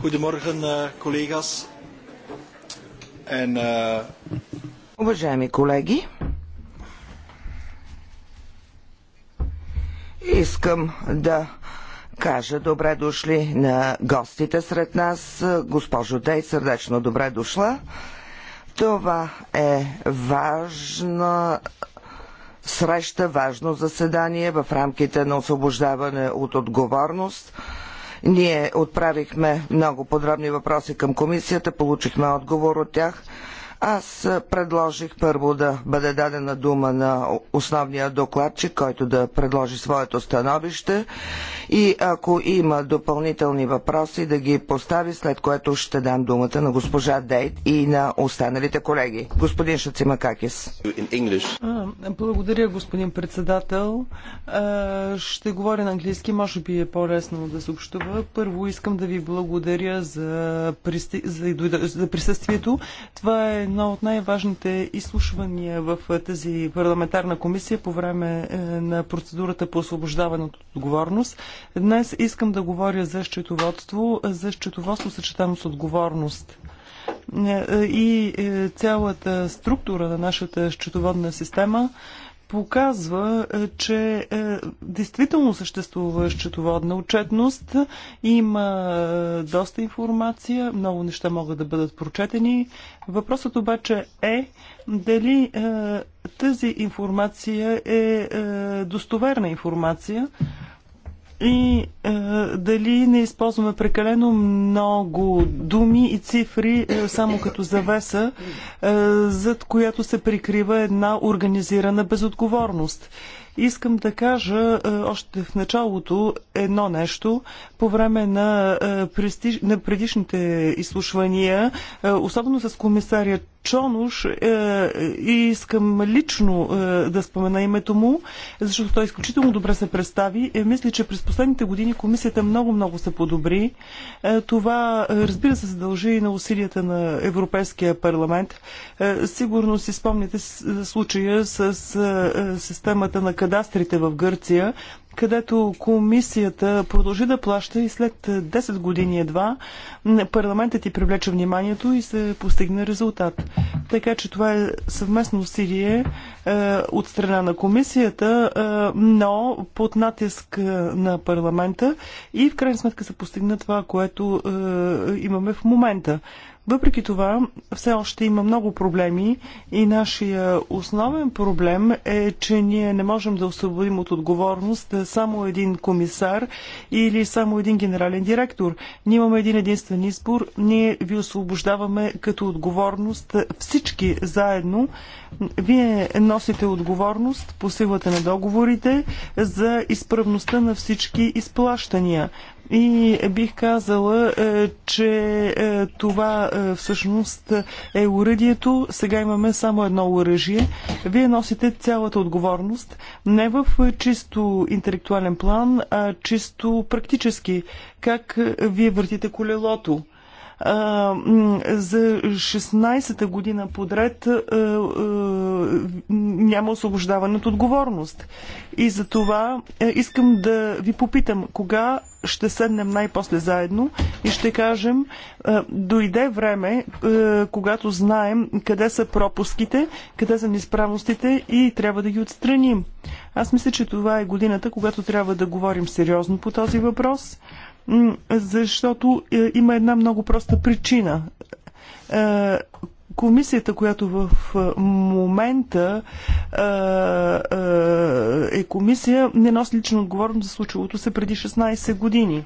Goedemorgen, eh, collega's. En, uh... Уважаеми колеги, искам да кажа добре дошли на гостите сред нас. Госпожо Дей, сърдечно добре дошла. Това е важна среща, важно заседание в рамките на освобождаване от отговорност – ние отправихме много подробни въпроси към комисията, получихме отговор от тях. Аз предложих първо да бъде дадена дума на основния докладчик, който да предложи своето становище и ако има допълнителни въпроси да ги постави, след което ще дам думата на госпожа Дейт и на останалите колеги. Господин Шацимакакис. Благодаря, господин председател. Ще говоря на английски, може би е по-лесно да съобщува. Първо искам да ви благодаря за, присъствието. Това е едно от най-важните изслушвания в е, тази парламентарна комисия по време е, на процедурата по освобождаване от отговорност. Днес искам да говоря за счетоводство, за счетоводство съчетано с отговорност е, и цялата структура на нашата счетоводна система – показва, е, че е, действително съществува счетоводна отчетност. Има е, доста информация, много неща могат да бъдат прочетени. Въпросът обаче е дали е, тази информация е, е достоверна информация и е, дали не използваме прекалено много думи и цифри е, само като завеса, е, зад която се прикрива една организирана безотговорност. Искам да кажа е, още в началото едно нещо. По време на, е, престиж... на предишните изслушвания, е, особено с комисарият Чонуш е, и искам лично е, да спомена името му, защото той изключително добре се представи. Е, мисля, че през последните години комисията много-много се подобри. Това, разбира се, се дължи и на усилията на Европейския парламент. Сигурно си спомняте случая с системата на кадастрите в Гърция където комисията продължи да плаща и след 10 години едва парламентът ти привлече вниманието и се постигна резултат. Така че това е съвместно усилие е, от страна на комисията, е, но под натиск е, на парламента и в крайна сметка се постигна това, което е, имаме в момента. Въпреки това, все още има много проблеми и нашия основен проблем е, че ние не можем да освободим от отговорност само един комисар или само един генерален директор. Ние имаме един единствен избор. Ние ви освобождаваме като отговорност всички заедно. Вие носите отговорност по силата на договорите за изправността на всички изплащания. И бих казала, е, че е, това е, всъщност е уръдието. Сега имаме само едно оръжие. Вие носите цялата отговорност не в чисто интелектуален план, а чисто практически. Как вие въртите колелото? за 16-та година подред няма освобождаване от отговорност. И за това искам да ви попитам, кога ще седнем най-после заедно и ще кажем, е, дойде време, е, когато знаем къде са пропуските, къде са несправностите и трябва да ги отстраним. Аз мисля, че това е годината, когато трябва да говорим сериозно по този въпрос, защото е, има една много проста причина Комисията, която в момента е комисия, не носи лично отговорност за случилото се преди 16 години.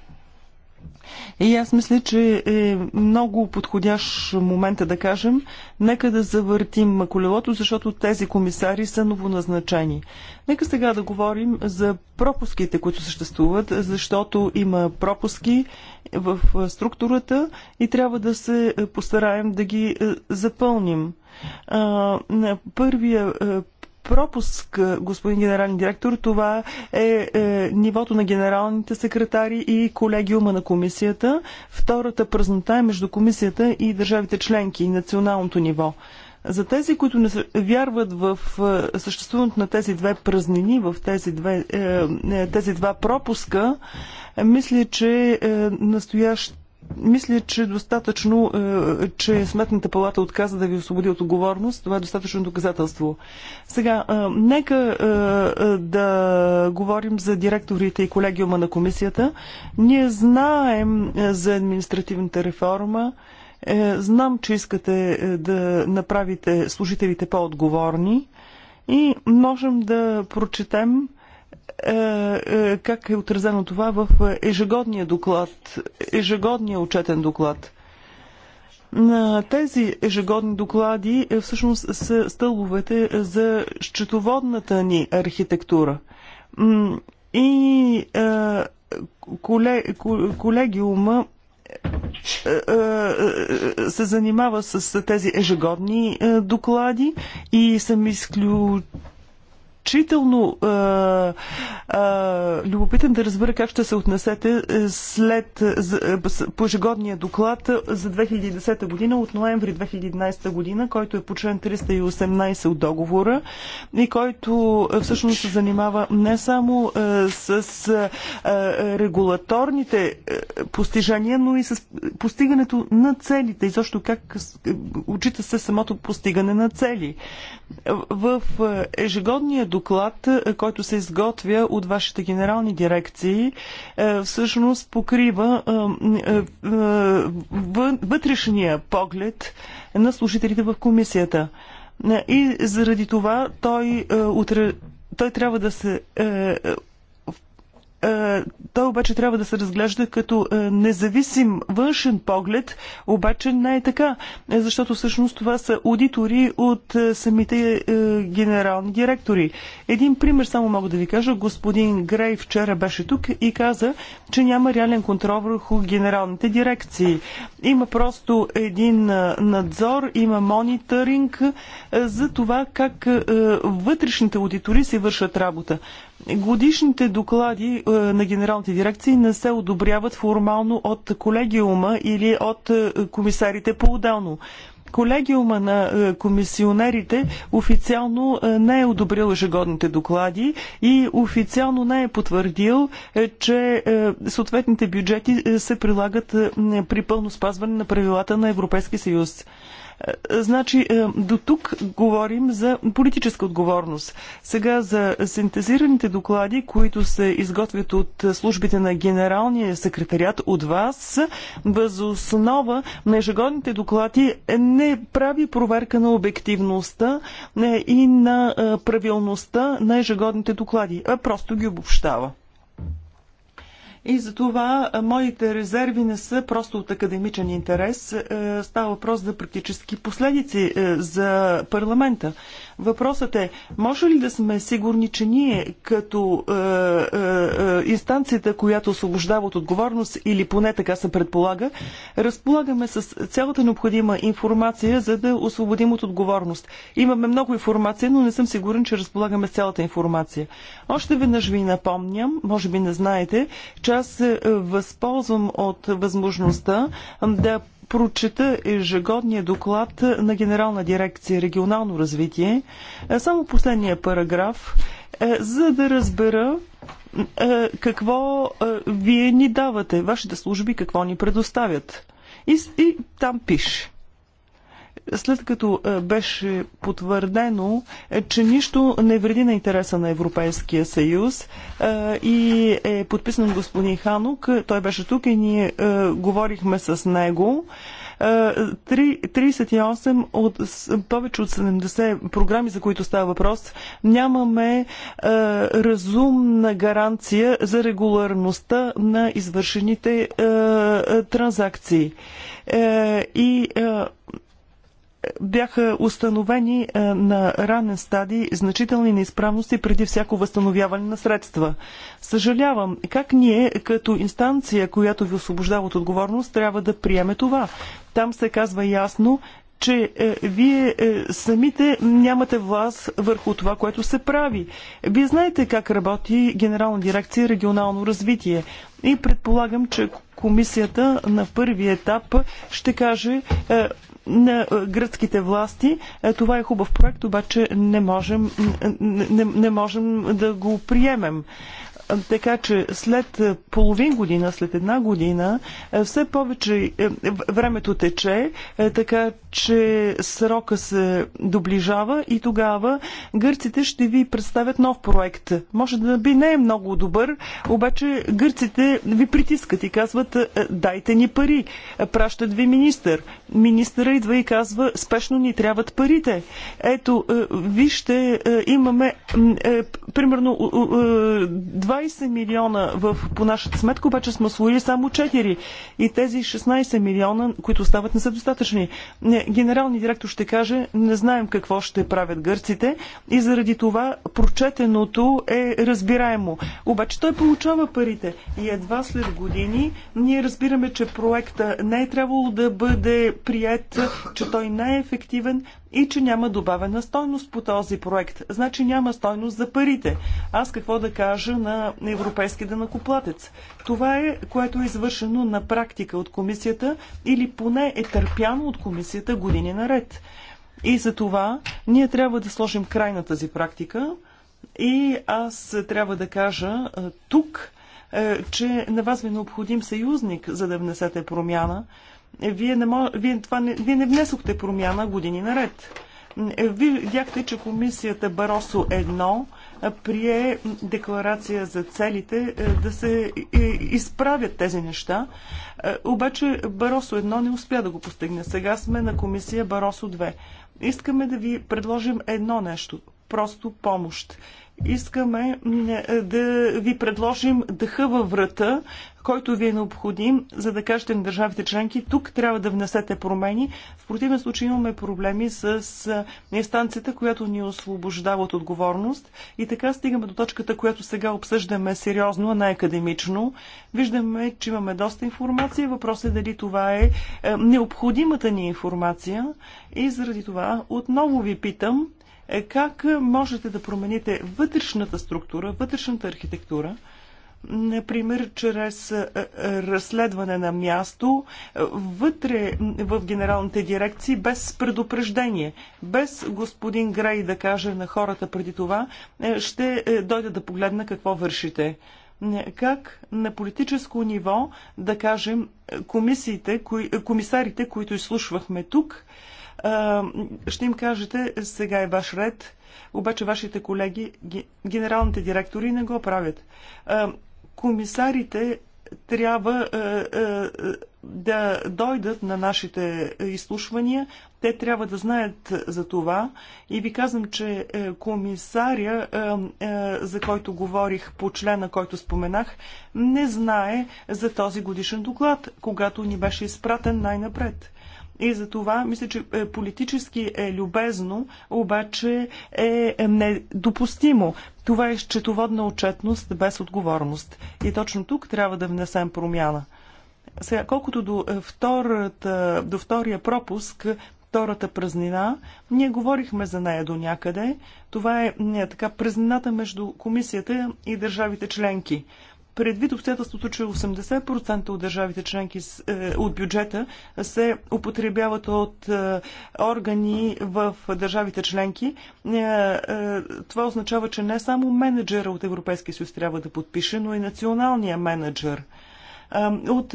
И аз мисля, че е много подходящ момента е да кажем, нека да завъртим колелото, защото тези комисари са новоназначени. Нека сега да говорим за пропуските, които съществуват, защото има пропуски в структурата и трябва да се постараем да ги е, запълним. Първия е, пропуск, господин генерален директор. Това е, е нивото на генералните секретари и колегиума на комисията. Втората празнота е между комисията и държавите членки и националното ниво. За тези, които не вярват в е, съществуването на тези две празнини, в тези, две, е, е, тези два пропуска, мисля, че настоящ мисля, че достатъчно, е, че Сметната палата отказа да ви освободи от отговорност. Това е достатъчно доказателство. Сега, е, нека е, да говорим за директорите и колегиума на комисията. Ние знаем за административната реформа. Знам, че искате да направите служителите по-отговорни и можем да прочетем е, е, как е отразено това в ежегодния доклад, ежегодния отчетен доклад. На тези ежегодни доклади е, всъщност са стълбовете за счетоводната ни архитектура. И колегиума се занимава с тези ежегодни доклади и съм изключително изключително а, а, любопитен да разбера как ще се отнесете е, след пожегодния е, е, доклад за 2010 година от ноември 2011 година, който е по член 318 от договора и който всъщност се занимава не само а, с а, регулаторните постижения, но и с постигането на целите. И също как учита се самото постигане на цели. В ежегодния доклад, е, който се изготвя от вашите генерални дирекции, е, всъщност покрива е, вътрешния поглед на служителите в комисията. И заради това той, той трябва да се е, той обаче трябва да се разглежда като е, независим външен поглед, обаче не е така, защото всъщност това са аудитори от е, самите генерални директори. Един пример само мога да ви кажа. Господин Грей вчера беше тук и каза, че няма реален контрол върху генералните дирекции. Има просто един надзор, има мониторинг за това как вътрешните аудитори си вършат работа. Годишните доклади е, на генералните дирекции не се одобряват формално от колегиума или от е, комисарите по-отделно. Колегиума на е, комисионерите официално не е одобрил ежегодните доклади и официално не е потвърдил, че съответните бюджети се прилагат при пълно спазване на правилата на Европейския съюз. Е, значи, е, до тук говорим за политическа отговорност. Сега за синтезираните доклади, които се изготвят от службите на Генералния секретарят от вас, възоснова на ежегодните доклади не прави проверка на обективността е, и на правилността на ежегодните доклади, а просто ги обобщава. И за това моите резерви не са просто от академичен интерес. Е, става въпрос за практически последици е, за парламента. Въпросът е, може ли да сме сигурни, че ние като е, е, е, инстанцията, която освобождава от отговорност или поне така се предполага, разполагаме с цялата необходима информация, за да освободим от отговорност. Имаме много информация, но не съм сигурен, че разполагаме с цялата информация. Още веднъж ви напомням, може би не знаете, че аз възползвам от възможността да прочета ежегодния доклад на Генерална дирекция регионално развитие, е, само последния параграф, е, за да разбера е, какво вие ни давате, вашите служби какво ни предоставят. И, и там пише след като е, беше потвърдено, е, че нищо не вреди на интереса на Европейския съюз е, и е подписан господин Ханук, той беше тук и ние говорихме с него. 38 от повече от 70 програми, за които става въпрос, нямаме разумна гаранция за регулярността на извършените транзакции. и бяха установени е, на ранен стадий значителни неизправности преди всяко възстановяване на средства. Съжалявам, как ние, като инстанция, която ви освобождава от отговорност, трябва да приеме това? Там се казва ясно, че е, вие е, самите нямате власт върху това, което се прави. Вие знаете как работи Генерална дирекция регионално развитие. И предполагам, че комисията на първи етап ще каже е, на е, гръцките власти. Е, това е хубав проект, обаче не можем, не, не можем да го приемем. Така че след е, половин година, след една година, е, все повече е, времето тече, така че срока се доближава и тогава гърците ще ви представят нов проект. Може да би не е много добър, обаче гърците ви притискат и казват дайте ни пари. Пращат ви министър. Министъра идва и казва спешно ни трябват парите. Ето, вижте, имаме примерно два. 20 милиона в, по нашата сметка, обаче сме освоили само 4. И тези 16 милиона, които остават, не са достатъчни. Генералният директор ще каже, не знаем какво ще правят гърците и заради това прочетеното е разбираемо. Обаче той получава парите и едва след години ние разбираме, че проекта не е трябвало да бъде прият, че той не е ефективен, и че няма добавена стойност по този проект. Значи няма стойност за парите. Аз какво да кажа на европейски данакоплатец? Това е, което е извършено на практика от комисията или поне е търпяно от комисията години наред. И за това ние трябва да сложим край на тази практика и аз трябва да кажа е, тук, е, че на вас ви е необходим съюзник, за да внесете промяна. Вие не, мож... вие, това не... вие не внесохте промяна години наред. Вие видяхте, че комисията Баросо 1 прие декларация за целите е, да се е, изправят тези неща. Е, обаче Баросо 1 не успя да го постигне. Сега сме на комисия Баросо 2. Искаме да ви предложим едно нещо. Просто помощ. Искаме е, да ви предложим дъха във врата, който ви е необходим, за да кажете на държавите членки, тук трябва да внесете промени. В противен случай имаме проблеми с е, инстанцията, която ни освобождава от отговорност. И така стигаме до точката, която сега обсъждаме сериозно, а не академично. Виждаме, че имаме доста информация. Въпросът е дали това е, е необходимата ни информация. И заради това отново ви питам, е как можете да промените вътрешната структура, вътрешната архитектура, например, чрез е, е, разследване на място вътре в генералните дирекции без предупреждение. Без господин Грей да каже на хората преди това, ще дойда да погледна какво вършите. Как на политическо ниво, да кажем, комисиите, комисарите, които изслушвахме тук, ще им кажете, сега е ваш ред, обаче вашите колеги, генералните директори не го правят. Комисарите трябва да дойдат на нашите изслушвания. Те трябва да знаят за това. И ви казвам, че е, комисаря, е, е, за който говорих по члена, който споменах, не знае за този годишен доклад, когато ни беше изпратен най-напред. И за това мисля, че е, политически е любезно, обаче е, е недопустимо. Това е счетоводна отчетност без отговорност. И точно тук трябва да внесем промяна. Сега, колкото до, е, втората, до втория пропуск, втората празнина, ние говорихме за нея до някъде. Това е не, така празнината между комисията и държавите членки. Предвид обстоятелството, че 80% от държавите членки е, от бюджета се употребяват от е, органи в държавите членки, е, това означава, че не само менеджера от Европейския съюз трябва да подпише, но и националния менеджер. От,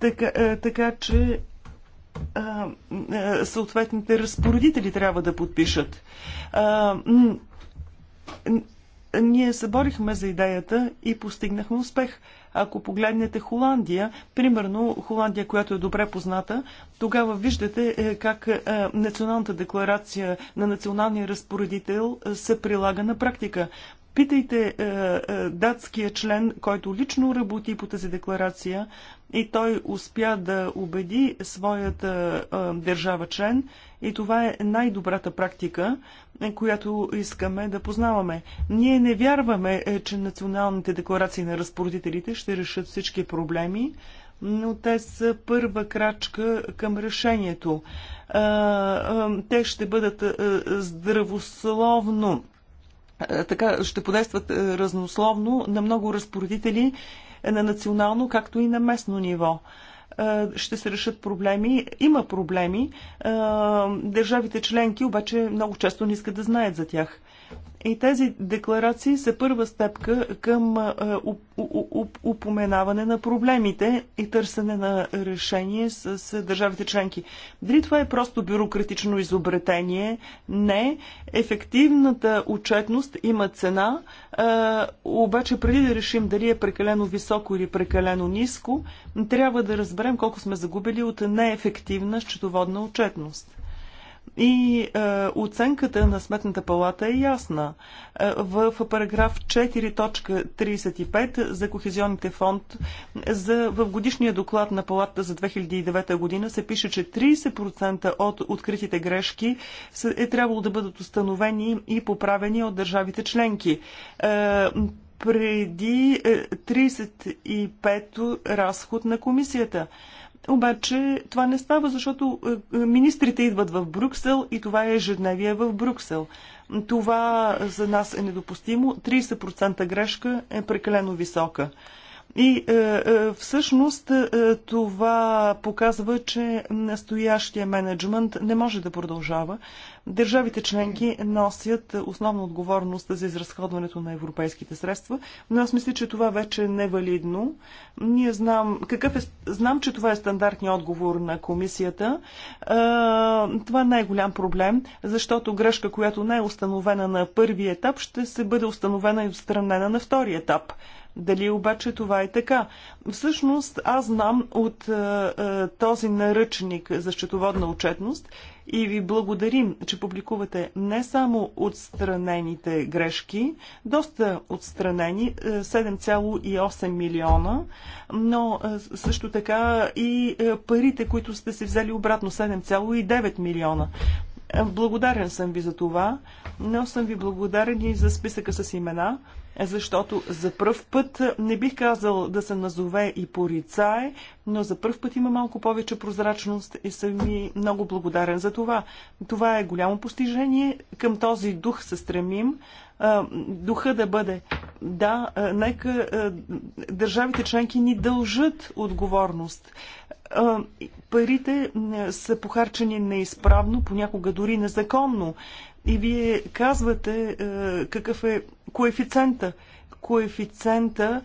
така, така че съответните разпоредители трябва да подпишат ние се борихме за идеята и постигнахме успех. Ако погледнете Холандия, примерно Холандия, която е добре позната, тогава виждате е, как е, националната декларация на националния разпоредител е, се прилага на практика. Питайте е, е, датския член, който лично работи по тази декларация и той успя да убеди своята е, е, държава член и това е най-добрата практика, е, която искаме да познаваме. Ние не вярваме, е, че националните декларации на разпоредителите ще решат всички проблеми, но те са първа крачка към решението. Те ще бъдат здравословно е, така ще подействат е, разнословно на много разпоредители е, на национално, както и на местно ниво ще се решат проблеми. Има проблеми. Държавите членки обаче много често не искат да знаят за тях. И тези декларации са първа стъпка към упоменаване на проблемите и търсене на решение с държавите членки. Дали това е просто бюрократично изобретение? Не. Ефективната отчетност има цена, обаче преди да решим дали е прекалено високо или прекалено ниско, трябва да разберем колко сме загубили от неефективна счетоводна отчетност. И е, оценката на Сметната палата е ясна. Е, в параграф 4.35 за Кохезионните фонд за, в годишния доклад на палата за 2009 година се пише, че 30% от откритите грешки е трябвало да бъдат установени и поправени от държавите членки. Е, преди 35-то е, разход на комисията. Обаче това не става, защото е, е, министрите идват в Брюксел и това е ежедневие в Брюксел. Това за нас е недопустимо. 30% грешка е прекалено висока. И е, е, всъщност е, това показва, че настоящия менеджмент не може да продължава. Държавите членки носят основна отговорност за изразходването на европейските средства, но аз мисля, че това вече е невалидно. Ние знам, какъв е, знам, че това е стандартният отговор на комисията. Това не е голям проблем, защото грешка, която не е установена на първи етап, ще се бъде установена и отстранена на втори етап. Дали обаче това е така? Всъщност аз знам от е, е, този наръчник за счетоводна отчетност и ви благодарим, че публикувате не само отстранените грешки, доста отстранени, 7,8 е, милиона, но е, също така и е, парите, които сте си взели обратно, 7,9 милиона. Благодарен съм ви за това, но съм ви благодарен и за списъка с имена защото за пръв път не бих казал да се назове и порицае, но за първ път има малко повече прозрачност и съм ми много благодарен за това. Това е голямо постижение. Към този дух се стремим. Духа да бъде. Да, нека държавите членки ни дължат отговорност. Парите са похарчени неизправно, понякога дори незаконно. И вие казвате е, какъв е коефициента. Коефициента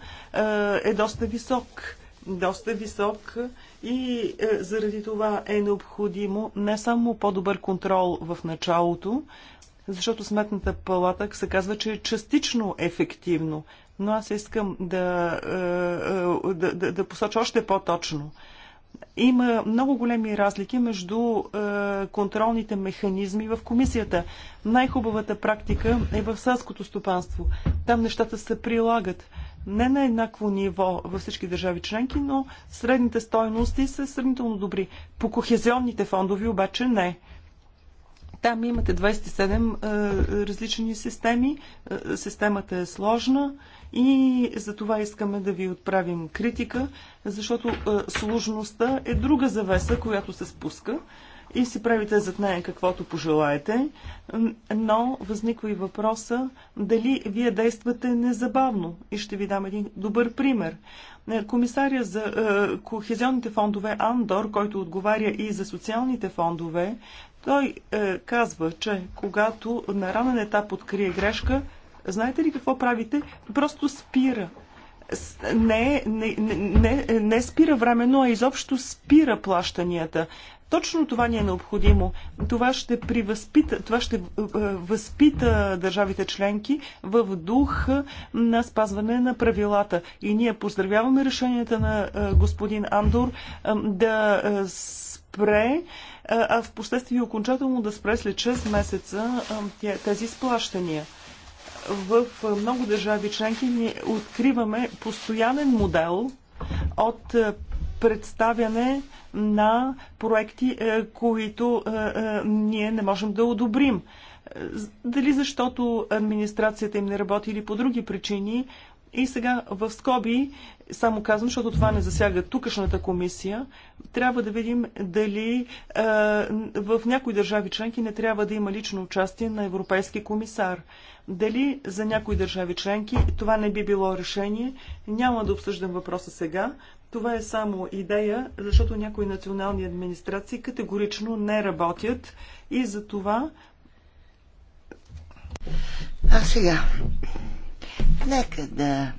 е, е доста висок. Доста висок и е, заради това е необходимо не само по-добър контрол в началото, защото сметната палата се казва, че е частично ефективно. Но аз искам да, да, да, да посоча още по-точно има много големи разлики между е, контролните механизми в комисията. Най-хубавата практика е в селското стопанство. Там нещата се прилагат не на еднакво ниво във всички държави членки, но средните стойности са сравнително добри. По кохезионните фондови обаче не. Там имате 27 е, различни системи. Е, системата е сложна. Е, и за това искаме да ви отправим критика, защото е, сложността е друга завеса, която се спуска и си правите зад нея каквото пожелаете, но възниква и въпроса дали вие действате незабавно. И ще ви дам един добър пример. Е, комисаря за е, кохезионните фондове Андор, който отговаря и за социалните фондове, той е, казва, че когато на ранен етап открие грешка, Знаете ли какво правите? Просто спира. Не, не, не, не спира времено, а изобщо спира плащанията. Точно това ни е необходимо. Това ще, превъзпита, това ще е, е, възпита държавите членки в дух на спазване на правилата. И ние поздравяваме решенията на е, господин Андор да спре, а в последствие окончателно да спре след 6 месеца тези сплащания в много държави членки ние откриваме постоянен модел от е, представяне на проекти, е, които е, ние не можем да одобрим. Дали защото администрацията им не работи или по други причини, и сега в скоби, само казвам, защото това не засяга тукашната комисия, трябва да видим дали е, в някои държави членки не трябва да има лично участие на европейски комисар. Дали за някои държави членки това не би било решение, няма да обсъждам въпроса сега. Това е само идея, защото някои национални администрации категорично не работят и за това... А сега, Нека да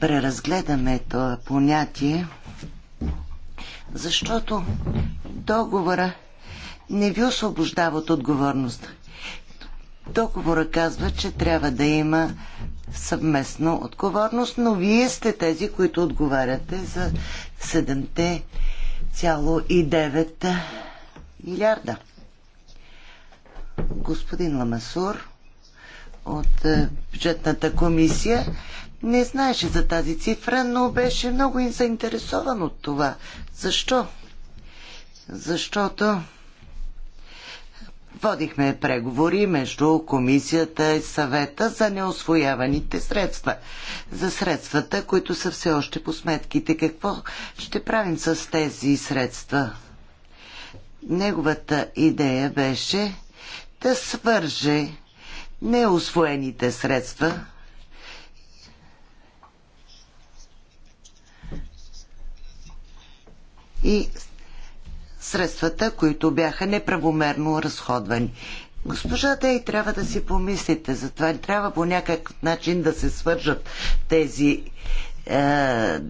преразгледаме това понятие, защото договора не ви освобождава от отговорност. Договора казва, че трябва да има съвместна отговорност, но вие сте тези, които отговаряте за 7,9 милиарда. Господин Ламасур, от е, бюджетната комисия не знаеше за тази цифра, но беше много и заинтересован от това. Защо? Защото водихме преговори между комисията и съвета за неосвояваните средства. За средствата, които са все още по сметките. Какво ще правим с тези средства? Неговата идея беше да свърже неосвоените средства и средствата, които бяха неправомерно разходвани. Госпожата, и трябва да си помислите за това. Трябва по някакъв начин да се свържат тези е,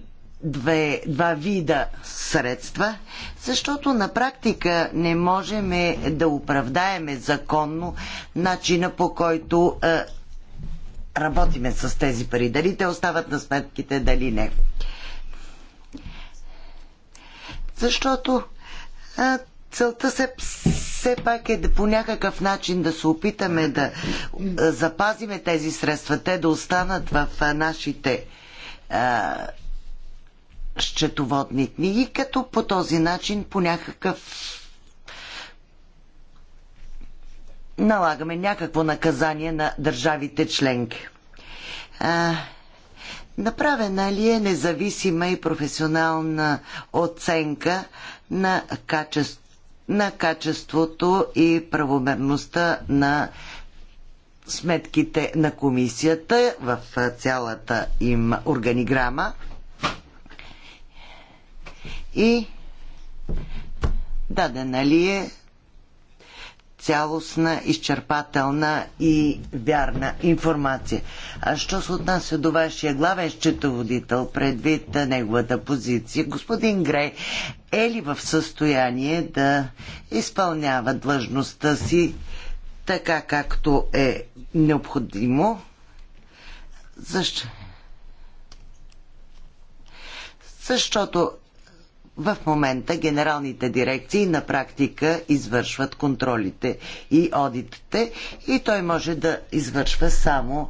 две, два вида средства, защото на практика не можем да оправдаеме законно начина по който е, работиме с тези пари. Дали те остават на сметките, дали не. Защото е, целта се все пак е да по някакъв начин да се опитаме да е, запазиме тези средства, те да останат в е, нашите е, счетоводни книги, като по този начин по някакъв налагаме някакво наказание на държавите членки. А, направена ли е независима и професионална оценка на, качество, на качеството и правомерността на сметките на комисията в цялата им органиграма? и дадена ли е цялостна, изчерпателна и вярна информация. А що се отнася до вашия главен счетоводител, предвид неговата позиция, господин Грей е ли в състояние да изпълнява длъжността си така както е необходимо? Защо? Защото в момента генералните дирекции на практика извършват контролите и одитите и той може да извършва само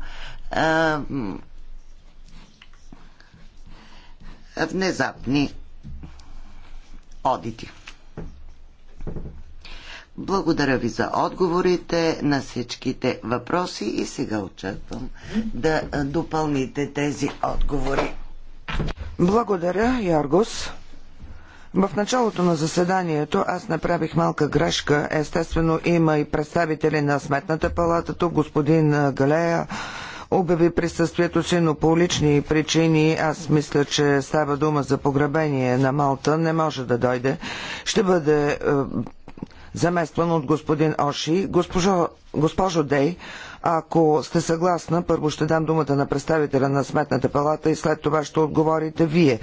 а, внезапни одити. Благодаря ви за отговорите на всичките въпроси и сега очаквам да допълните тези отговори. Благодаря, Яргос. В началото на заседанието аз направих малка грешка. Естествено има и представители на Сметната палата, тук господин Галея обяви присъствието си, но по лични причини аз мисля, че става дума за погребение на Малта, не може да дойде. Ще бъде е, заместван от господин Оши. Госпожо, госпожо Дей, ако сте съгласна, първо ще дам думата на представителя на Сметната палата и след това ще отговорите вие.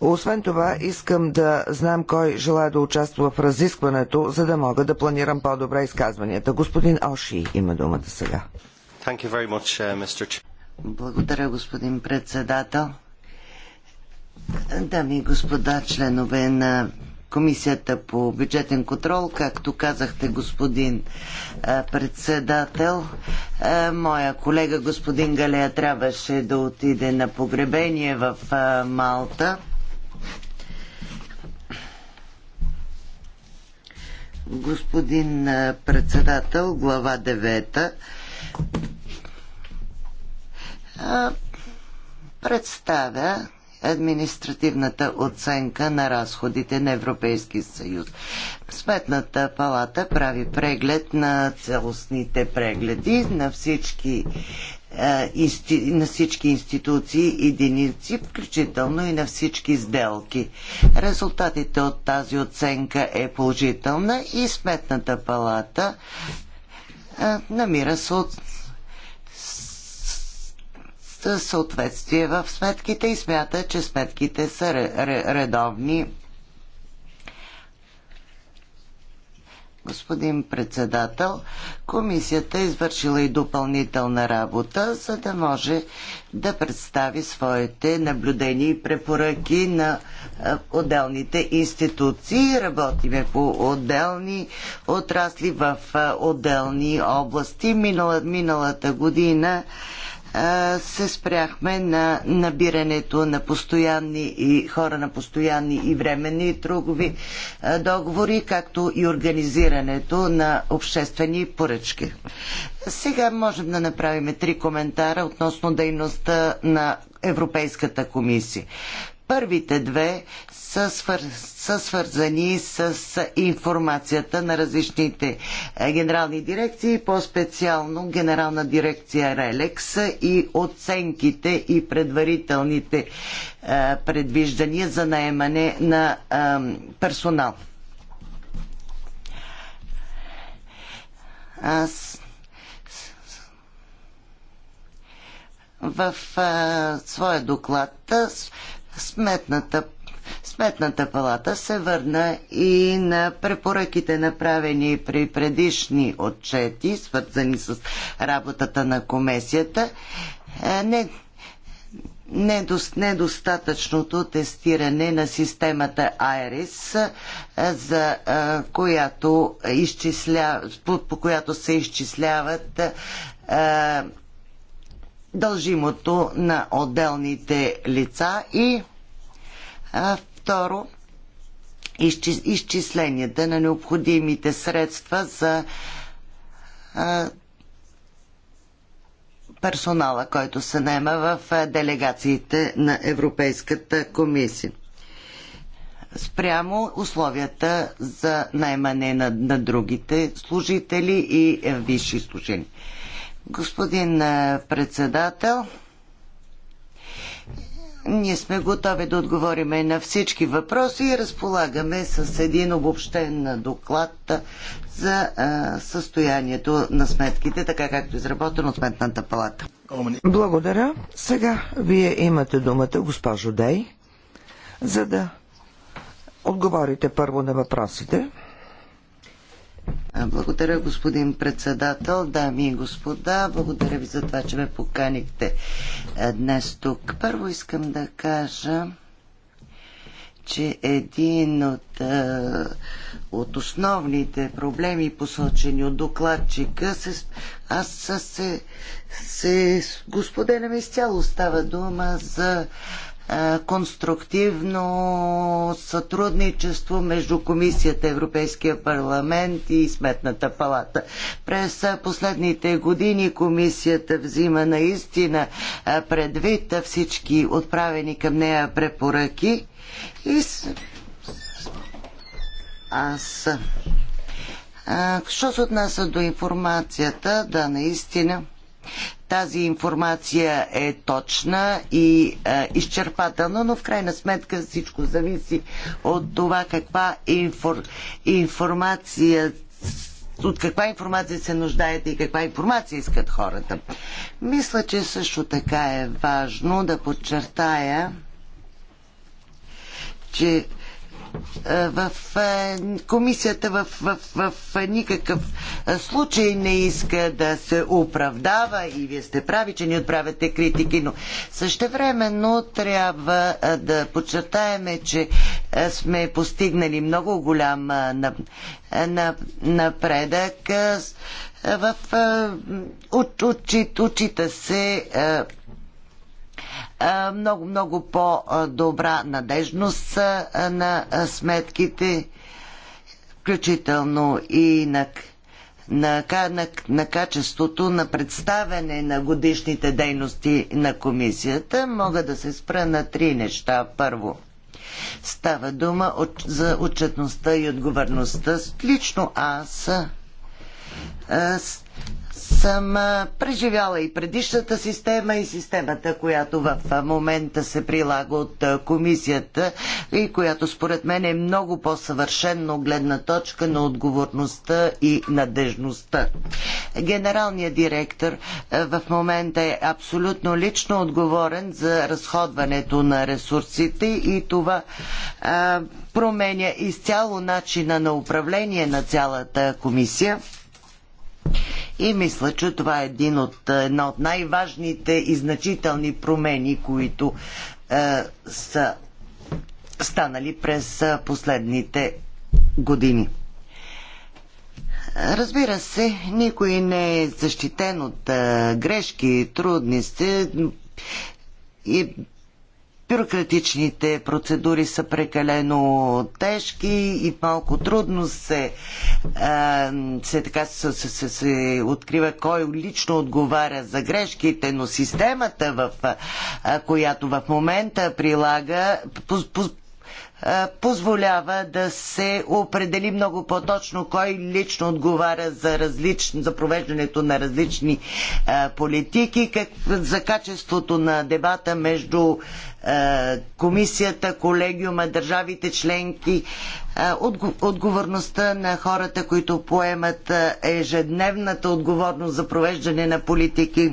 Освен това, искам да знам кой желая да участва в разискването, за да мога да планирам по-добре изказванията. Господин Оши има думата сега. Uh, Благодаря, господин председател. Дами и господа, членове на Комисията по бюджетен контрол. Както казахте, господин председател, моя колега господин Галея трябваше да отиде на погребение в Малта. Господин председател, глава 9 представя административната оценка на разходите на Европейски съюз. Сметната палата прави преглед на целостните прегледи на всички е, на всички институции и единици, включително и на всички сделки. Резултатите от тази оценка е положителна и Сметната палата е, намира съответствие в сметките и смята, че сметките са редовни. Господин председател, комисията е извършила и допълнителна работа, за да може да представи своите наблюдения и препоръки на отделните институции. Работиме по отделни отрасли в отделни области. Минала, миналата година се спряхме на набирането на постоянни и хора на постоянни и временни трудови договори, както и организирането на обществени поръчки. Сега можем да направим три коментара относно дейността на Европейската комисия. Първите две са, свър... са свързани с информацията на различните е, генерални дирекции, по-специално Генерална дирекция Релекс и оценките и предварителните е, предвиждания за наемане на е, персонал. Аз в а, е, своя доклад Сметната Сметната палата се върна и на препоръките направени при предишни отчети, свързани с работата на комисията. Е, не, недостатъчното тестиране на системата Айрис, е, за е, която изчисля, по, по която се изчисляват дължимото на отделните лица и а, второ изчисленията на необходимите средства за а, персонала, който се наема в делегациите на Европейската комисия. Спрямо условията за наймане на, на другите служители и висши служители. Господин председател, ние сме готови да отговориме на всички въпроси и разполагаме с един обобщен доклад за състоянието на сметките, така както е изработено от Сметната палата. Благодаря. Сега вие имате думата, госпожо Дей, за да отговорите първо на въпросите. Благодаря, господин председател, дами и господа. Благодаря ви за това, че ме поканихте днес тук. Първо искам да кажа, че един от, от основните проблеми, посочени от докладчика, се, аз се, се го споделям изцяло. Става дума за е, конструктивно сътрудничество между Комисията, Европейския парламент и Сметната палата. През е, последните години Комисията взима наистина е, предвид всички отправени към нея препоръки и аз. Що се отнася до информацията, да, наистина. Тази информация е точна и е, изчерпателна, но в крайна сметка всичко зависи от това каква инфор, информация от каква информация се нуждаете и каква информация искат хората. Мисля, че също така е важно да подчертая, че в е, комисията в, в, в, в никакъв случай не иска да се оправдава и вие сте прави, че ни отправяте критики, но същевременно трябва е, да подчертаеме, че е, сме постигнали много голям напредък в, очита се е, много, много по-добра надежност е, на е, сметките, включително и на, на, на, на качеството на представяне на годишните дейности на комисията. Мога да се спра на три неща. Първо, става дума от, за отчетността и отговорността. Лично аз, аз съм преживяла и предишната система, и системата, която в момента се прилага от комисията и която според мен е много по-съвършенно гледна точка на отговорността и надежността. Генералният директор в момента е абсолютно лично отговорен за разходването на ресурсите и това променя изцяло начина на управление на цялата комисия и мисля, че това е един от, е, една от най-важните и значителни промени, които е, са станали през е, последните години. Разбира се, никой не е защитен от е, грешки, трудности и бюрократичните процедури са прекалено тежки и малко трудно се, се, така, се, се, се открива кой лично отговаря за грешките, но системата, в, която в момента прилага, позволява да се определи много по-точно кой лично отговаря за, различни, за провеждането на различни политики, как, за качеството на дебата между комисията, колегиума, държавите членки, отговорността на хората, които поемат ежедневната отговорност за провеждане на политики.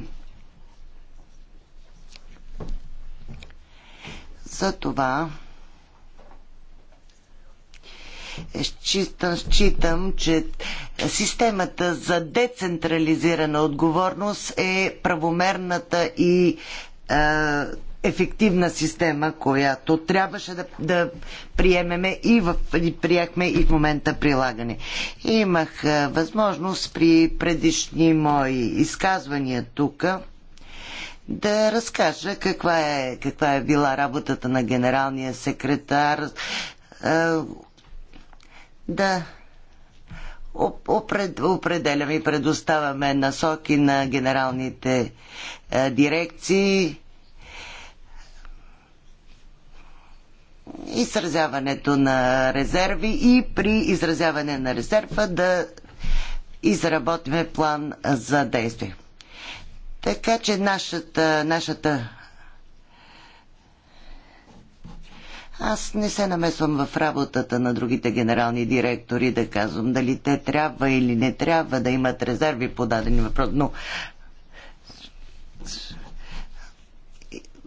За това е, считам, считам, че системата за децентрализирана отговорност е правомерната и е, ефективна система, която трябваше да, да приемеме и, в, и приехме и в момента прилагане. Имах възможност при предишни мои изказвания тук да разкажа каква е, каква е била работата на генералния секретар, да определяме и предоставяме насоки на генералните е, дирекции. И изразяването на резерви и при изразяване на резерва да изработиме план за действие. Така че нашата, нашата Аз не се намесвам в работата на другите генерални директори да казвам дали те трябва или не трябва да имат резерви по дадени въпрос, но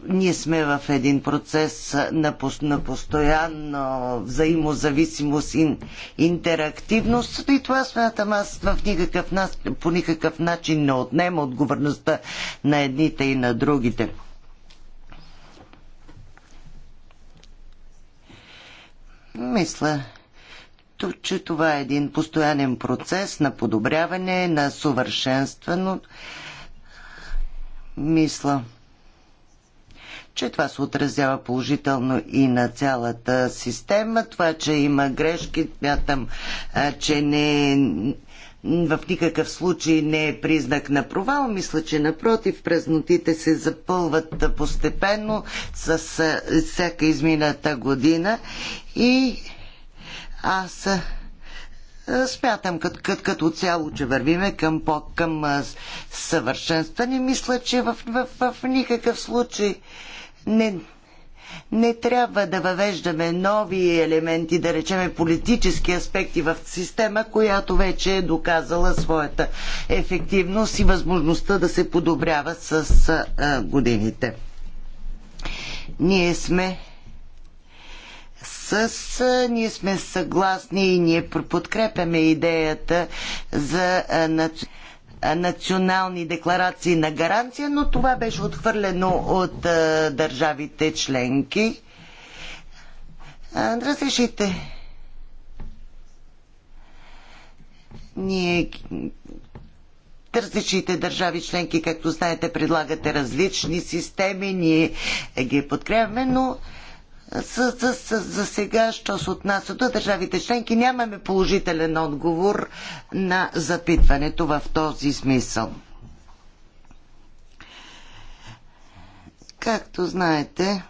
ние сме в един процес на, на постоянно взаимозависимост и интерактивност и това смятам аз в никакъв, по никакъв начин не отнема отговорността на едните и на другите. Мисля, че това е един постоянен процес на подобряване, на съвършенствано. Мисля, че това се отразява положително и на цялата система. Това, че има грешки, смятам, че не, в никакъв случай не е признак на провал. Мисля, че напротив, празнотите се запълват постепенно с всяка измината година и аз смятам като, като, като цяло, че вървиме към, по, към съвършенстване. Мисля, че в, в, в никакъв случай не, не трябва да въвеждаме нови елементи, да речеме политически аспекти в система, която вече е доказала своята ефективност и възможността да се подобрява с годините. Ние сме с... Ние сме съгласни и ние подкрепяме идеята за национални декларации на гаранция, но това беше отхвърлено от държавите членки. разрешите. Ние различните държави членки, както знаете, предлагате различни системи, ние ги подкрепяме, но за, за, за, за сега, що се отнася до държавите членки, нямаме положителен отговор на запитването в този смисъл. Както знаете,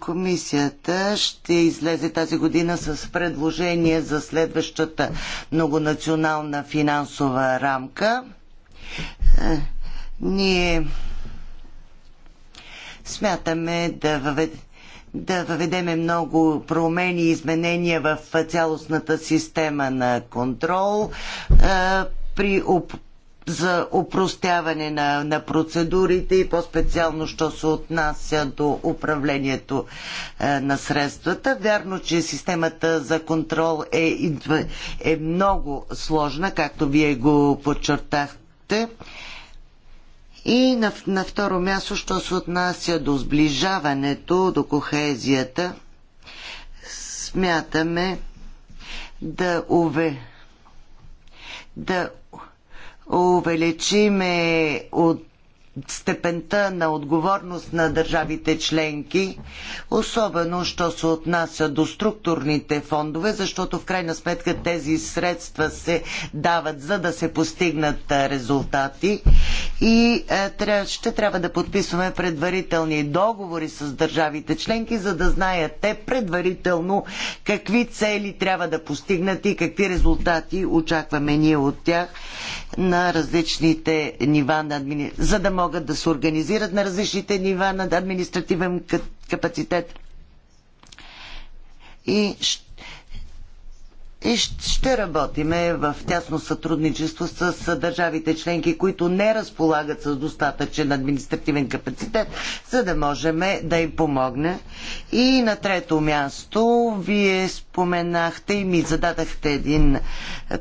комисията ще излезе тази година с предложение за следващата многонационална финансова рамка. Е, ние Смятаме да, въведем да въведеме много промени и изменения в цялостната система на контрол а, при оп, за упростяване на, на процедурите и по-специално, що се отнася до управлението а, на средствата. Вярно, че системата за контрол е, е много сложна, както вие го подчертахте. И на, на второ място, що се отнася до сближаването, до кохезията, смятаме да, уве, да увеличиме от степента на отговорност на държавите членки, особено що се отнася до структурните фондове, защото в крайна сметка тези средства се дават за да се постигнат резултати и ще трябва да подписваме предварителни договори с държавите членки, за да знаят те предварително какви цели трябва да постигнат и какви резултати очакваме ние от тях на различните нива на админи... за да могат могат да се организират на различните нива на административен капацитет. И и ще работиме в тясно сътрудничество с държавите членки, които не разполагат с достатъчен административен капацитет, за да можем да им помогне. И на трето място, вие споменахте и ми зададахте един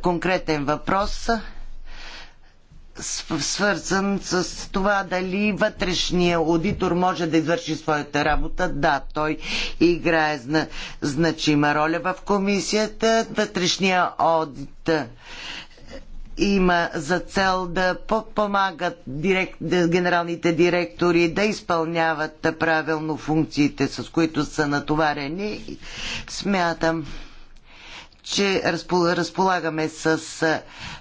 конкретен въпрос – свързан с това дали вътрешния аудитор може да извърши своята работа. Да, той играе значима роля в комисията. Вътрешния аудит е, има за цел да помагат директ, генералните директори да изпълняват правилно функциите, с които са натоварени. Смятам, че разполагаме с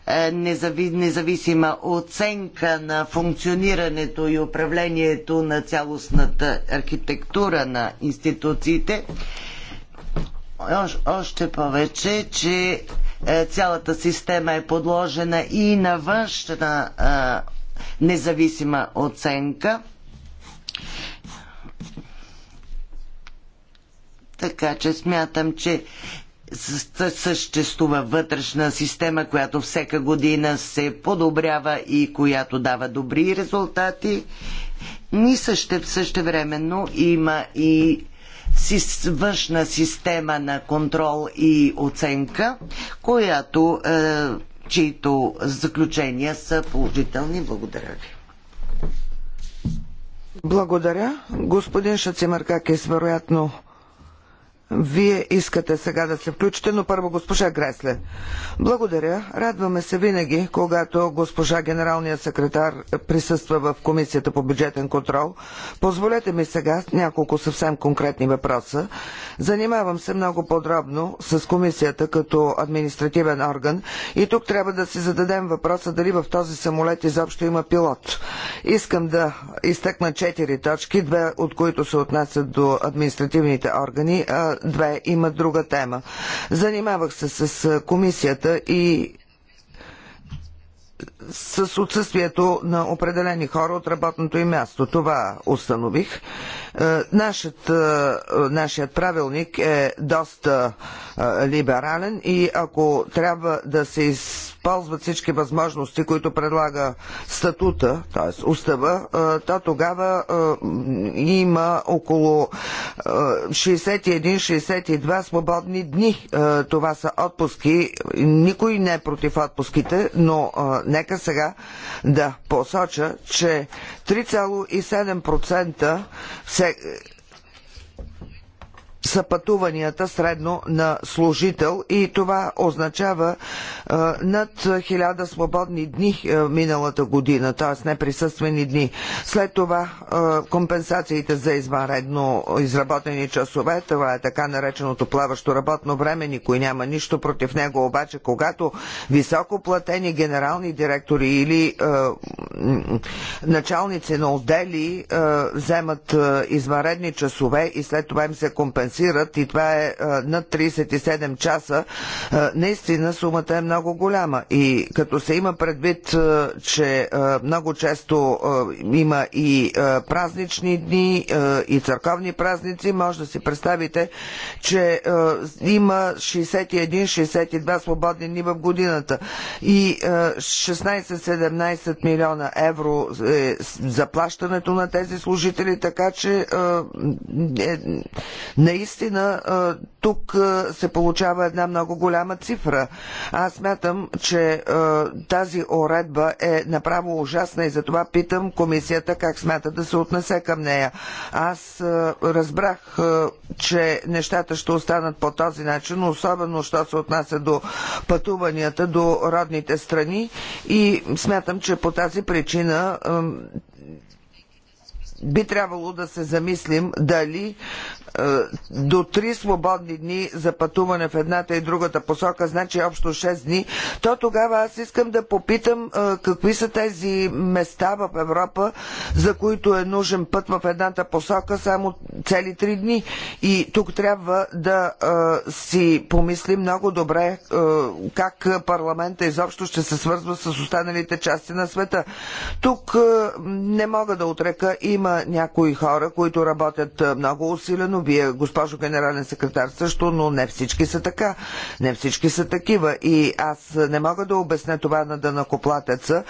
е, независима оценка на функционирането и управлението на цялостната архитектура на институциите. Още повече, че е, цялата система е подложена и на външна е, независима оценка. Така че смятам, че съществува вътрешна система, която всяка година се подобрява и която дава добри резултати. Ни също, същевременно има и външна система на контрол и оценка, която, е, чието заключения са положителни. Благодаря ви. Благодаря. Господин Шацимаркакис, вероятно, вие искате сега да се включите, но първо госпожа Гресле. Благодаря. Радваме се винаги, когато госпожа Генералния секретар присъства в Комисията по бюджетен контрол. Позволете ми сега няколко съвсем конкретни въпроса. Занимавам се много подробно с Комисията като административен орган и тук трябва да си зададем въпроса дали в този самолет изобщо има пилот. Искам да изтъкна четири точки, две от които се отнасят до административните органи, а 2 има друга тема. Занимавах се с комисията и с отсъствието на определени хора от работното им място. Това установих. Нашият, нашият правилник е доста либерален и ако трябва да се изпълнява използват всички възможности, които предлага статута, т.е. устава, то тогава има около 61-62 свободни дни. Това са отпуски. Никой не е против отпуските, но нека сега да посоча, че 3,7% са пътуванията средно на служител и това означава е, над 1000 свободни дни е, миналата година, т.е. неприсъствени дни. След това е, компенсациите за извънредно изработени часове, това е така нареченото плаващо работно време, никой няма нищо против него, обаче когато високо платени генерални директори или началници на отдели вземат извънредни часове и след това им се компенсира финансират и това е над 37 часа, наистина сумата е много голяма. И като се има предвид, че много често има и празнични дни, и църковни празници, може да си представите, че има 61-62 свободни дни в годината. И 16-17 милиона евро е заплащането на тези служители, така че е, наистина наистина тук се получава една много голяма цифра. Аз смятам, че тази уредба е направо ужасна и затова питам комисията как смята да се отнесе към нея. Аз разбрах, че нещата ще останат по този начин, особено що се отнася до пътуванията до родните страни и смятам, че по тази причина би трябвало да се замислим дали е, до три свободни дни за пътуване в едната и другата посока, значи общо 6 дни, то тогава аз искам да попитам е, какви са тези места в Европа, за които е нужен път в едната посока само цели 3 дни. И тук трябва да е, си помисли много добре как парламента изобщо ще се свързва с останалите части на света. Тук не мога да отрека, има някои хора, които работят много усилено, обикновено. Вие, госпожо генерален секретар, също, но не всички са така. Не всички са такива. И аз не мога да обясня това на дънакоплатеца,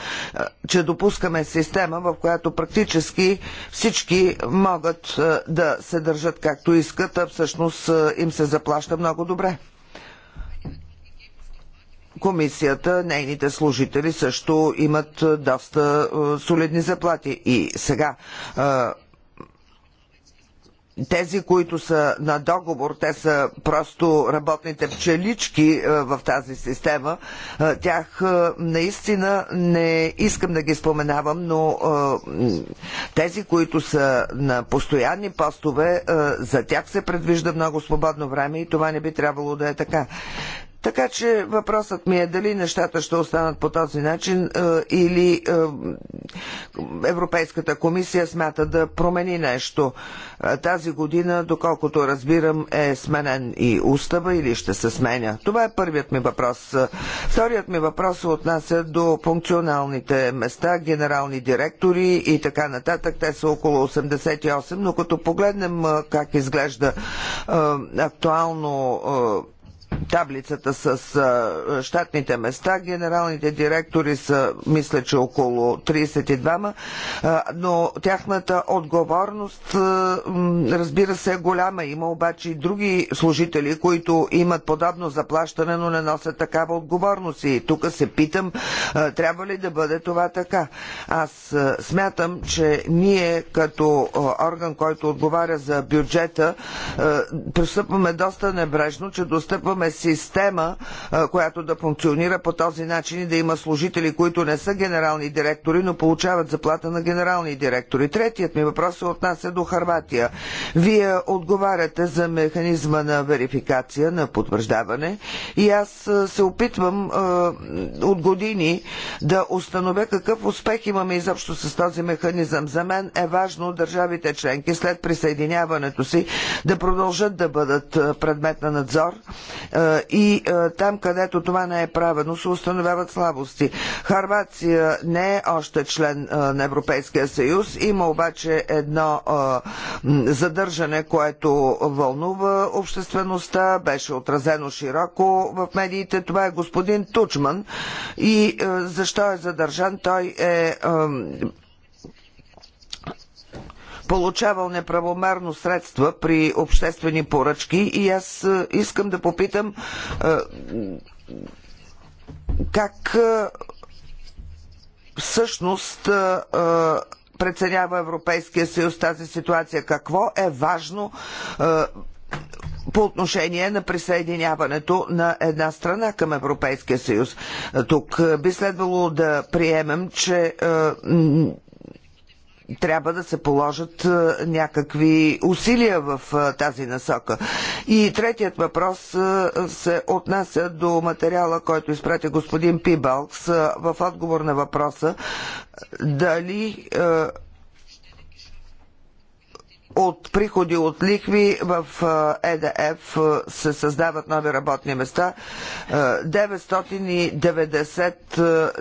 че допускаме система, в която практически всички могат да се държат както искат, а всъщност им се заплаща много добре комисията, нейните служители също имат доста солидни заплати. И сега тези, които са на договор, те са просто работните пчелички е, в тази система. Е, тях е, наистина не искам да ги споменавам, но тези, които са на постоянни постове, за тях се предвижда много свободно време и това не би трябвало да е така. Така че въпросът ми е дали нещата ще останат по този начин е, или е, Европейската комисия смята да промени нещо. Е, тази година, доколкото разбирам, е сменен и устава или ще се сменя. Това е първият ми въпрос. Вторият ми въпрос се отнася до функционалните места, генерални директори и така нататък. Те са около 88, но като погледнем как изглежда актуално таблицата с щатните места. Генералните директори са, мисля, че около 32, но тяхната отговорност, разбира се, е голяма. Има обаче и други служители, които имат подобно заплащане, но не носят такава отговорност. И тук се питам, трябва ли да бъде това така? Аз смятам, че ние като орган, който отговаря за бюджета, пристъпваме доста небрежно, че достъпваме система, която да функционира по този начин и да има служители, които не са генерални директори, но получават заплата на генерални директори. Третият ми въпрос се отнася до Харватия. Вие отговаряте за механизма на верификация, на потвърждаване и аз се опитвам от години да установя какъв успех имаме изобщо с този механизъм. За мен е важно държавите членки след присъединяването си да продължат да бъдат предмет на надзор и е, там, където това не е правено, се установяват слабости. Харватия не е още член е, на Европейския съюз, има обаче едно е, задържане, което вълнува обществеността, беше отразено широко в медиите. Това е господин Тучман и защо е задържан? Той е получавал неправомерно средства при обществени поръчки и аз е, искам да попитам е, как е, всъщност преценява Европейския съюз тази ситуация? Какво е важно по отношение на присъединяването на една страна към Европейския съюз. Тук би следвало да приемем, че трябва да се положат е, някакви усилия в е, тази насока. И третият въпрос е, се отнася до материала, който изпрати господин Пибалкс в отговор на въпроса дали от приходи от лихви в ЕДФ се създават нови работни места. 990,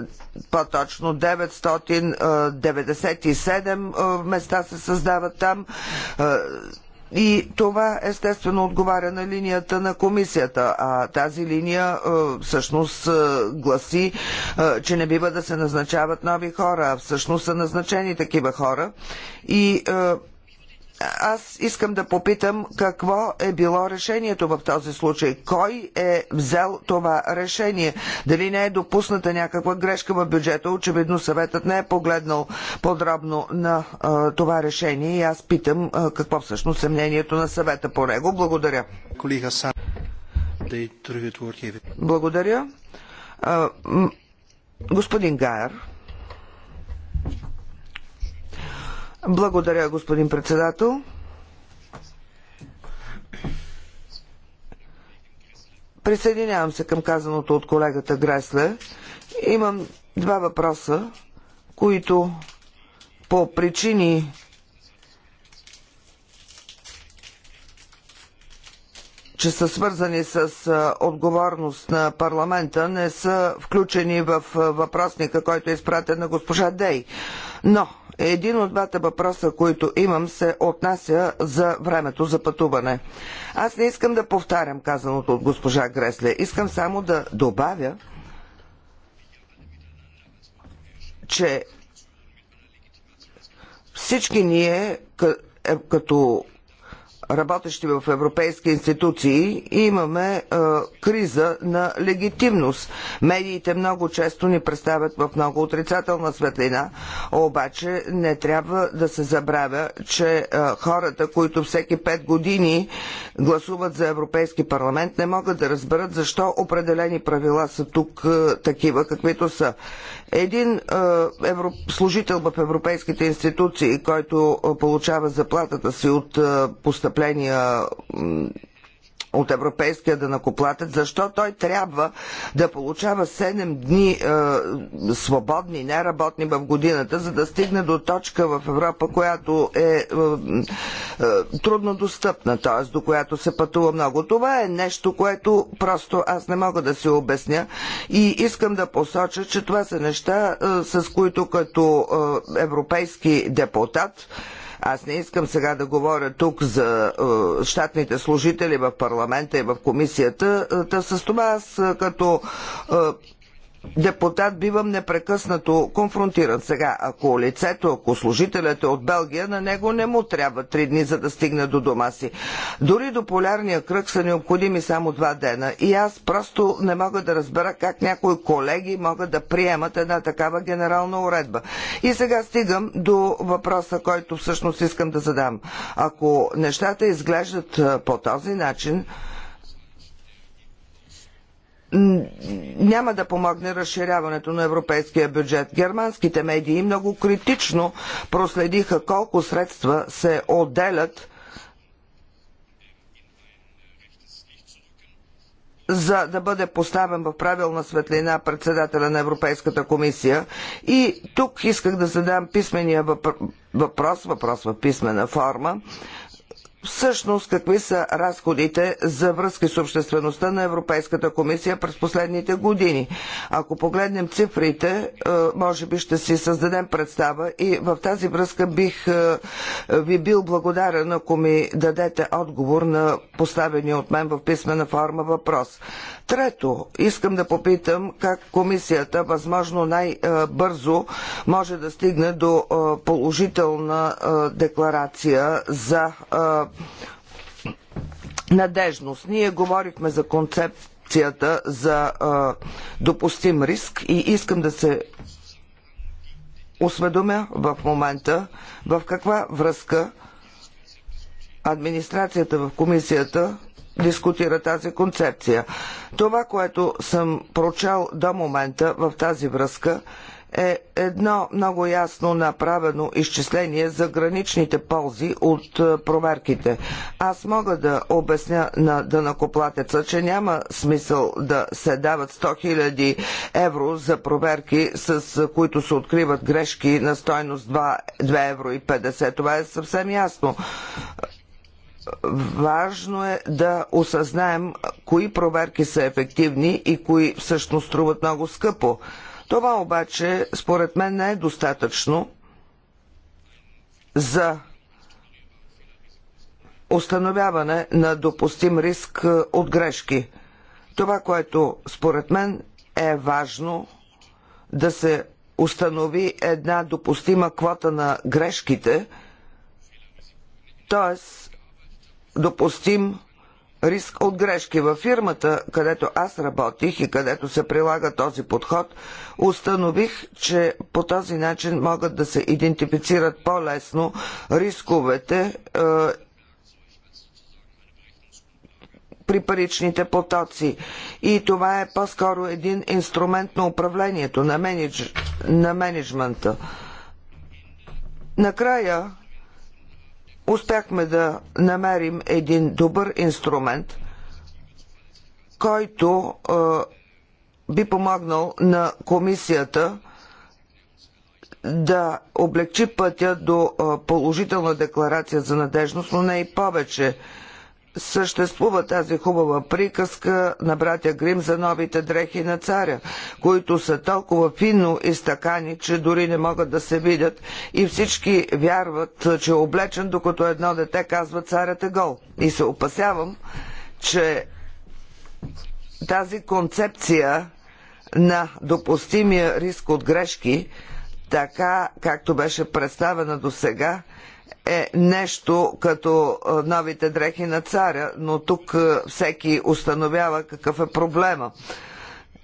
по-точно 997 места се създават там. И това естествено отговаря на линията на комисията, а тази линия всъщност гласи, че не бива да се назначават нови хора, а всъщност са назначени такива хора. И аз искам да попитам какво е било решението в този случай. Кой е взел това решение? Дали не е допусната някаква грешка в бюджета? Очевидно съветът не е погледнал подробно на а, това решение и аз питам а, какво всъщност е мнението на съвета по него. Благодаря. Благодаря. А, господин Гайер. Благодаря, господин председател. Присъединявам се към казаното от колегата Гресле. Имам два въпроса, които по причини че са свързани с отговорност на парламента, не са включени в въпросника, който е изпратен на госпожа Дей. Но един от двата въпроса, които имам, се отнася за времето за пътуване. Аз не искам да повтарям казаното от госпожа Гресле. Искам само да добавя, че всички ние е, като работещи в европейски институции, имаме е, криза на легитимност. Медиите много често ни представят в много отрицателна светлина, обаче не трябва да се забравя, че е, хората, които всеки 5 години гласуват за Европейски парламент, не могат да разберат защо определени правила са тук е, такива, каквито са. Един е, евро... служител в европейските институции, който е, получава заплатата си от е, постъпления от европейския данакоплатец, защо той трябва да получава 7 дни е, свободни, неработни в годината, за да стигне до точка в Европа, която е, е, е трудно достъпна, т.е. до която се пътува много. Това е нещо, което просто аз не мога да си обясня и искам да посоча, че това са неща, е, с които като е, европейски депутат, аз не искам сега да говоря тук за е, щатните служители в парламента и в комисията. Е, та с това аз е, като е, депутат бивам непрекъснато конфронтиран. Сега, ако лицето, ако служителят е от Белгия, на него не му трябва три дни, за да стигне до дома си. Дори до полярния кръг са необходими само два дена. И аз просто не мога да разбера как някои колеги могат да приемат една такава генерална уредба. И сега стигам до въпроса, който всъщност искам да задам. Ако нещата изглеждат по този начин, няма да помогне разширяването на европейския бюджет. Германските медии много критично проследиха колко средства се отделят за да бъде поставен в правилна светлина председателя на Европейската комисия. И тук исках да задам писмения въпрос, въпрос в писмена форма всъщност какви са разходите за връзки с обществеността на Европейската комисия през последните години. Ако погледнем цифрите, е, може би ще си създадем представа и в тази връзка бих е, ви бил благодарен, ако ми дадете отговор на поставения от мен в писмена форма въпрос. Трето, искам да попитам как комисията възможно най-бързо може да стигне до положителна декларация за надежност. Ние говорихме за концепцията за допустим риск и искам да се осведомя в момента в каква връзка администрацията в комисията дискутира тази концепция. Това, което съм прочел до момента в тази връзка, е едно много ясно направено изчисление за граничните ползи от е, проверките. Аз мога да обясня на дънакоплатеца, че няма смисъл да се дават 100 000 евро за проверки, с е, които се откриват грешки на стойност 2, 2 евро и 50. Това е съвсем ясно важно е да осъзнаем кои проверки са ефективни и кои всъщност струват много скъпо. Това обаче, според мен, не е достатъчно за установяване на допустим риск е, от грешки. Това, което според мен е важно да се установи една допустима квота на грешките, т.е допустим риск от грешки. Във фирмата, където аз работих и където се прилага този подход, установих, че по този начин могат да се идентифицират по-лесно рисковете е, при паричните потоци. И това е по-скоро един инструмент на управлението, на, менедж, на менеджмента. Накрая успяхме да намерим един добър инструмент, който би помогнал на комисията да облегчи пътя до положителна декларация за надежност, но не и повече съществува тази хубава приказка на братя Грим за новите дрехи на царя, които са толкова финно изтъкани, че дори не могат да се видят и всички вярват, че е облечен, докато едно дете казва царят е гол. И се опасявам, че тази концепция на допустимия риск от грешки, така както беше представена до сега, е нещо като е, новите дрехи на царя, но тук е, всеки установява какъв е проблема,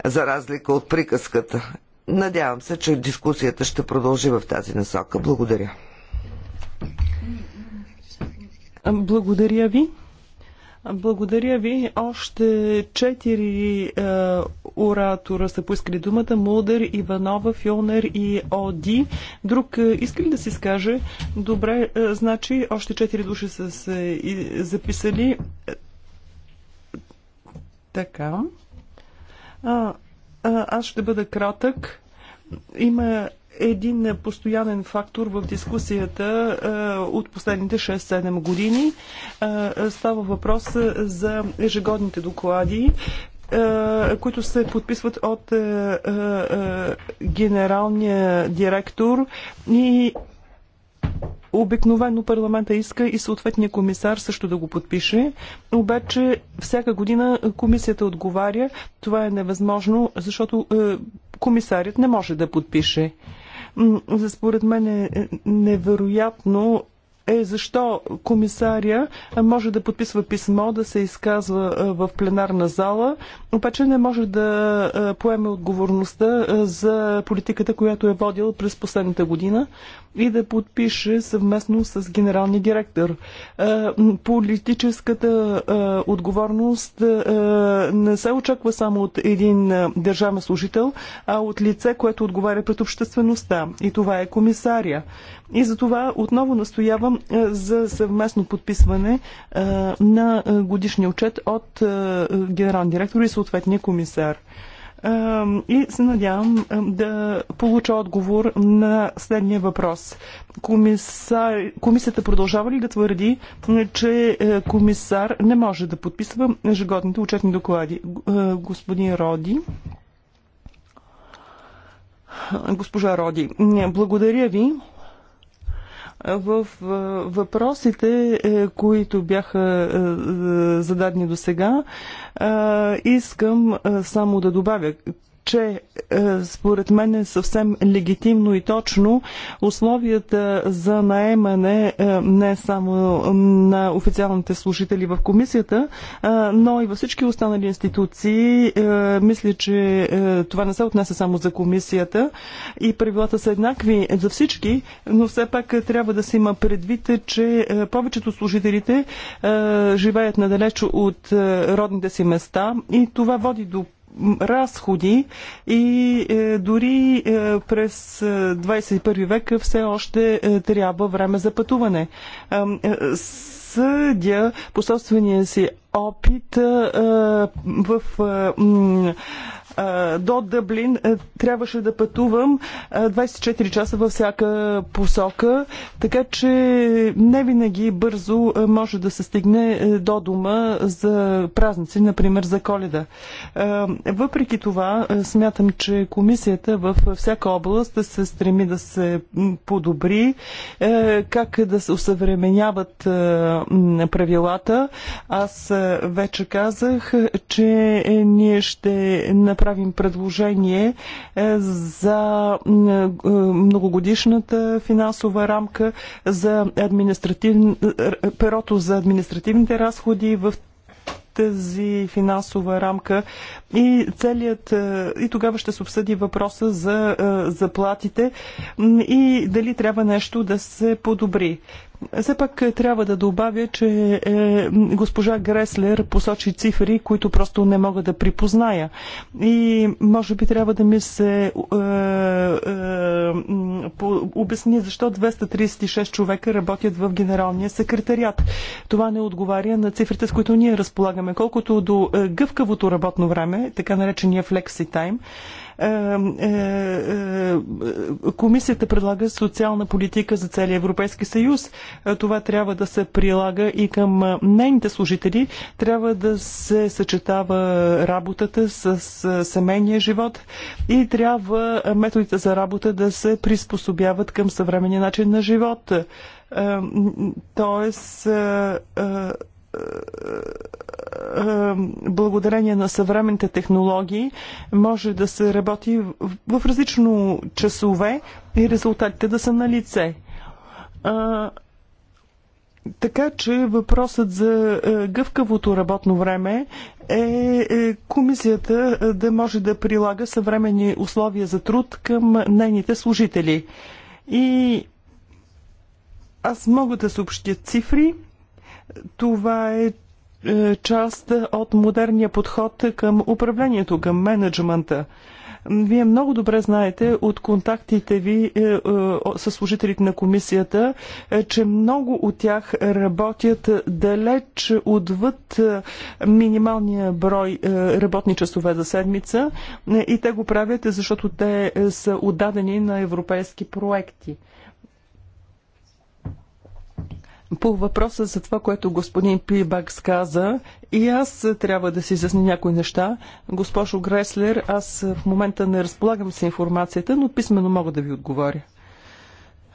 за разлика от приказката. Надявам се, че дискусията ще продължи в тази насока. Благодаря. Благодаря ви. Благодаря ви. Още четири е, оратора са поискали думата. Мулдър, Иванова, Фионер и Оди. Друг е, иска ли да си скаже? Добре, е, значи още четири души са се е, записали. Е, така. А, а, аз ще бъда кратък. Има един постоянен фактор в дискусията е, от последните 6-7 години. Е, е, става въпрос за ежегодните доклади, които се подписват от генералния директор и Обикновено парламента иска и съответния комисар също да го подпише, обаче всяка година комисията отговаря, това е невъзможно, защото комисарят не може да подпише. Според мен е, е невероятно е защо комисаря може да подписва писмо, да се изказва е, в пленарна зала, обаче не може да е, поеме отговорността за политиката, която е водил през последната година и да подпише съвместно с генералния директор. Е, политическата е, отговорност е, не се очаква само от един държавен служител, а от лице, което отговаря пред обществеността. И това е комисария. И за това отново настоявам за съвместно подписване на годишния отчет от генерален директор и съответния комисар. И се надявам да получа отговор на следния въпрос. Комисар, комисията продължава ли да твърди, че е, комисар не може да подписва ежегодните учетни доклади? Е, господин Роди. Госпожа Роди, благодаря ви. В въпросите, е, които бяха е, е, зададени до сега, искам само да добавя че е, според мен е съвсем легитимно и точно условията за наемане е, не само на официалните служители в комисията, е, но и във всички останали институции. Мисля, че това не се отнася само за комисията и правилата са еднакви за всички, но все пак трябва да се има предвид, че повечето служителите живеят надалеч от родните си места и това води до разходи и е, дори е, през 21 е, век все още трябва време за пътуване. Съдя по собствения си опит в до Дъблин трябваше да пътувам 24 часа във всяка посока, така че не винаги бързо може да се стигне до дома за празници, например за коледа. Въпреки това, смятам, че комисията във всяка област се стреми да се подобри, как да се усъвременяват правилата. Аз вече казах, че е, ние ще направим направим предложение е, за е, многогодишната финансова рамка за административен, перото за административните разходи в тази финансова рамка и целият е, и тогава ще се обсъди въпроса за заплатите и дали трябва нещо да се подобри. Все пак е, трябва да добавя, че е, госпожа Греслер посочи цифри, които просто не мога да припозная. И може би трябва да ми се е, е, по, обясни защо 236 човека работят в генералния секретариат. Това не отговаря на цифрите, с които ние разполагаме. Колкото до е, гъвкавото работно време, така наречения flexi time, е, е, е, комисията предлага социална политика за целия Европейски съюз. Това трябва да се прилага и към нейните служители. Трябва да се съчетава работата с семейния живот и трябва методите за работа да се приспособяват към съвременния начин на живот. Тоест, благодарение на съвременните технологии може да се работи в различно часове и резултатите да са на лице. Така че въпросът за е, гъвкавото работно време е, е комисията е, да може да прилага съвременни условия за труд към нейните служители. И аз мога да съобщя цифри. Това е, е част от модерния подход към управлението, към менеджмента. Вие много добре знаете от контактите ви е, е, с служителите на комисията, е, че много от тях работят далеч отвъд е, минималния брой е, работни часове за седмица и те го правят, защото те са отдадени на европейски проекти. По въпроса за това, което господин Пибакс каза, и аз трябва да си изясня някои неща. Госпожо Греслер, аз в момента не разполагам с информацията, но писменно мога да ви отговоря.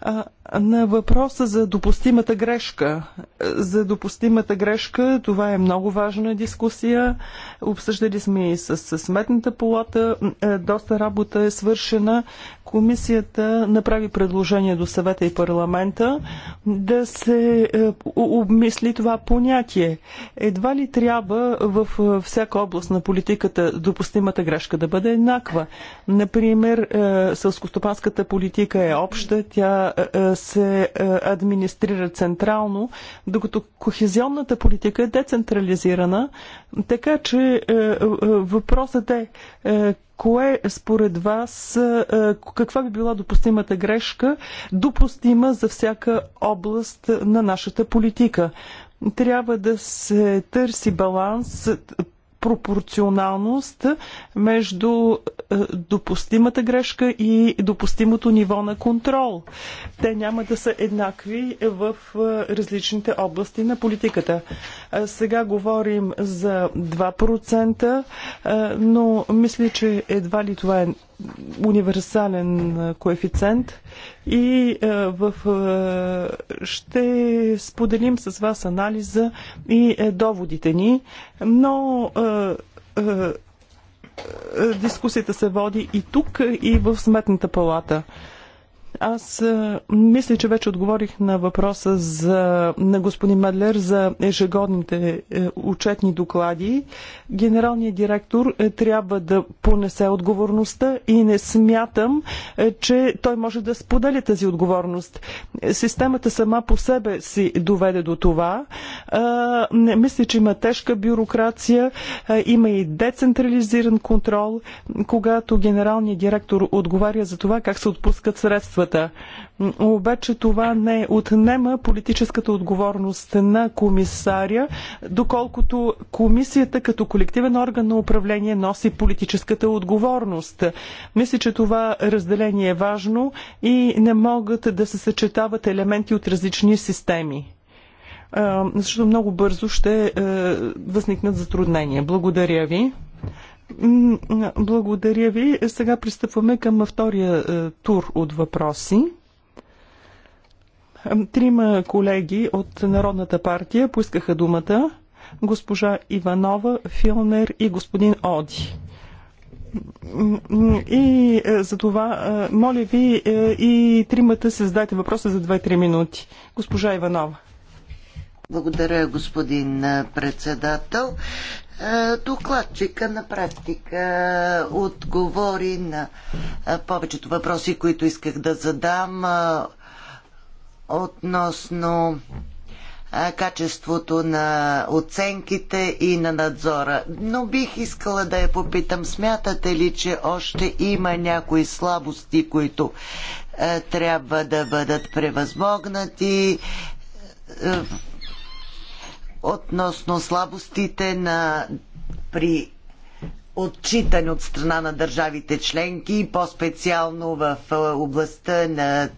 А, на въпроса за допустимата грешка. За допустимата грешка това е много важна дискусия. Обсъждали сме и с, с сметната палата. Е, доста работа е свършена. Комисията направи предложение до съвета и парламента да се е, обмисли това понятие. Едва ли трябва в е, всяка област на политиката допустимата грешка да бъде еднаква? Например, е, сълскостопанската политика е обща, тя се администрира централно, докато кохезионната политика е децентрализирана, така че въпросът е кое според вас, е, е, каква би била допустимата грешка, допустима за всяка област на нашата политика? Трябва да се търси баланс пропорционалност между е, допустимата грешка и допустимото ниво на контрол. Те няма да са еднакви в е, различните области на политиката. Е, сега говорим за 2%, но мисля, че едва ли това е универсален коефициент и в, ще споделим с вас анализа и е, доводите ни, но дискусията се води и тук, и в Сметната палата. Аз е, мисля, че вече отговорих на въпроса за, на господин Мадлер за ежегодните е, учетни доклади. Генералният директор е, трябва да понесе отговорността и не смятам, че той може да споделя тази отговорност. Системата сама по себе си доведе до това. Не мисля, че има тежка бюрокрация, има и децентрализиран контрол, когато генералният директор отговаря за това как се отпускат средствата групата. Обаче това не отнема политическата отговорност на комисаря, доколкото комисията като колективен орган на управление носи политическата отговорност. Мисля, че това разделение е важно и не могат да се съчетават елементи от различни системи защото много бързо ще е, възникнат затруднения. Благодаря ви. Благодаря ви. Сега пристъпваме към втория е, тур от въпроси. Трима колеги от Народната партия поискаха думата. Госпожа Иванова, Филнер и господин Оди. И е, за това, е, моля ви, и тримата се задайте въпроса за 2-3 минути. Госпожа Иванова. Благодаря, господин председател. Докладчика на практика отговори на повечето въпроси, които исках да задам относно качеството на оценките и на надзора. Но бих искала да я попитам, смятате ли, че още има някои слабости, които трябва да бъдат превъзмогнати? относно слабостите на при отчитане от страна на държавите членки и по-специално в областта на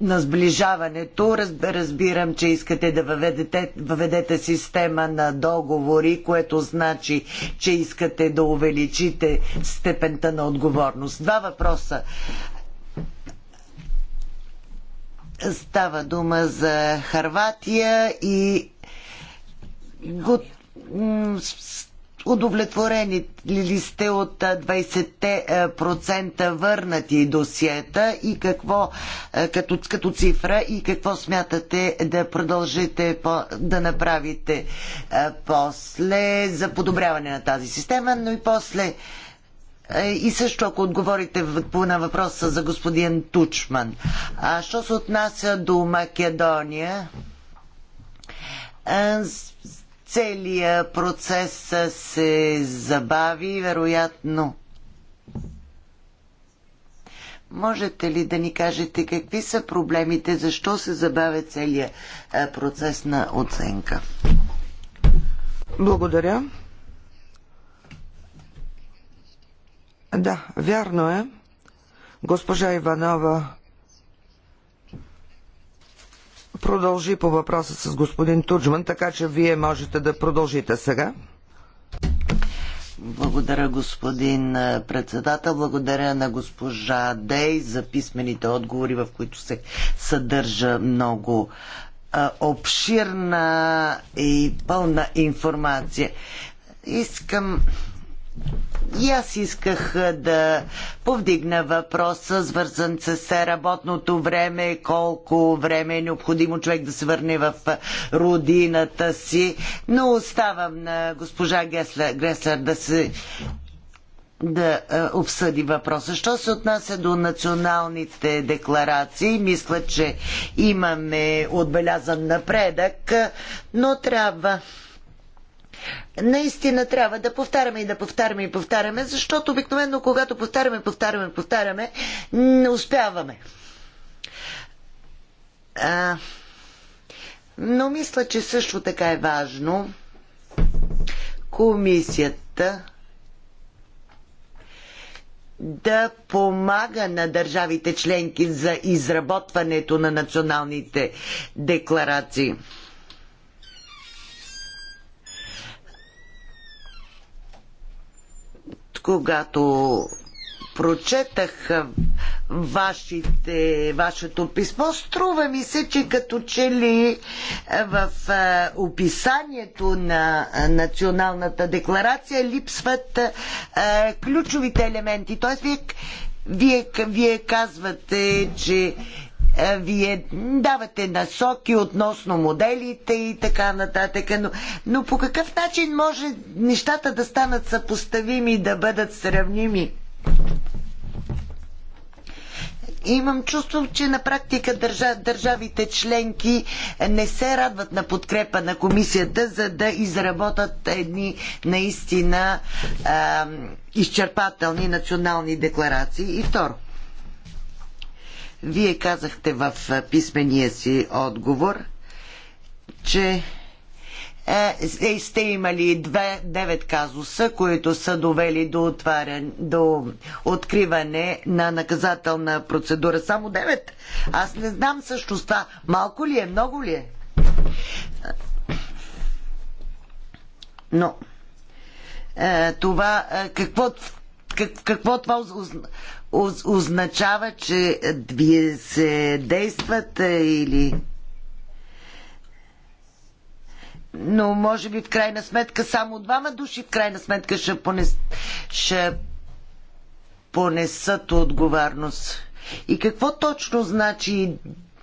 на сближаването. Разбирам, че искате да въведете, въведете система на договори, което значи, че искате да увеличите степента на отговорност. Два въпроса. Става дума за Харватия и го, удовлетворени ли сте от 20% върнати досиета и какво като, като цифра и какво смятате да продължите по, да направите после за подобряване на тази система, но и после и също, ако отговорите на въпроса за господин Тучман. А що се отнася до Македония? целият процес се забави, вероятно. Можете ли да ни кажете какви са проблемите, защо се забавя целият процес на оценка? Благодаря. Да, вярно е. Госпожа Иванова продължи по въпроса с господин Туджман, така че вие можете да продължите сега. Благодаря, господин председател. Благодаря на госпожа Дей за писмените отговори, в които се съдържа много а, обширна и пълна информация. Искам и аз исках да повдигна въпроса, свързан с работното време, колко време е необходимо човек да се върне в родината си, но оставам на госпожа Греслер да се да обсъди въпроса. Що се отнася до националните декларации, мисля, че имаме отбелязан напредък, но трябва наистина трябва да повтаряме и да повтаряме и повтаряме, защото обикновено когато повтаряме, повтаряме, повтаряме, не успяваме. А, но мисля, че също така е важно комисията да помага на държавите членки за изработването на националните декларации. когато прочетах вашите, вашето писмо, струва ми се, че като че ли в описанието на Националната декларация липсват ключовите елементи. Тоест, вие, вие, вие казвате, че е, вие давате насоки относно моделите и така нататък, но, но по какъв начин може нещата да станат съпоставими и да бъдат сравними? имам чувство, че на практика държа, държавите членки не се радват на подкрепа на комисията, за да изработат едни наистина а, изчерпателни национални декларации. И второ, вие казахте в писмения си отговор, че е, е, сте имали две, девет казуса, които са довели до, отварен, до откриване на наказателна процедура. Само девет. Аз не знам също това. Малко ли е, много ли е? Но е, това е, какво, как, какво това означава, че вие се действате или... Но може би в крайна сметка само двама души в крайна сметка ще, понес... ще понесат отговорност. И какво точно значи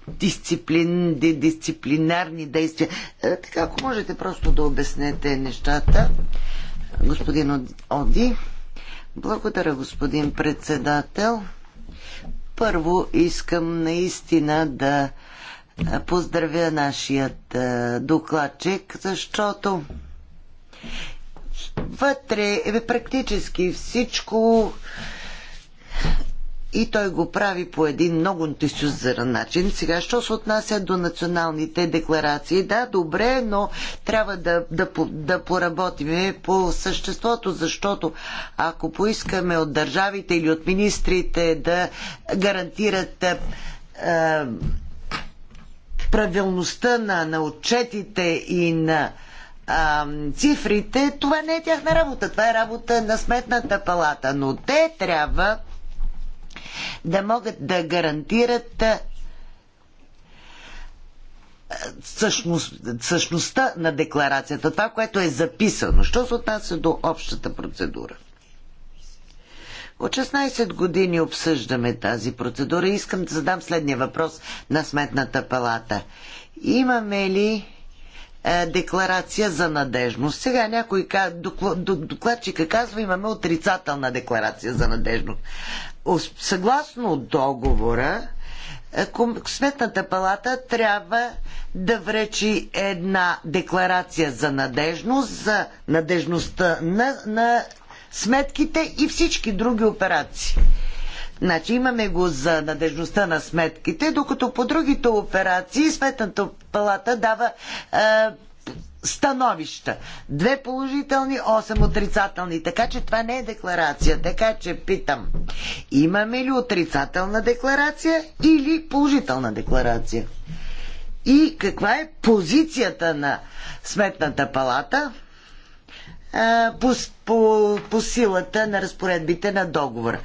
дисциплин, дисциплинарни действия? Е, така, ако можете просто да обяснете нещата, господин Оди. Благодаря, господин председател. Първо искам наистина да поздравя нашият е, докладчик, защото вътре е практически всичко и той го прави по един много ентусиазиран начин. Сега, що се отнася до националните декларации? Да, добре, но трябва да, да, да поработиме по съществото, защото ако поискаме от държавите или от министрите да гарантират е, е правилността на, на отчетите и на е, цифрите, това не е тяхна работа. Това е работа на сметната палата. Но те трябва да могат да гарантират същност, същността на декларацията, това, което е записано. Що се отнася до общата процедура? От 16 години обсъждаме тази процедура и искам да задам следния въпрос на Сметната палата. Имаме ли е, декларация за надежност? Сега някой докладчика казва, имаме отрицателна декларация за надежност съгласно договора, е, Сметната палата трябва да връчи една декларация за надежност, за надежността на, на сметките и всички други операции. Значи имаме го за надежността на сметките, докато по другите операции Сметната палата дава е, становища. Две положителни, 8 отрицателни. Така че това не е декларация. Така че питам, имаме ли отрицателна декларация или положителна декларация? И каква е позицията на Сметната палата по, по, по силата на разпоредбите на договора?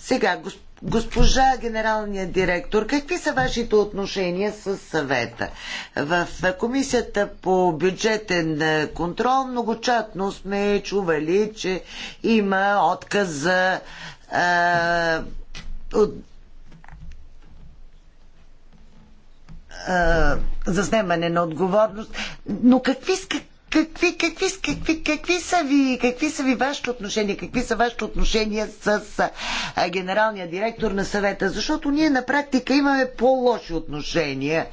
Сега, госп... Госпожа генералния директор, какви са вашите отношения с съвета? В комисията по бюджетен контрол многочатно сме чували, че има отказ за заснемане на отговорност. Но какви, какви, какви, какви, какви, са ви, какви са ви вашите отношения, какви са вашите отношения с а, генералния директор на съвета, защото ние на практика имаме по-лоши отношения,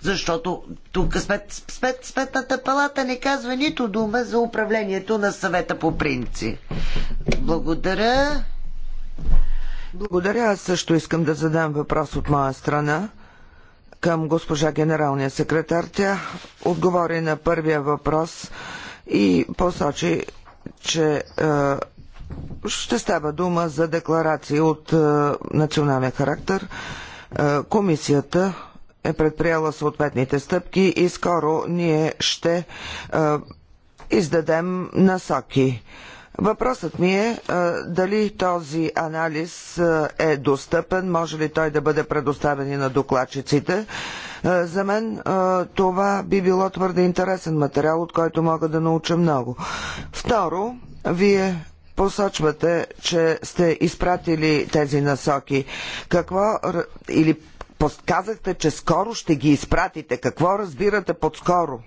защото тук смет, смет, сметната палата не казва нито дума за управлението на съвета по принцип. Благодаря. Благодаря. Аз също искам да задам въпрос от моя страна към госпожа генералния секретар. Тя отговори на първия въпрос и посочи, че е, ще става дума за декларации от е, национален характер. Е, комисията е предприела съответните стъпки и скоро ние ще е, издадем насоки. Въпросът ми е дали този анализ е достъпен, може ли той да бъде предоставен и на докладчиците. За мен това би било твърде интересен материал, от който мога да науча много. Второ, вие посочвате, че сте изпратили тези насоки. Какво или казахте, че скоро ще ги изпратите. Какво разбирате под скоро?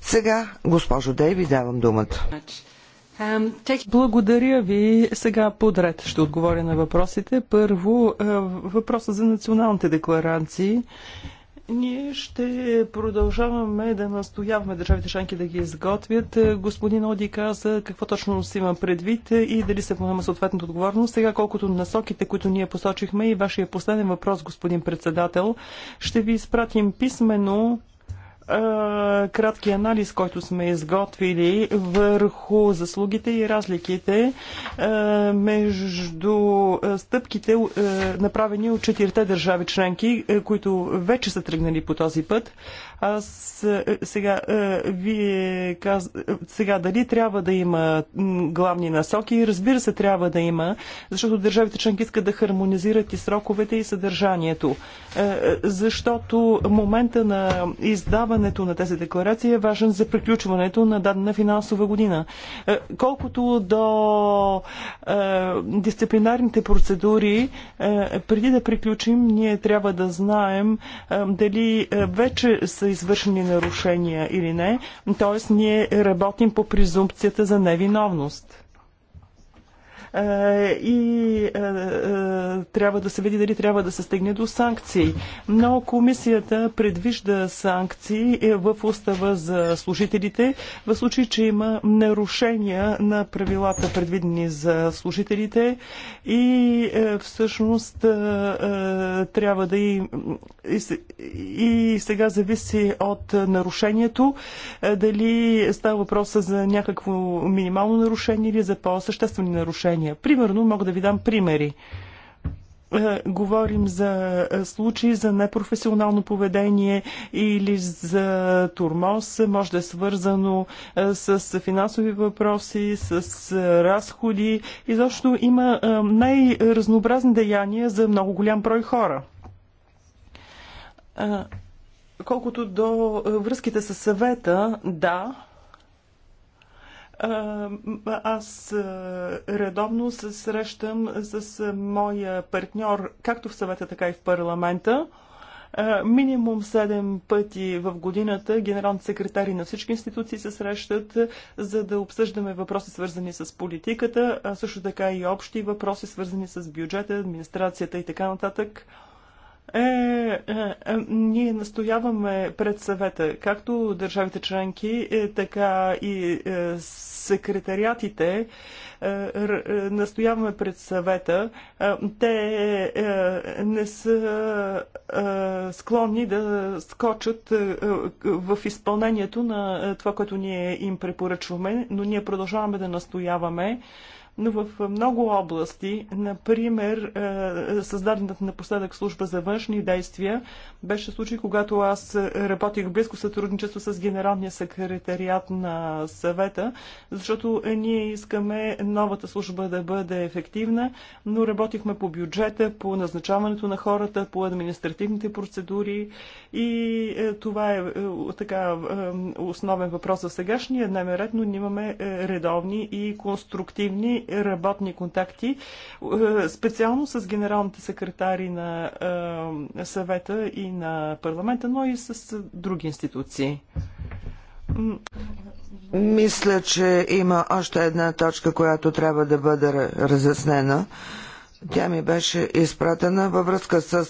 Сега, госпожо Дейви, давам думата. Значи, благодаря ви. Сега подред ще отговоря на въпросите. Първо, въпроса за националните декларации. Ние ще продължаваме да настояваме държавите шанки да ги изготвят. Господин Оди каза какво точно си има предвид и дали се поема съответната отговорност. Сега колкото насоките, които ние посочихме и вашия последен въпрос, господин председател, ще ви изпратим писменно кратки анализ, който сме изготвили върху заслугите и разликите между стъпките, направени от четирите държави членки, които вече са тръгнали по този път, аз е, сега, е, вие каз... сега дали трябва да има главни насоки? Разбира се, трябва да има, защото държавите членки искат да хармонизират и сроковете и съдържанието. Е, защото момента на издаването на тези декларации е важен за приключването на дадена финансова година. Колкото до дисциплинарните процедури, преди да приключим, ние трябва да знаем дали вече са са извършени нарушения или не. Тоест, ние работим по презумпцията за невиновност. Е, и е, е, трябва да се види дали трябва да се стигне до санкции. Но комисията предвижда санкции в устава за служителите в случай, че има нарушения на правилата предвидени за служителите и всъщност трябва да и, и сега зависи от нарушението дали става въпроса за някакво минимално нарушение или за по-съществени нарушения изявления. Примерно, мога да ви дам примери е, говорим за е, случаи за непрофесионално поведение или за турмоз, може да е свързано е, с финансови въпроси, с разходи. Изобщо има най-разнообразни деяния за много голям брой хора. Колкото до връзките с съвета, да, аз редовно се срещам с моя партньор, както в съвета, така и в парламента. Минимум 7 пъти в годината генералните секретари на всички институции се срещат, за да обсъждаме въпроси свързани с политиката, а също така и общи въпроси свързани с бюджета, администрацията и така нататък. Е, е, е, ние настояваме пред съвета, както държавите членки, е, така и е, секретариатите, е, е, настояваме пред съвета. Е, те е, не са е, склонни да скочат е, е, в изпълнението на е, това, което ние им препоръчваме, но ние продължаваме да настояваме. Е, но в много области, например, е, създадената напоследък служба за външни действия, беше случай, когато аз работих близко сътрудничество с генералния секретариат на съвета, защото ние искаме новата служба да бъде ефективна, но работихме по бюджета, по назначаването на хората, по административните процедури и е, това е, е така основен въпрос за сегашния дневен ред, но ние имаме редовни и конструктивни работни контакти, е, специално с генералните секретари на е, съвета и на парламента, но и с други институции. Мисля, че има още една точка, която трябва да бъде разяснена. Тя ми беше изпратена във връзка с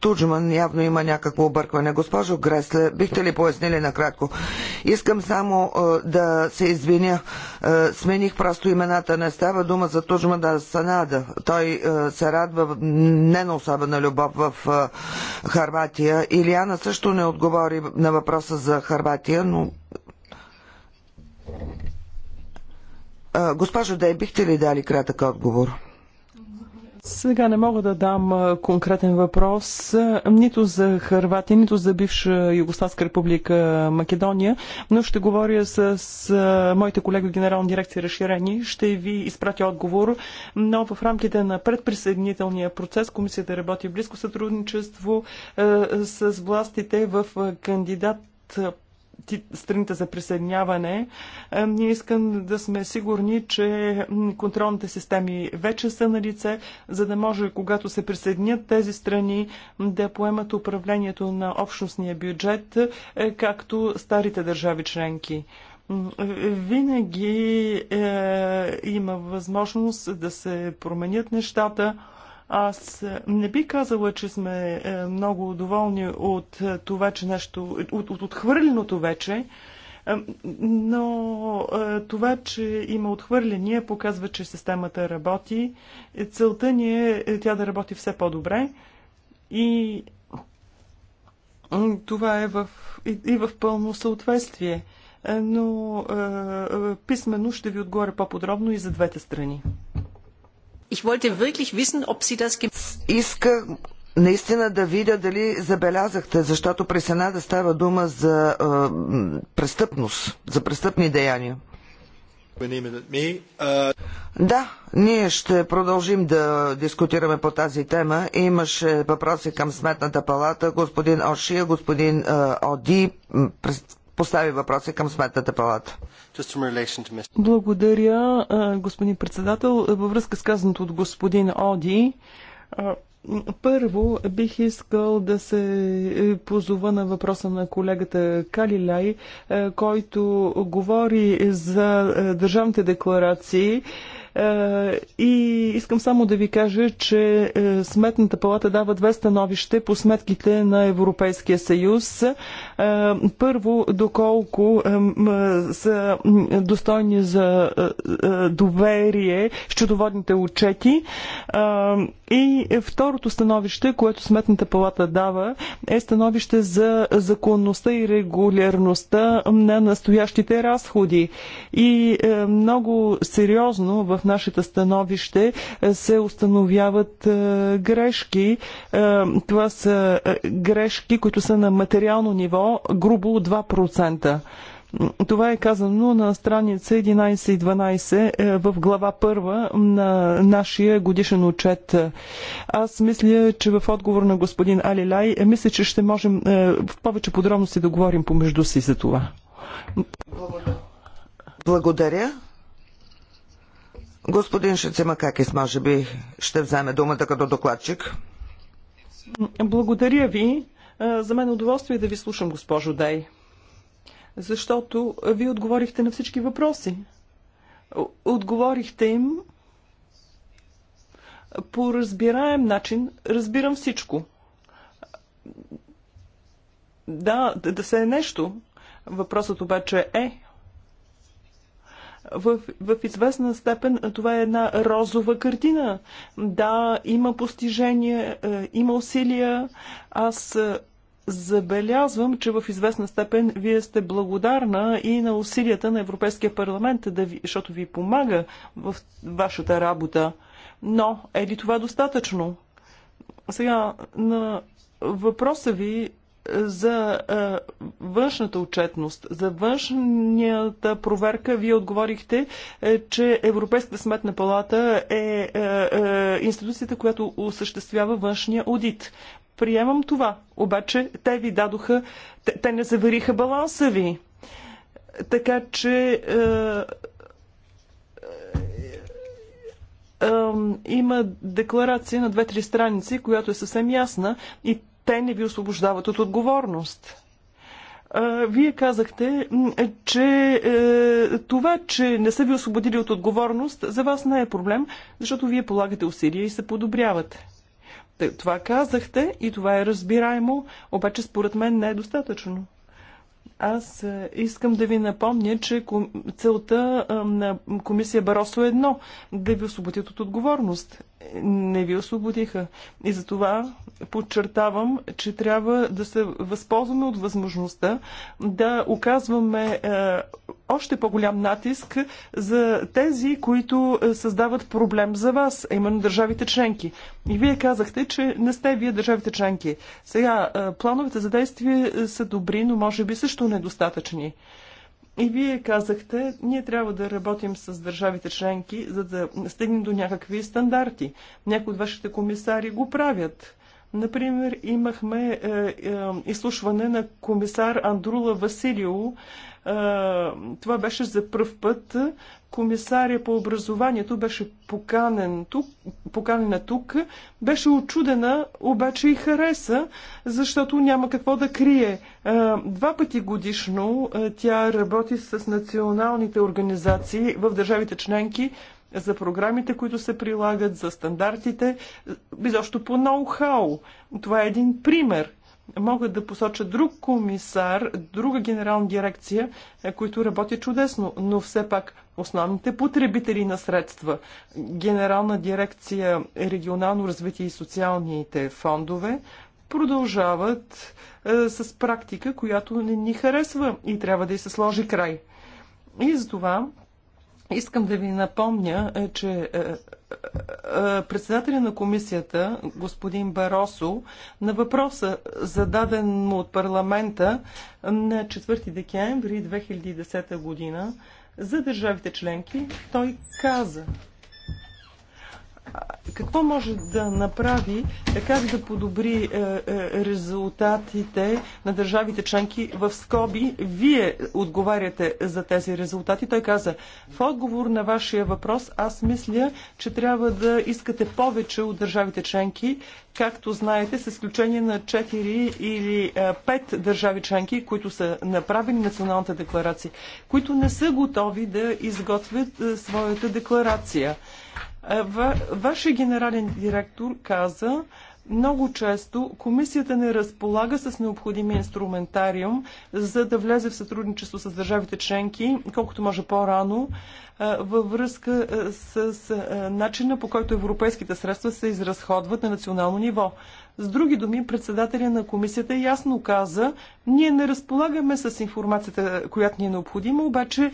Туджман. Явно има някакво объркване. Госпожо Гресле, бихте ли пояснили накратко? Искам само да се извиня. смених просто имената. Не става дума за Туджман, да Санада. Той се радва не на особена любов в Харватия. Илиана също не отговори на въпроса за Харватия, но Госпожо Дей, бихте ли дали кратък отговор? Сега не мога да дам конкретен въпрос нито за Харватия, нито за бивша Югославска република Македония, но ще говоря с, с моите колеги от Генерална дирекция разширение. Ще ви изпратя отговор, но в рамките на предприсъединителния процес комисията работи в близко сътрудничество с властите в кандидат страните за присъединяване, е, ние искам да сме сигурни, че контролните системи вече са на лице, за да може, когато се присъединят тези страни, да поемат управлението на общностния бюджет, е, както старите държави членки винаги е, има възможност да се променят нещата. Аз не би казала, че сме е, много доволни от е, това, че нещо, от, от отхвърленото вече, е, но това, че има отхвърление, показва, че системата работи. Целта ни е тя да работи все по-добре и това е в, и в пълно съответствие. Но писменно ще ви отговоря по-подробно и за двете страни. Ich wollte wirklich wissen, ob Sie das Иска наистина да видя дали забелязахте, защото при Сенада става дума за е, престъпност, за престъпни деяния. Да, ние ще продължим да дискутираме по тази тема. Имаше въпроси към Сметната палата, господин Ошия, господин Оди, постави въпроси към Сметната палата. Благодаря, господин председател. Във връзка с казаното от господин Оди, първо бих искал да се е, позова на въпроса на колегата Калилай, е, който говори за е, държавните декларации. И искам само да ви кажа, че Сметната палата дава две становище по сметките на Европейския съюз. Е, първо, доколко е, е, са достойни за доверие счетоводните отчети. И второто становище, което Сметната палата дава, е становище за законността и регулярността на настоящите разходи. И много сериозно в нашите становище се установяват грешки. Това са грешки, които са на материално ниво, грубо 2%. Това е казано на страница 11 и 12 е, в глава 1 на нашия годишен отчет. Аз мисля, че в отговор на господин Алилай, е, мисля, че ще можем е, в повече подробности да говорим помежду си за това. Благодаря. Господин Шицемакакис, може би, ще вземе думата като докладчик. Благодаря ви. За мен е удоволствие да ви слушам, госпожо Дей, защото вие отговорихте на всички въпроси. Отговорихте им по разбираем начин. Разбирам всичко. Да, да се е нещо. Въпросът обаче е в, в известна степен това е една розова картина. Да, има постижения, е, има усилия. Аз е, Забелязвам, че в известна степен вие сте благодарна и на усилията на Европейския парламент, да ви, защото ви помага в вашата работа. Но е ли това достатъчно? Сега, на въпроса ви за а, е, външната отчетност, за външната проверка, вие отговорихте, е, че Европейската сметна палата е, е, е институцията, която осъществява външния аудит. Приемам това, обаче те ви дадоха, те, те не завериха баланса ви. Така че. Е, е има декларация на две-три страници, която е съвсем ясна и те не ви освобождават от отговорност. Вие казахте, че е, това, че не са ви освободили от отговорност, за вас не е проблем, защото вие полагате усилия и се подобрявате. Това казахте и това е разбираемо, обаче според мен не е достатъчно. Аз е, искам да ви напомня, че целта е, на комисия Баросо е едно – да ви освободят от отговорност. Не ви освободиха. И затова подчертавам, че трябва да се възползваме от възможността да оказваме е, още по-голям натиск за тези, които е, създават проблем за вас, а именно държавите членки. И вие казахте, че не сте вие държавите членки. Сега, е, плановете за действие е, са добри, но може би също недостатъчни. И вие казахте, ние трябва да работим с държавите членки, за да стигнем до някакви стандарти. Някои от вашите комисари го правят. Например, имахме е, е, изслушване на комисар Андрула Василио, това беше за първ път. Комисаря по образованието беше поканен тук, поканена тук. Беше очудена, обаче и хареса, защото няма какво да крие. Два пъти годишно тя работи с националните организации в държавите членки за програмите, които се прилагат, за стандартите, изобщо по ноу-хау. Това е един пример. Могат да посочат друг комисар, друга генерална дирекция, е, които работят чудесно, но все пак основните потребители на средства, генерална дирекция регионално развитие и социалните фондове, продължават е, с практика, която не ни харесва и трябва да й се сложи край. И затова искам да ви напомня, е, че е, председателя на комисията, господин Баросо, на въпроса, зададен му от парламента на 4 декември 2010 година за държавите членки, той каза, какво може да направи, е как да подобри е, е, резултатите на държавите членки в скоби? Вие отговаряте за тези резултати. Той каза, в отговор на вашия въпрос, аз мисля, че трябва да искате повече от държавите членки, както знаете, с изключение на 4 или 5 държави членки, които са направили националната декларация, които не са готови да изготвят своята декларация вашия генерален директор каза, много често комисията не разполага с необходимия инструментариум, за да влезе в сътрудничество с държавите членки, колкото може по-рано, във връзка с начина по който европейските средства се изразходват на национално ниво. С други думи, председателя на комисията ясно каза, ние не разполагаме с информацията, която ни е необходима, обаче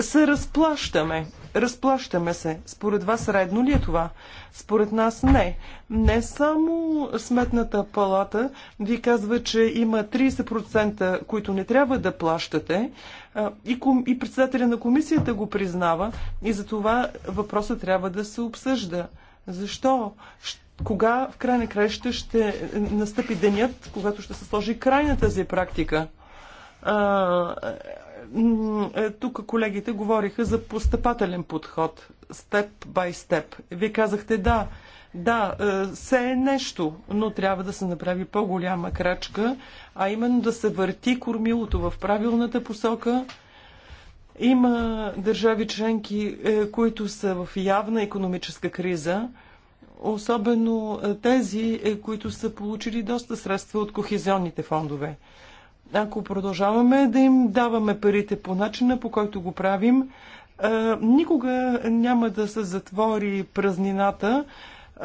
се разплащаме. Разплащаме се. Според вас редно ли е това? Според нас не. Не само сметната палата ви казва, че има 30%, които не трябва да плащате и, ком... и председателя на комисията го признава и за това въпросът трябва да се обсъжда. Защо? Кога в край на краища ще настъпи денят, когато ще се сложи край на тази практика? Е, тук колегите говориха за постъпателен подход, степ бай степ. Вие казахте да, да, е, се е нещо, но трябва да се направи по-голяма крачка, а именно да се върти кормилото в правилната посока. Има държави членки, е, които са в явна економическа криза, особено тези, които са получили доста средства от кохезионните фондове. Ако продължаваме да им даваме парите по начина, по който го правим, е, никога няма да се затвори празнината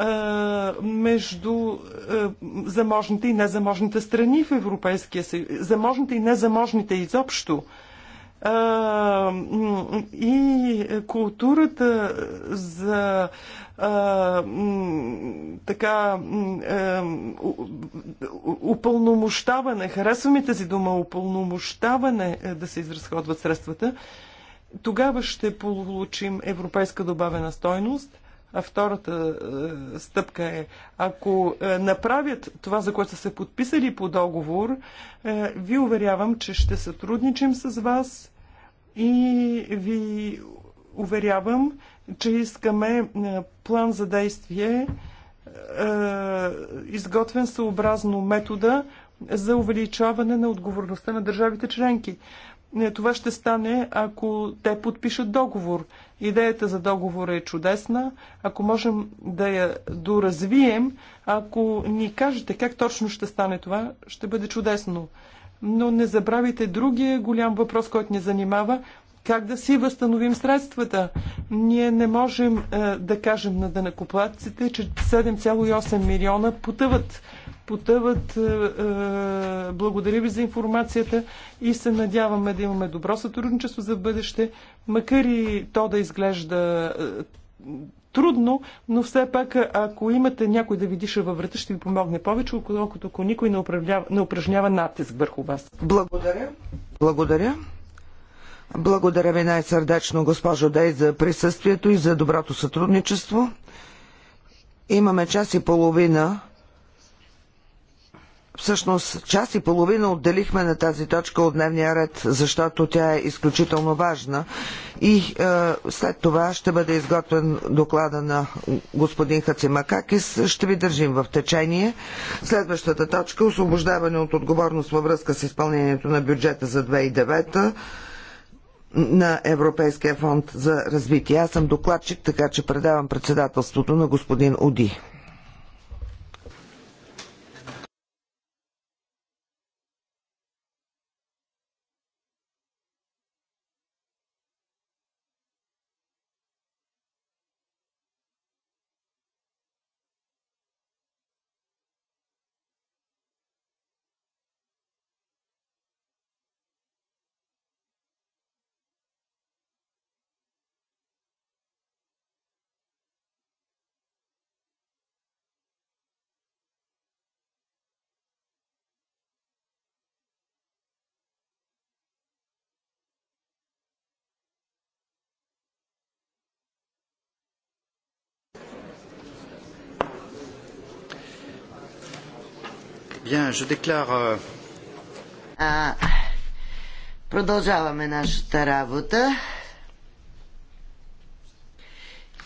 е, между е, заможните и незаможните страни в Европейския съюз, заможните и незаможните изобщо и културата за а, така упълномощаване, харесва ми тази дума, упълномощаване е, да се изразходват средствата, тогава ще получим европейска добавена стойност а втората е, стъпка е, ако е, направят това, за което са се подписали по договор, е, ви уверявам, че ще сътрудничим с вас и ви уверявам, че искаме е, план за действие, е, изготвен съобразно метода за увеличаване на отговорността на държавите членки. Е, това ще стане, ако те подпишат договор. Идеята за договора е чудесна. Ако можем да я доразвием, ако ни кажете как точно ще стане това, ще бъде чудесно. Но не забравяйте другия голям въпрос, който ни занимава как да си възстановим средствата. Ние не можем е, да кажем на дънакоплатците, че 7,8 милиона потъват потъват. Е, е, благодаря ви за информацията и се надяваме да имаме добро сътрудничество за бъдеще, макар и то да изглежда е, трудно, но все пак, ако имате някой да ви диша във врата, ще ви помогне повече, отколкото ако никой не, управлява, не упражнява натиск върху вас. Благодаря. Благодаря. Благодаря ви най-сърдечно, госпожо Дей, за присъствието и за доброто сътрудничество. Имаме час и половина Всъщност час и половина отделихме на тази точка от дневния ред, защото тя е изключително важна и е, след това ще бъде изготвен доклада на господин Хацимакакис. Ще ви държим в течение. Следващата точка – освобождаване от отговорност във връзка с изпълнението на бюджета за 2009 на Европейския фонд за развитие. Аз съм докладчик, така че предавам председателството на господин Уди. Bien, je déclare... Euh, а, продължаваме нашата работа.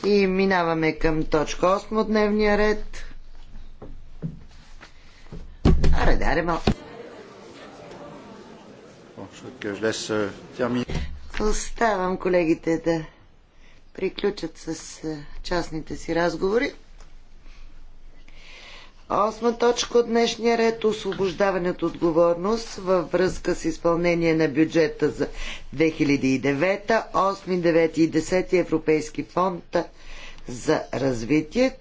И минаваме към точка 8 от дневния ред. Аре, даре малко. Euh, Оставам колегите да приключат с частните си разговори. Осма точка от днешния ред – освобождаване от отговорност във връзка с изпълнение на бюджета за 2009, 8, 9 и 10 Европейски фонд за развитие.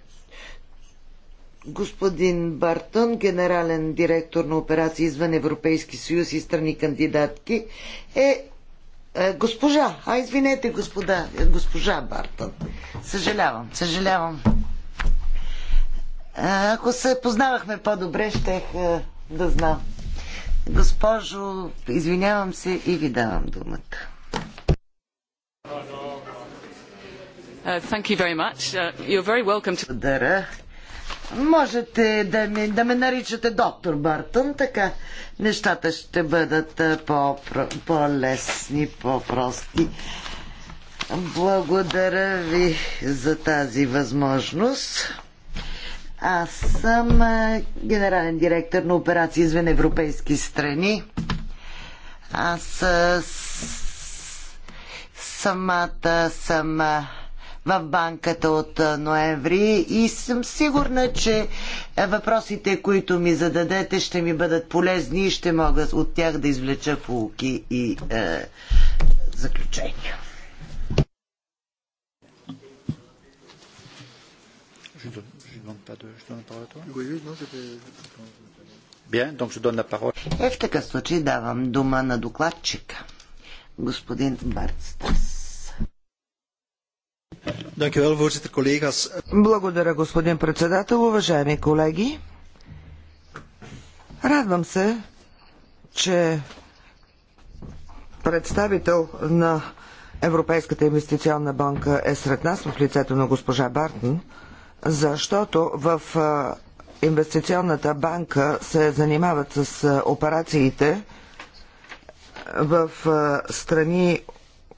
Господин Бартън, генерален директор на операции извън Европейски съюз и страни кандидатки, е, е госпожа, а извинете господа, е, госпожа Бартън. Съжалявам, съжалявам. Ако се познавахме по-добре, щех е, да знам. Госпожо, извинявам се и ви давам думата. Uh, uh, Благодаря. Можете да ме, да ме наричате доктор Бартън, така нещата ще бъдат е, по-лесни, по по-прости. Благодаря ви за тази възможност. Аз съм генерален директор на операции извън европейски страни. Аз самата съм в банката от ноември и съм сигурна, че въпросите, които ми зададете, ще ми бъдат полезни и ще мога от тях да извлеча полуки и е, заключения. pas de... Je donne la parole à toi Oui, oui, non, c'était... Bien, donc je donne la parole. Е, в такъв случай давам дума на докладчика, господин Барцтас. Благодаря, господин председател. Уважаеми колеги, радвам се, че представител на Европейската инвестиционна банка е сред нас в лицето на госпожа Бартон защото в инвестиционната банка се занимават с операциите в страни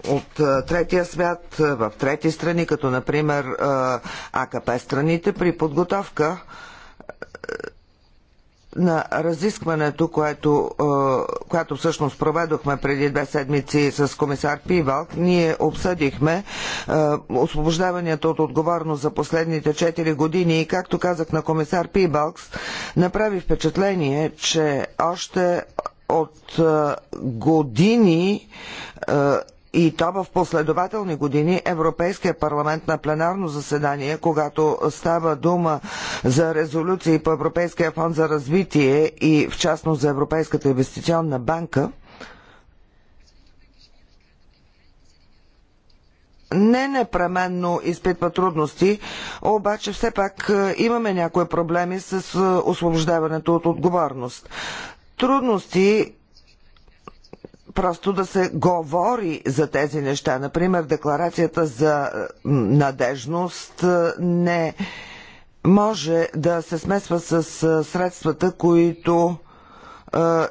от третия свят, в трети страни, като например АКП страните, при подготовка на разискването, което, е, което всъщност проведохме преди две седмици с комисар Пивалк, ние обсъдихме е, освобождаването от отговорност за последните 4 години и както казах на комисар Пибалкс, направи впечатление, че още от е, години и то в последователни години Европейския парламент на пленарно заседание, когато става дума за резолюции по Европейския фонд за развитие и в частност за Европейската инвестиционна банка, не непременно изпитва трудности, обаче все пак е, имаме някои проблеми с е, освобождаването от отговорност. Трудности просто да се говори за тези неща. Например, декларацията за надежност е, не може да се смесва с е, средствата, които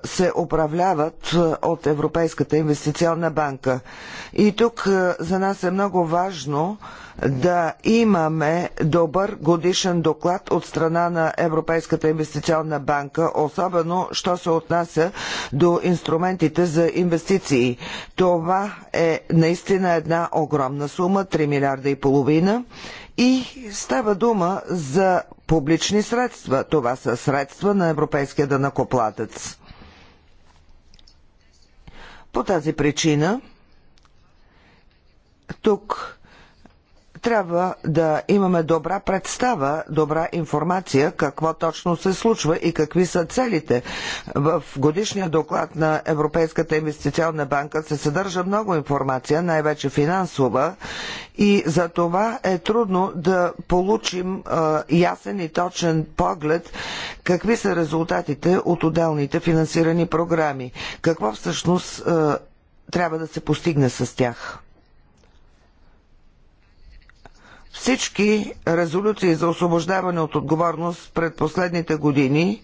се управляват от Европейската инвестиционна банка. И тук за нас е много важно да имаме добър годишен доклад от страна на Европейската инвестиционна банка, особено що се отнася до инструментите за инвестиции. Това е наистина една огромна сума 3 милиарда и половина. И става дума за публични средства. Това са средства на европейския данакоплатец. По тази причина тук трябва да имаме добра представа, добра информация какво точно се случва и какви са целите. В годишния доклад на Европейската инвестиционна банка се съдържа много информация, най-вече финансова, и за това е трудно да получим а, ясен и точен поглед какви са резултатите от отделните финансирани програми. Какво всъщност а, трябва да се постигне с тях? Всички резолюции за освобождаване от отговорност пред последните години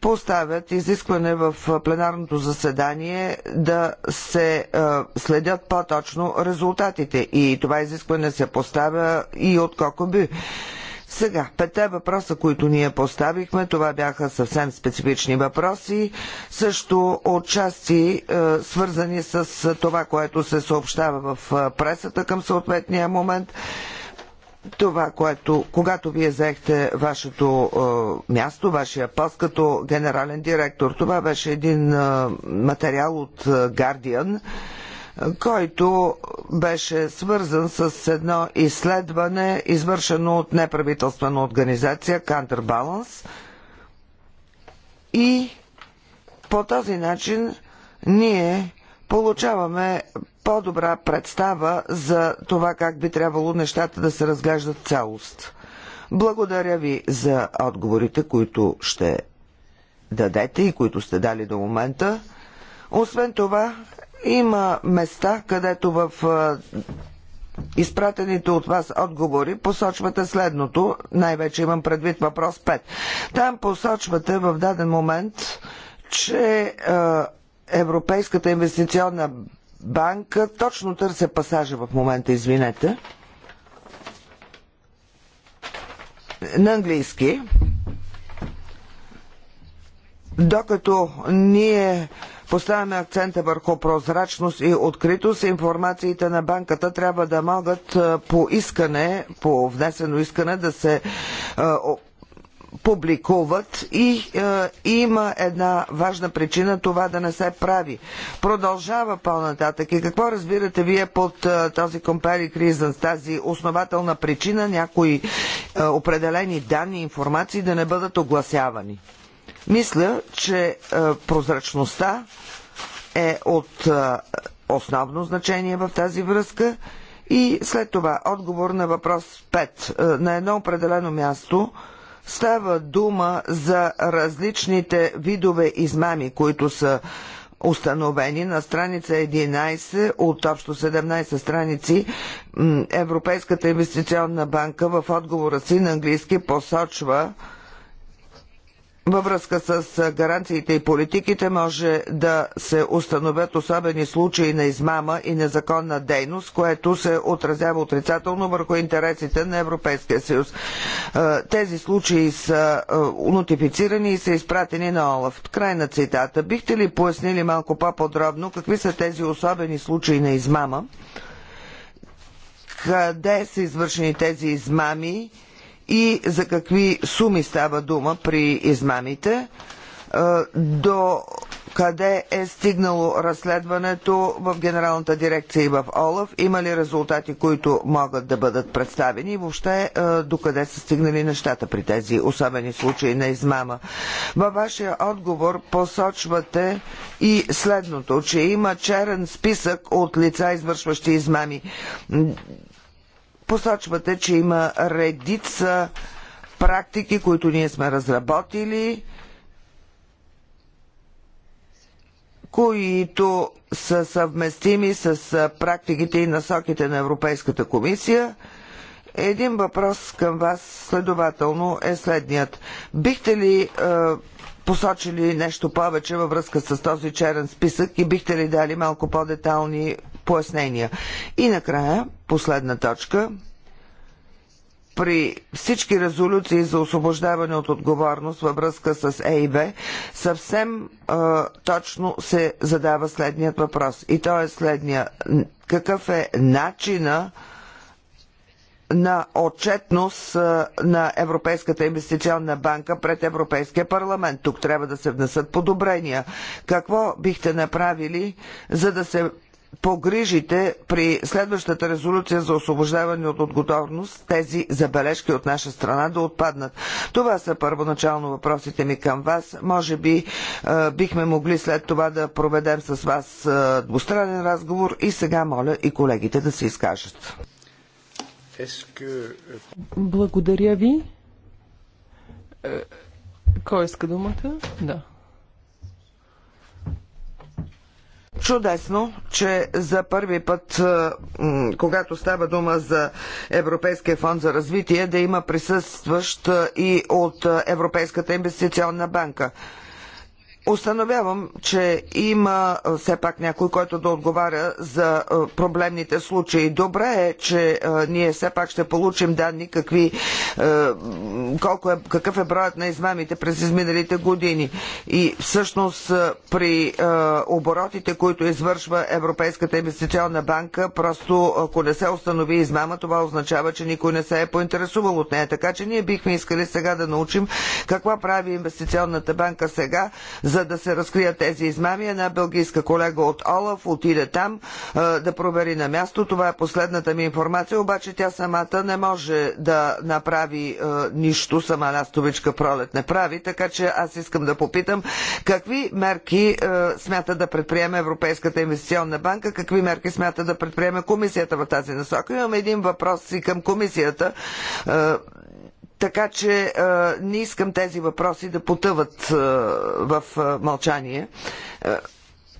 поставят изискване в пленарното заседание да се е, следят по-точно резултатите. И това изискване се поставя и от Кокоби. Сега, пете въпроса, които ние поставихме, това бяха съвсем специфични въпроси, също отчасти е, свързани с това, което се съобщава в е, пресата към съответния момент това, което, когато вие заехте вашето е, място, вашия пост като генерален директор, това беше един е, материал от е, Guardian, е, който беше свързан с едно изследване, извършено от неправителствена организация Counterbalance. И по този начин ние получаваме по-добра представа за това как би трябвало нещата да се разглеждат цялост. Благодаря ви за отговорите, които ще дадете и които сте дали до момента. Освен това, има места, където в изпратените от вас отговори посочвате следното, най-вече имам предвид въпрос 5. Там посочвате в даден момент, че Европейската инвестиционна банка точно търся пасажа в момента, извинете. На английски докато ние поставяме акцента върху прозрачност и откритост, информациите на банката трябва да могат по искане, по внесено искане да се публикуват и е, има една важна причина това да не се прави. Продължава по-нататък. И какво разбирате вие под е, този кризен с тази основателна причина някои е, определени данни, информации да не бъдат огласявани? Мисля, че прозрачността е от основно значение в тази връзка. И след това отговор на въпрос 5. На едно определено място става дума за различните видове измами, които са установени на страница 11 от общо 17 страници Европейската инвестиционна банка в отговора си на английски посочва във връзка с гаранциите и политиките може да се установят особени случаи на измама и незаконна дейност, което се отразява отрицателно върху интересите на Европейския съюз. Тези случаи са нотифицирани и са изпратени на Олаф. Край на цитата. Бихте ли пояснили малко по-подробно какви са тези особени случаи на измама? Къде са извършени тези измами? и за какви суми става дума при измамите, е, до къде е стигнало разследването в Генералната дирекция и в ОЛАФ, има ли резултати, които могат да бъдат представени и въобще е, до къде са стигнали нещата при тези особени случаи на измама. Във вашия отговор посочвате и следното, че има черен списък от лица, извършващи измами посочвате, че има редица практики, които ние сме разработили, които са съвместими с практиките и насоките на Европейската комисия. Един въпрос към вас следователно е следният. Бихте ли е, посочили нещо повече във връзка с този черен списък и бихте ли дали малко по-детални пояснения. И накрая, последна точка, при всички резолюции за освобождаване от отговорност във връзка с ЕИБ, съвсем е, точно се задава следният въпрос. И то е следния. Какъв е начина на отчетност на Европейската инвестиционна банка пред Европейския парламент. Тук трябва да се внесат подобрения. Какво бихте направили, за да се погрижите при следващата резолюция за освобождаване от отговорност тези забележки от наша страна да отпаднат. Това са първоначално въпросите ми към вас. Може би е, бихме могли след това да проведем с вас е, двустранен разговор и сега моля и колегите да се изкажат. Благодаря ви. Е, кой иска думата? Да. Чудесно, че за първи път, когато става дума за Европейския фонд за развитие, да има присъстващ и от Европейската инвестиционна банка. Установявам, че има все пак някой, който да отговаря за проблемните случаи. Добре е, че ние все пак ще получим данни какви, колко е, какъв е броят на измамите през изминалите години. И всъщност при оборотите, които извършва Европейската инвестиционна банка, просто ако не се установи измама, това означава, че никой не се е поинтересувал от нея. Така че ние бихме искали сега да научим каква прави инвестиционната банка сега, за да се разкрият тези измами. Една бългийска колега от Олаф отиде там да провери на място. Това е последната ми информация, обаче тя самата не може да направи нищо. Сама Настовичка пролет не прави, така че аз искам да попитам какви мерки смята да предприеме Европейската инвестиционна банка, какви мерки смята да предприеме комисията в тази насока. Имам един въпрос и към комисията така че не искам тези въпроси да потъват в мълчание.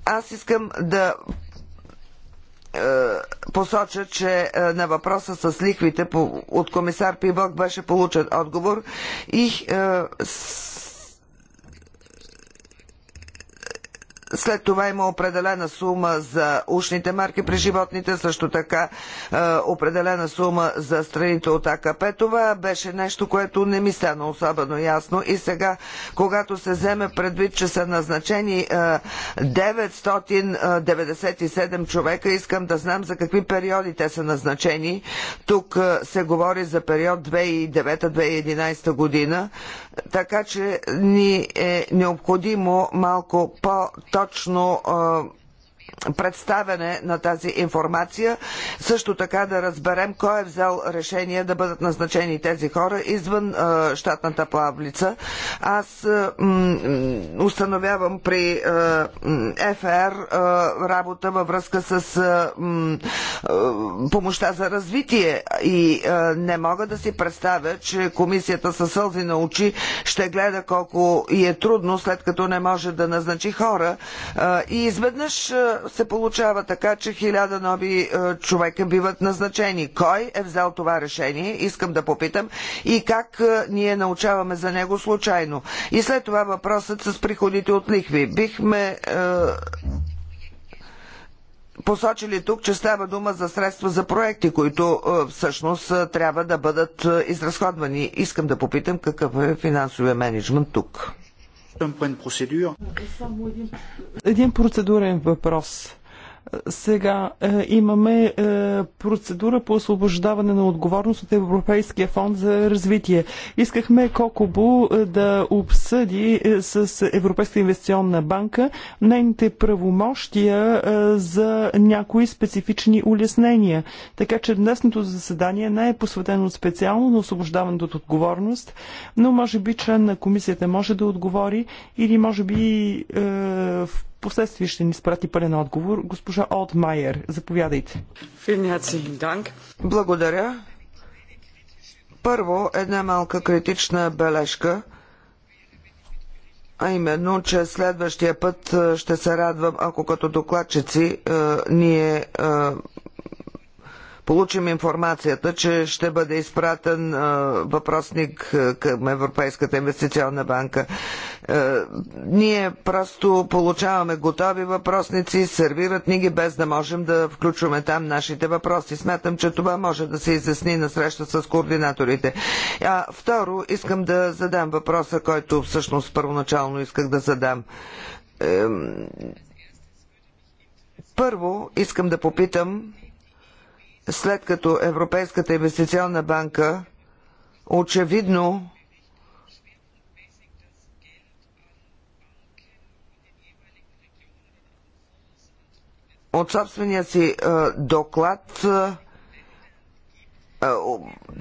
Аз искам да посоча, че на въпроса с лихвите от комисар Пивок беше получен отговор и След това има определена сума за ушните марки при животните, също така е, определена сума за страните от АКП. Това беше нещо, което не ми стана особено ясно. И сега, когато се вземе предвид, че са назначени е, 997 човека, искам да знам за какви периоди те са назначени. Тук е, се говори за период 2009-2011 година така че ни е необходимо малко по-точно представяне на тази информация. Също така да разберем кой е взел решение да бъдат назначени тези хора извън е, щатната плавлица. Аз установявам при ФР работа във връзка с помощта за развитие и не мога да си представя, че комисията със сълзи на очи ще гледа колко и е трудно, след като не може да назначи хора. и изведнъж се получава така, че хиляда нови е, човека биват назначени. Кой е взел това решение, искам да попитам, и как е, ние научаваме за него случайно. И след това въпросът с приходите от лихви. Бихме е, посочили тук, че става дума за средства за проекти, които всъщност трябва да бъдат изразходвани. Искам да попитам какъв е финансовия менеджмент тук. Един процедурен въпрос. Сега е, имаме е, процедура по освобождаване на отговорност от Европейския фонд за развитие. Искахме Кокобо е, да обсъди е, с Европейска инвестиционна банка нейните правомощия е, за някои специфични улеснения. Така че днесното заседание не е посветено специално на освобождаването от отговорност, но може би член на комисията може да отговори или може би е, в последствие ще ни спрати пълен отговор. Госпожа Майер. заповядайте. Благодаря. Първо, една малка критична бележка – а именно, че следващия път ще се радвам, ако като докладчици ние получим информацията, че ще бъде изпратен въпросник към Европейската инвестиционна банка. Ние просто получаваме готови въпросници, сервират ни ги, без да можем да включваме там нашите въпроси. Смятам, че това може да се изясни на среща с координаторите. А, второ, искам да задам въпроса, който всъщност първоначално исках да задам. Първо, искам да попитам след като Европейската инвестиционна банка очевидно от собствения си доклад е,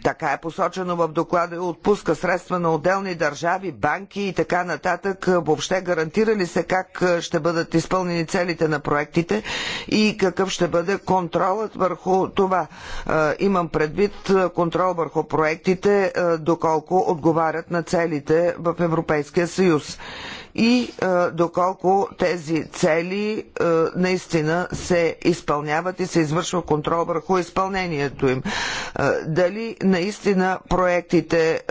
така е посочено в доклада, отпуска средства на отделни държави, банки и така нататък. Е, въобще гарантира ли се как е, ще бъдат изпълнени целите на проектите и какъв ще бъде контролът върху това? Имам предвид контрол върху проектите, доколко отговарят на целите в Европейския съюз и доколко тези цели наистина се изпълняват и се извършва контрол върху изпълнението им. Дали наистина проектите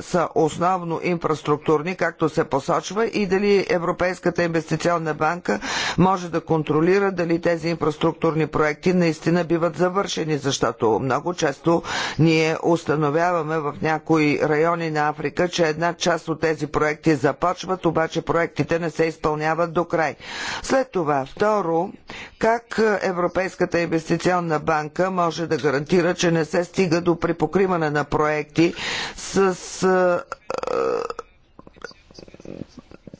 са основно инфраструктурни, както се посочва, и дали Европейската инвестиционна банка може да контролира дали тези инфраструктурни проекти наистина биват завършени, защото много често ние установяваме в някои райони на Африка, че една част от тези проекти започват, обаче проектите не се изпълняват до край. След това, второ, как Европейската инвестиционна банка може да гарантира, че не се стига до припокриване на проекти с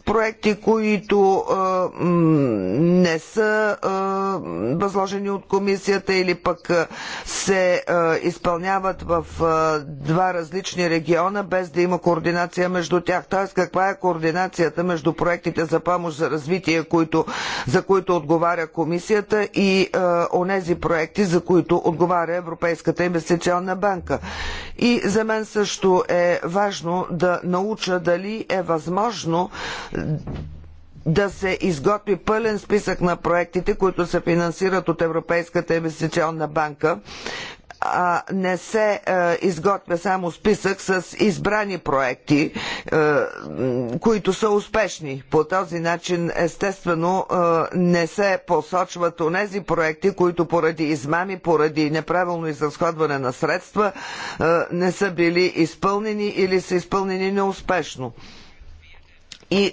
проекти, които не са възложени от комисията или пък се изпълняват в два различни региона, без да има координация между тях. Т.е. каква е координацията между проектите за помощ за развитие, които, за които отговаря комисията и онези проекти, за които отговаря Европейската инвестиционна банка. И за мен също е важно да науча дали е възможно да се изготви пълен списък на проектите, които се финансират от Европейската инвестиционна банка, а не се е, изготвя само списък с избрани проекти, е, които са успешни. По този начин, естествено, е, не се посочват онези проекти, които поради измами, поради неправилно изразходване на средства, не са били изпълнени или са изпълнени неуспешно и е,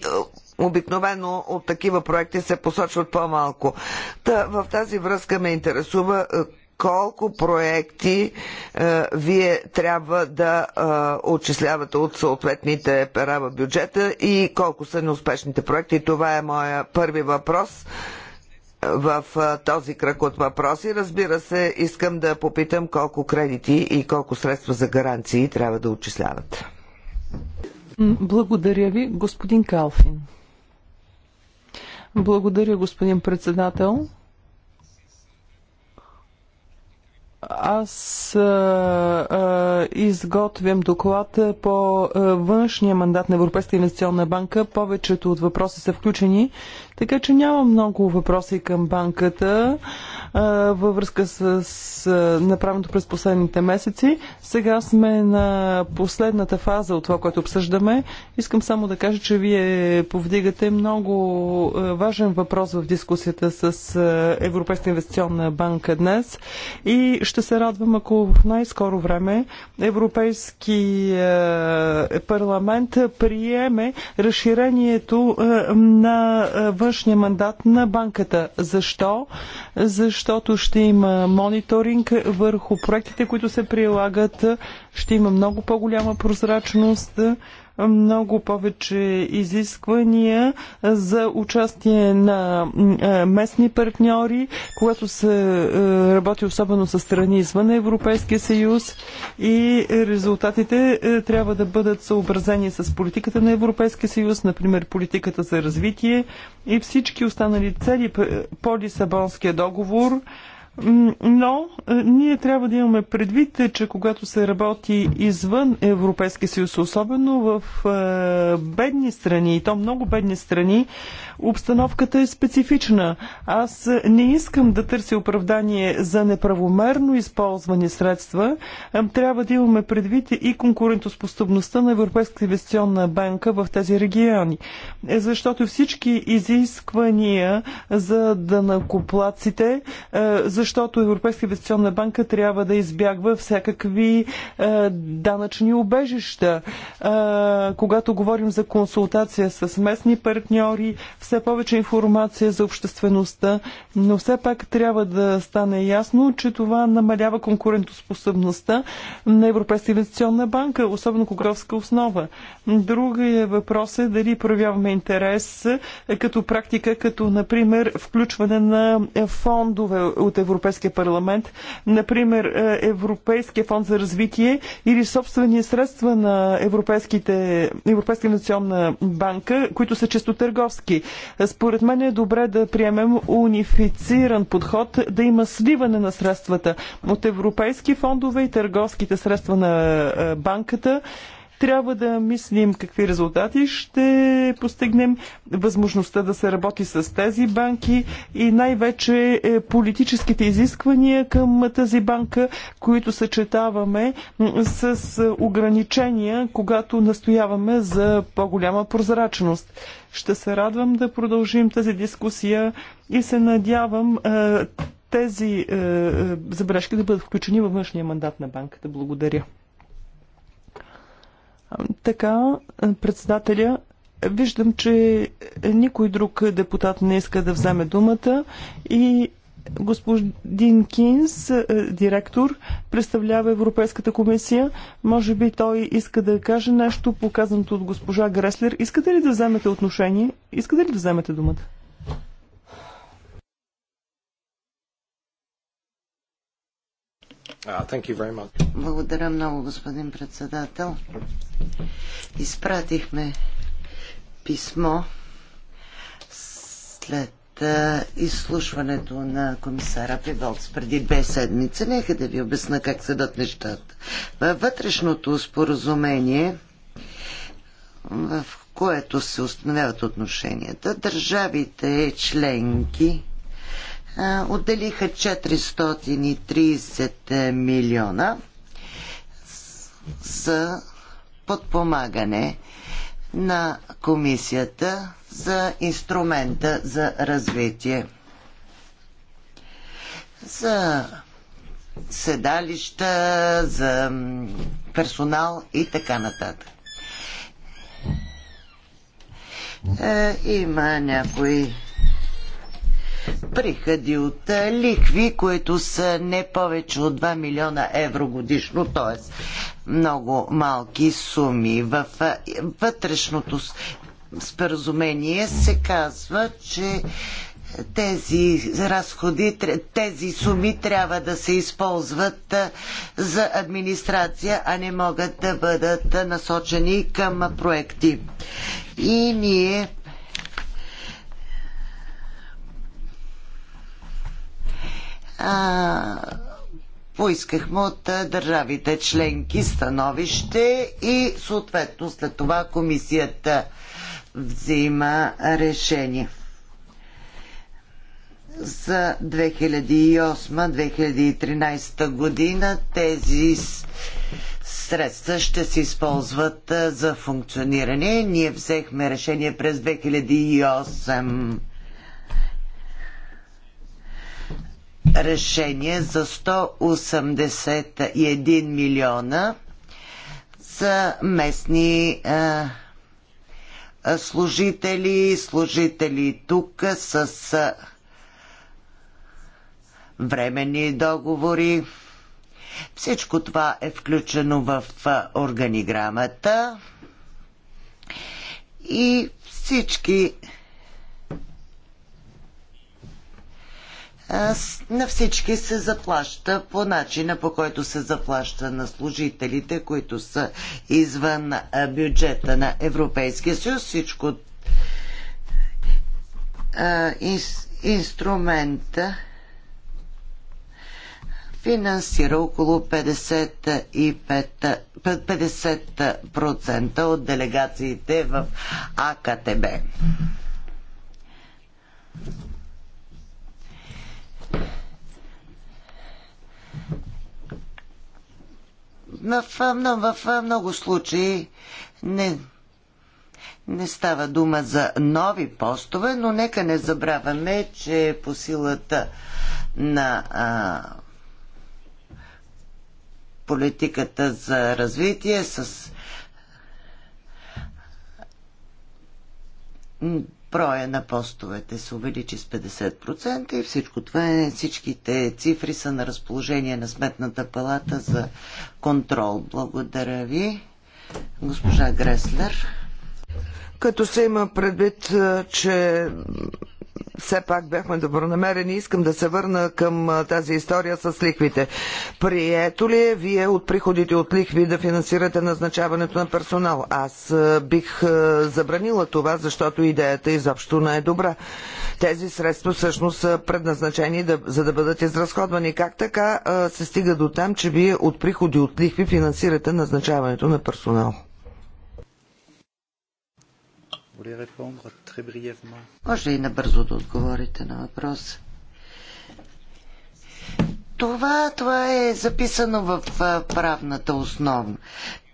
обикновено от такива проекти се посочват по-малко. Та, в тази връзка ме интересува е, колко проекти е, вие трябва да е, отчислявате от съответните пера в бюджета и колко са неуспешните проекти. Това е моя първи въпрос е, в е, този кръг от въпроси. Разбира се, искам да попитам колко кредити и колко средства за гаранции трябва да отчисляват. Благодаря ви, господин Калфин. Благодаря, господин председател. Аз а, а, изготвям доклад по а, външния мандат на Европейска инвестиционна банка. Повечето от въпроси са включени, така че няма много въпроси към банката. А, във връзка с направеното през последните месеци. Сега сме на последната фаза от това, което обсъждаме. Искам само да кажа, че вие повдигате много важен въпрос в дискусията с Европейска инвестиционна банка днес и ще се радвам, ако в най-скоро време Европейски парламент приеме разширението на външния мандат на банката. Защо? Защо защото ще има мониторинг върху проектите, които се прилагат, ще има много по-голяма прозрачност, много повече изисквания за участие на е, местни партньори, когато се е, работи особено с страни извън Европейския съюз и резултатите е, трябва да бъдат съобразени с политиката на Европейския съюз, например политиката за развитие и всички останали цели по Лисабонския договор. Но е, ние трябва да имаме предвид, е, че когато се работи извън Европейския съюз, особено в е, бедни страни, и то много бедни страни, Обстановката е специфична. Аз не искам да търся оправдание за неправомерно използвани средства. Трябва да имаме предвид и конкурентоспособността на Европейската инвестиционна банка в тези региони. Е, защото всички изисквания за накоплаците, е, защото Европейска инвестиционна банка трябва да избягва всякакви е, данъчни убежища. Когато говорим за консултация с местни партньори, все повече информация за обществеността, но все пак трябва да стане ясно, че това намалява конкурентоспособността на Европейска инвестиционна банка, особено когровска основа. Другия въпрос е дали проявяваме интерес е, като практика, като, например, включване на фондове от Европейския парламент, например, е, Европейския фонд за развитие или собствени средства на Европейските, Европейска инвестиционна банка, които са често търговски. Според мен е добре да приемем унифициран подход, да има сливане на средствата от европейски фондове и търговските средства на е, банката. Трябва да мислим какви резултати ще постигнем, възможността да се работи с тези банки и най-вече е, политическите изисквания към тази банка, които съчетаваме с е, ограничения, когато настояваме за по-голяма прозрачност. Ще се радвам да продължим тази дискусия и се надявам е, тези е, забележки да бъдат включени във външния мандат на банката. Благодаря. Така, е, председателя, виждам, че никой друг депутат не иска да вземе думата и господин Кинс, е, директор, представлява Европейската комисия. Може би той иска да каже нещо, показаното от госпожа Греслер. Искате ли да вземете отношение? Искате ли да вземете думата? Uh, Благодаря много, господин председател. Изпратихме писмо след изслушването на комисара Пиволц преди две седмици. Нека да ви обясна как дадат нещата. Във вътрешното споразумение, в което се установяват отношенията, държавите членки отделиха 430 е, милиона С подпомагане на комисията за инструмента за развитие. За седалища, за персонал и така нататък. Е, има някои приходи от ликви, които са не повече от 2 милиона евро годишно, т.е. много малки суми. В вътрешното споразумение се казва, че тези разходи, тези суми трябва да се използват за администрация, а не могат да бъдат насочени към проекти. И ние а, поискахме от държавите членки становище и съответно след това комисията взима решение. За 2008-2013 година тези средства ще се използват за функциониране. Ние взехме решение през 2008 решение за 181 милиона за местни а, е, е, служители, служители тук с а, е, временни договори. Всичко това е включено в органиграмата и всички на всички се заплаща по начина по който се заплаща на служителите, които са извън бюджета на Европейския съюз. Всичко инструмента финансира около 55, 50% от делегациите в АКТБ. в, в, в много случаи не, не става дума за нови постове, но нека не забравяме, че по силата на а, политиката за развитие с броя на постовете се увеличи с 50% и всичко това е, всичките цифри са на разположение на Сметната палата за контрол. Благодаря ви, госпожа Греслер. Като се има предвид, че все пак бяхме добронамерени. Искам да се върна към тази история с лихвите. Прието ли е вие от приходите от лихви да финансирате назначаването на персонал? Аз бих забранила това, защото идеята изобщо не е добра. Тези средства всъщност са предназначени да, за да бъдат изразходвани. Как така се стига до там, че вие от приходи от лихви финансирате назначаването на персонал? Vous voulez répondre може и набързо да отговорите на въпроса. Това, това е записано в правната основа.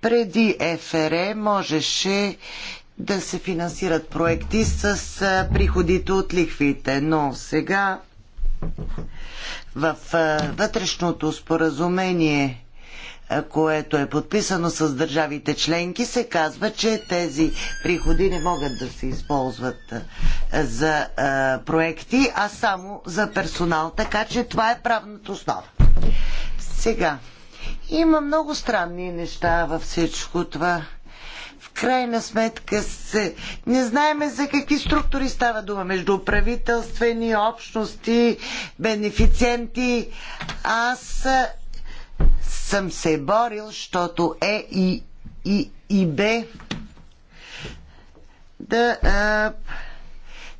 Преди ФРЕ можеше да се финансират проекти с приходите от лихвите, но сега в вътрешното споразумение което е подписано с държавите членки, се казва, че тези приходи не могат да се използват за проекти, а само за персонал. Така че това е правната основа. Сега, има много странни неща във всичко това. В крайна сметка се... не знаеме за какви структури става дума. Между правителствени, общности, бенефициенти. Аз съм се борил, защото Е и, и, и Б да, а,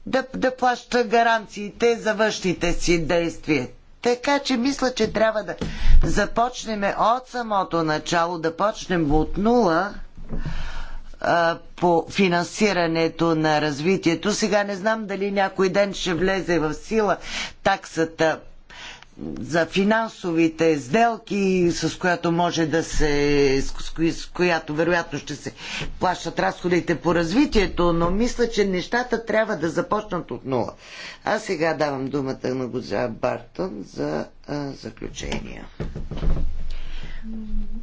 да, да плаща гаранциите за външните си действия. Така че мисля, че трябва да започнем от самото начало, да почнем от нула а, по финансирането на развитието. Сега не знам дали някой ден ще влезе в сила таксата за финансовите сделки, с която може да се. с която вероятно ще се плащат разходите по развитието, но мисля, че нещата трябва да започнат от нула. А сега давам думата на госпожа Бартон за а,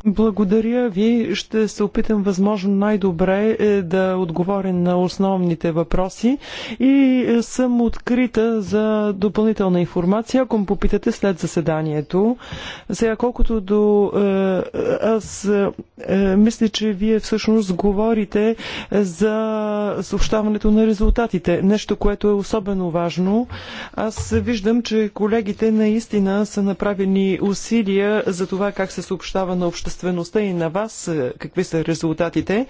благодаря ви. Ще се опитам възможно най-добре е, да отговоря на основните въпроси и е, съм открита за допълнителна информация, ако ме попитате след заседанието. Сега, колкото до... Е, аз мисля, че вие всъщност говорите за съобщаването на резултатите. Нещо, което е особено важно. Аз виждам, че колегите наистина са направени усилия за това как се съобщават съобщава на обществеността и на вас е, какви са резултатите.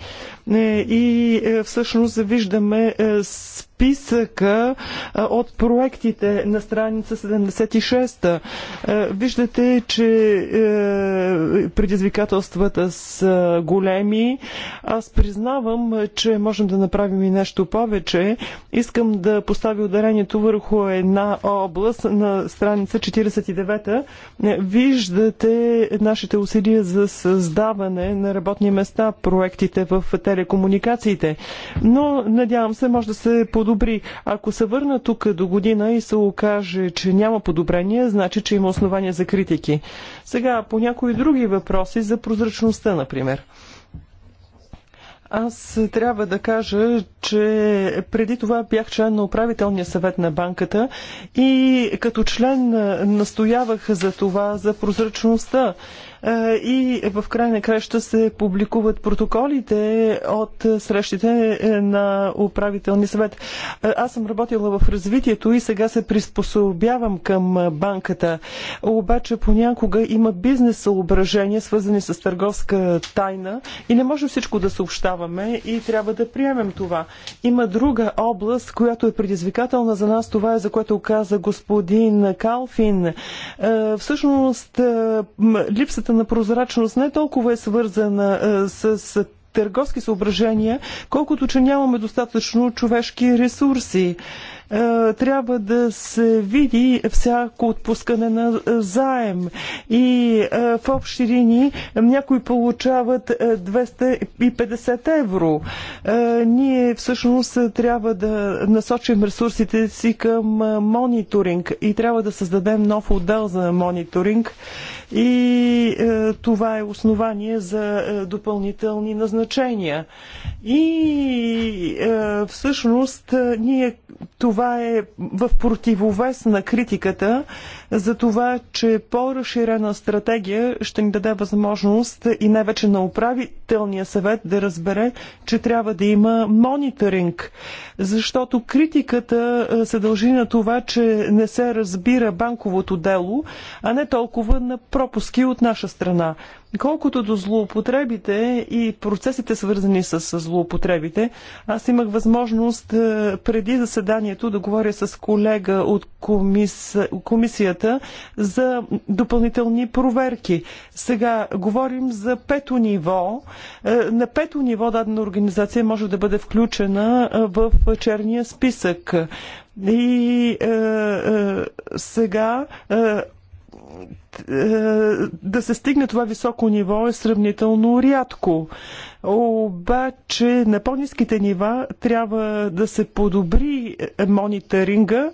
Е, и е, всъщност виждаме списъка от проектите на страница 76. Виждате, че е, предизвикателствата са големи. Аз признавам, че можем да направим и нещо повече. Искам да поставя ударението върху една област на страница 49. Виждате нашите усилия за създаване на работни места, проектите в телекомуникациите. Но, надявам се, може да се подобри подобри. Ако се върна тук до година и се окаже, че няма подобрение, значи, че има основания за критики. Сега, по някои други въпроси за прозрачността, например. Аз трябва да кажа, че преди това бях член на управителния съвет на банката и като член настоявах за това, за прозрачността и в край на краща се публикуват протоколите от срещите е, на управителни съвет. Аз съм работила в развитието и сега се приспособявам към банката. Обаче понякога има бизнес съображения, свързани с търговска тайна и не може всичко да съобщаваме и трябва да приемем това. Има друга област, която е предизвикателна за нас. Това е за което каза господин Калфин. Всъщност, липсата липсата на прозрачност не толкова е свързана е, с търговски съображения, колкото че нямаме достатъчно човешки ресурси. Е, трябва да се види всяко отпускане на е, заем. И е, в общи линии някои получават 250 евро. Ние всъщност трябва да насочим ресурсите си към мониторинг и трябва да създадем нов отдел за мониторинг и това е основание за допълнителни назначения. И всъщност ние това е в противовес на критиката, за това, че по-разширена стратегия ще ни даде възможност и най вече на управителния съвет да разбере, че трябва да има мониторинг. Защото критиката се дължи на това, че не се разбира банковото дело, а не толкова на пропуски от наша страна. Колкото до злоупотребите и процесите свързани с злоупотребите, аз имах възможност преди заседанието да говоря с колега от комис... комисията комисията за допълнителни проверки. Сега говорим за пето ниво. Е, на пето ниво дадена организация може да бъде включена е, в черния списък. И е, е, сега е, е, да се стигне това високо ниво е сравнително рядко. Обаче на по-низките нива трябва да се подобри мониторинга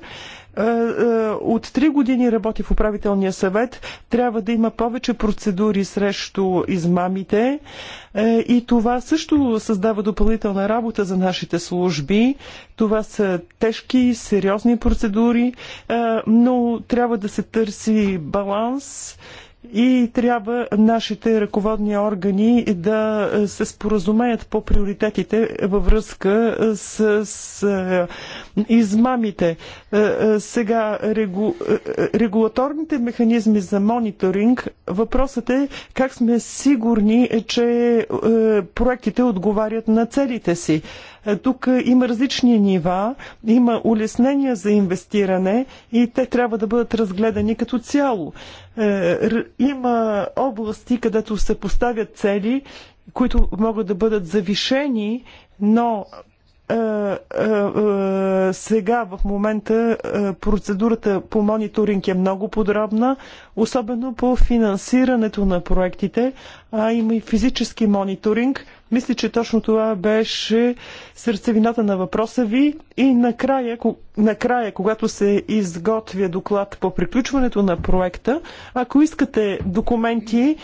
е, е, от три години работи в управителния съвет. Трябва да има повече процедури срещу измамите. Е, и това също създава допълнителна работа за нашите служби. Това са тежки, сериозни процедури, но трябва да се търси баланс и трябва нашите ръководни органи да се споразумеят по приоритетите във връзка с, с е, измамите. Е, е, сега регу, регулаторните механизми за мониторинг, въпросът е как сме сигурни, че проектите отговарят на целите си. Е, тук има различни нива, има улеснения за инвестиране и те трябва да бъдат разгледани като цяло. Е, има области, където се поставят цели, които могат да бъдат завишени, но е, сега в момента процедурата по мониторинг е много подробна, особено по финансирането на проектите, а има и физически мониторинг – мисля, че точно това беше сърцевината на въпроса ви. И накрая, накрая, когато се изготвя доклад по приключването на проекта, ако искате документи,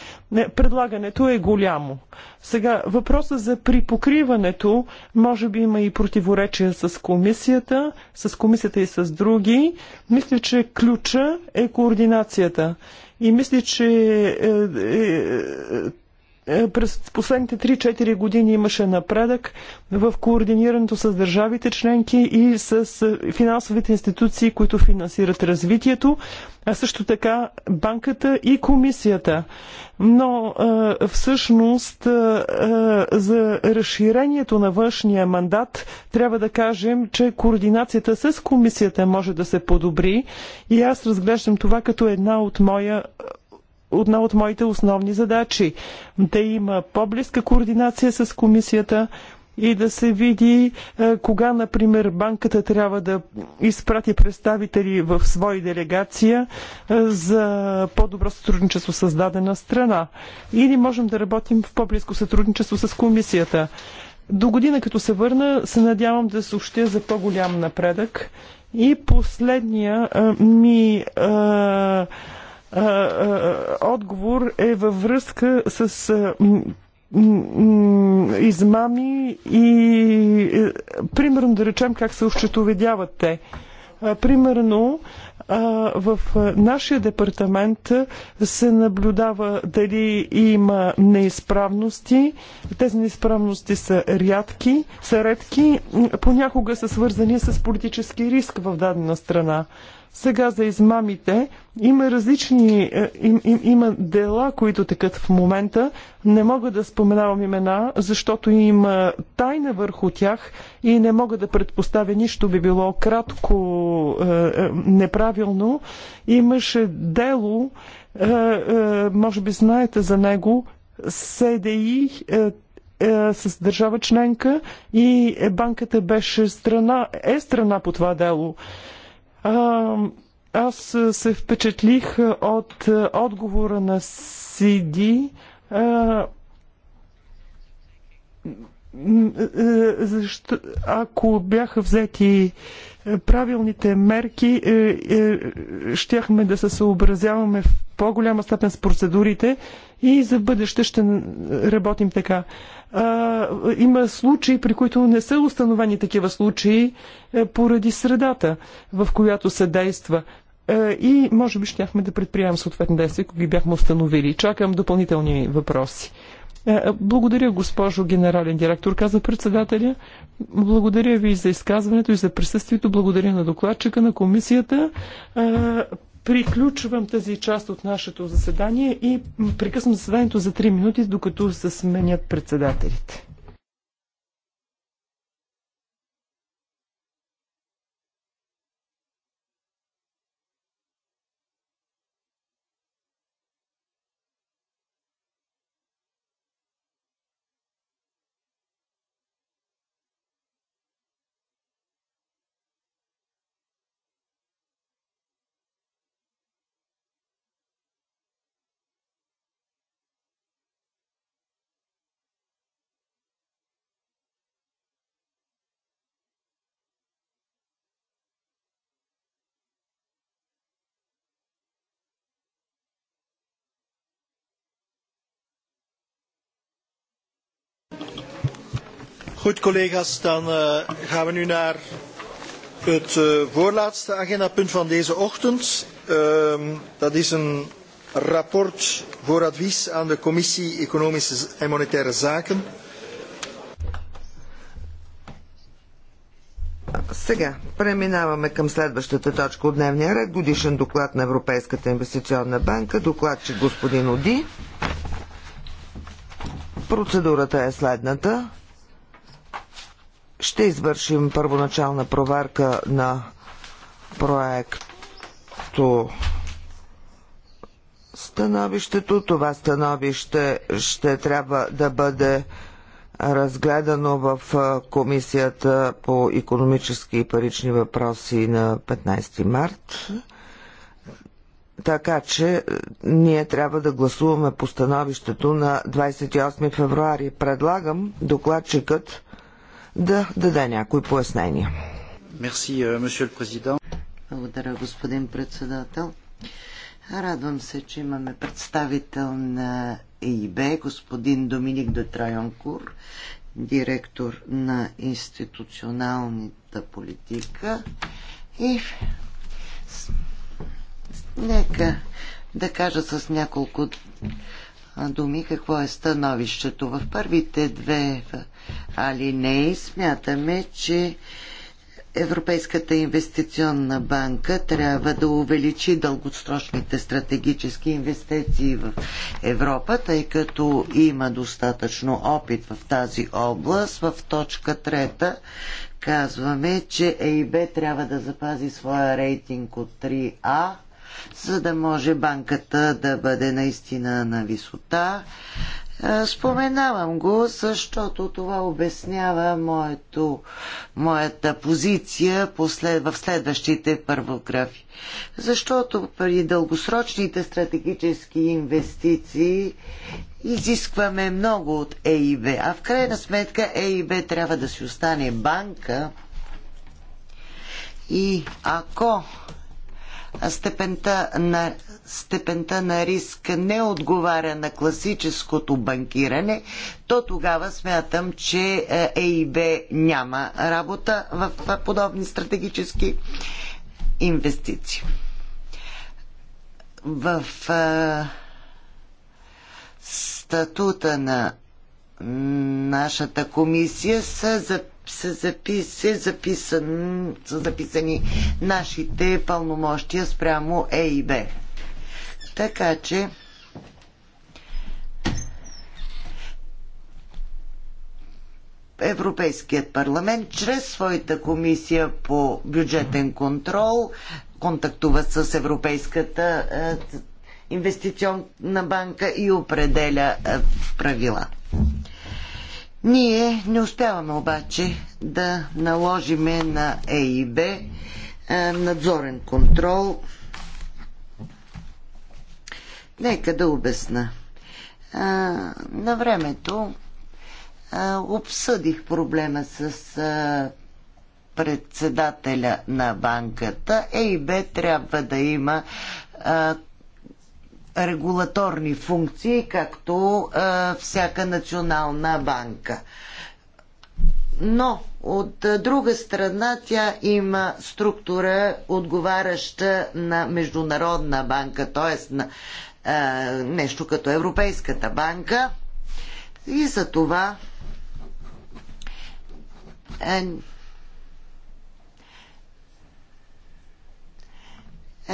предлагането е голямо. Сега, въпроса за припокриването, може би има и противоречия с комисията, с комисията и с други. Мисля, че ключа е координацията. И мисля, че е, е, е е, през последните 3-4 години имаше напредък в координирането с държавите членки и с е, финансовите институции, които финансират развитието, а също така банката и комисията. Но е, всъщност за разширението на външния мандат трябва да кажем, че координацията с комисията може да се подобри и аз разглеждам това като една от моя една от моите основни задачи. Да има по-близка координация с комисията, и да се види е, кога, например, банката трябва да изпрати представители в своя делегация е, за по-добро сътрудничество с дадена страна. Или можем да работим в по-близко сътрудничество с комисията. До година, като се върна, се надявам да съобщя за по-голям напредък. И последния е, ми. А, отговор е във връзка с измами и е, примерно да речем как се ощетоведяват те. Примерно в нашия департамент се наблюдава дали има неизправности. Тези неизправности са рядки, са редки, понякога са свързани с политически риск в дадена страна. Сега за измамите има различни, е, им, им, има дела, които текат в момента. Не мога да споменавам имена, защото има тайна върху тях и не мога да предпоставя нищо би било кратко е, е неправилно. Имаше дело, е, е, може би знаете за него, СДИ е, е, с държава членка и банката беше страна, е страна по това дело. Аз се впечатлих от отговора на Сиди защо, ако бяха взети правилните мерки, е, е, щяхме да се съобразяваме в по-голяма степен с процедурите и за бъдеще ще работим така има случаи, при които не са установени такива случаи е, поради средата, в която се действа. Е, и може би щяхме да предприемем съответни действия, ако ги бяхме установили. Чакам допълнителни въпроси. Е, благодаря, госпожо генерален директор, каза председателя. Благодаря ви за изказването и за присъствието. Благодаря на докладчика на комисията. Приключвам тази част от нашето заседание и прекъсвам заседанието за 3 минути, докато се сменят председателите. Goed, collega's, dan gaan we nu naar het voorlaatste agendapunt van deze ochtend. dat is een rapport voor advies aan de Commissie Economische en Monetaire Zaken. Сега преминаваме към следващата точка от дневния ред. Годишен доклад на Европейската инвестиционна банка. Докладчик господин Оди. Процедурата е следната ще извършим първоначална проверка на проекто становището. Това становище ще трябва да бъде разгледано в Комисията по економически и парични въпроси на 15 март. Така че ние трябва да гласуваме по становището на 28 февруари. Предлагам докладчикът да даде някои пояснения. Euh, Благодаря, господин председател. Радвам се, че имаме представител на ЕИБ, господин Доминик де Трайонкур, директор на институционалната политика. И нека да кажа с няколко думи какво е становището. В първите две алинеи смятаме, че Европейската инвестиционна банка трябва да увеличи дългосрочните стратегически инвестиции в Европа, тъй като има достатъчно опит в тази област. В точка трета казваме, че ЕИБ трябва да запази своя рейтинг от 3А, за да може банката да бъде наистина на висота е, споменавам го, защото това обяснява моето, моята позиция послед, в следващите първографи. Защото при дългосрочните стратегически инвестиции изискваме много от ЕИБ, а в крайна сметка ЕИБ трябва да си остане банка и ако степента на, степента на риск не отговаря на класическото банкиране, то тогава смятам, че е, ЕИБ няма работа в подобни стратегически инвестиции. В а, статута на нашата комисия са записани се, запис, се записан, са записани нашите пълномощия спрямо Е и Б. Така че Европейският парламент чрез своята комисия по бюджетен контрол контактува с Европейската е, инвестиционна банка и определя е, правила. Ние не успяваме обаче да наложиме на ЕИБ е, надзорен контрол. Нека да обясна. Е, на времето е, обсъдих проблема с председателя на банката. ЕИБ трябва да има регулаторни функции, както а, всяка национална банка. Но от друга страна тя има структура, отговаряща на Международна банка, т.е. на а, нещо като Европейската банка. И за това е,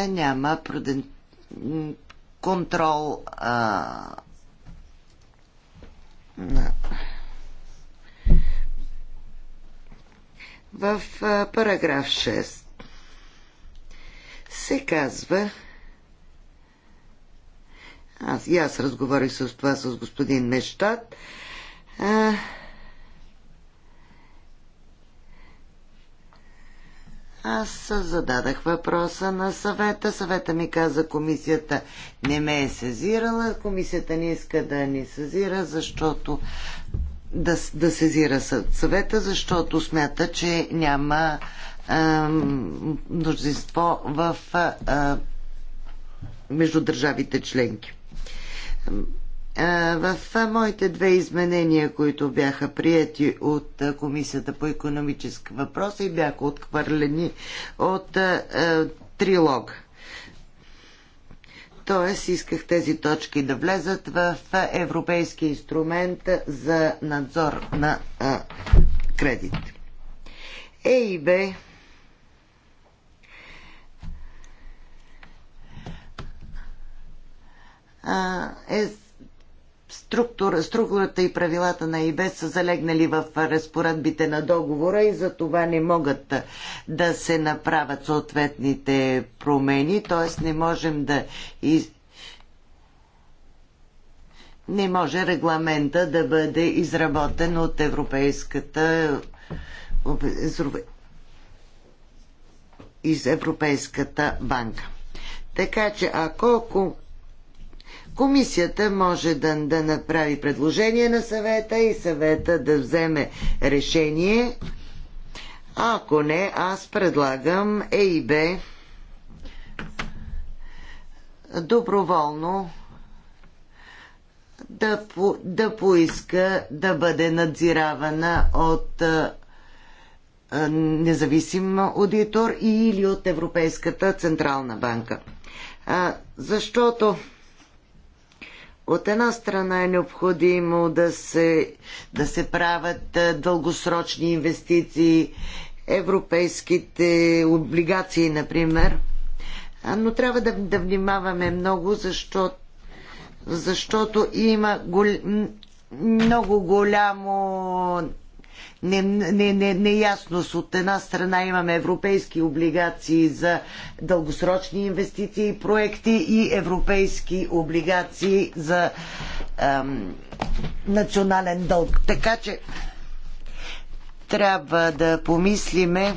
няма пруден, контрол а, на в а, параграф 6 се казва аз и аз разговорих с това с господин Мещат а, Аз зададах въпроса на съвета. Съвета ми каза, комисията не ме е сезирала. Комисията не иска да ни сезира, защото да, да сезира съвета, защото смята, че няма ам, множество в а, между държавите членки. В моите две изменения, които бяха прияти от Комисията по економически въпроси, бяха отхвърлени от трилог. Тоест, исках тези точки да влезат в Европейски инструмент за надзор на кредит. Е и Б е структура, структурата и правилата на ИБ са залегнали в разпоредбите на договора и за това не могат да се направят съответните промени, т.е. не можем да из... не може регламента да бъде изработен от Европейската из Европейската банка. Така че ако Комисията може да, да направи предложение на съвета и съвета да вземе решение. А ако не, аз предлагам ЕИБ доброволно да, по, да поиска да бъде надзиравана от а, независим аудитор или от Европейската Централна банка. А, защото от една страна е необходимо да се, да се правят дългосрочни инвестиции, европейските облигации, например. Но трябва да, да внимаваме много, защо, защото има гол, много голямо неясност. От една страна имаме европейски облигации за дългосрочни инвестиции и проекти и европейски облигации за ам, национален дълг. Така че трябва да помислиме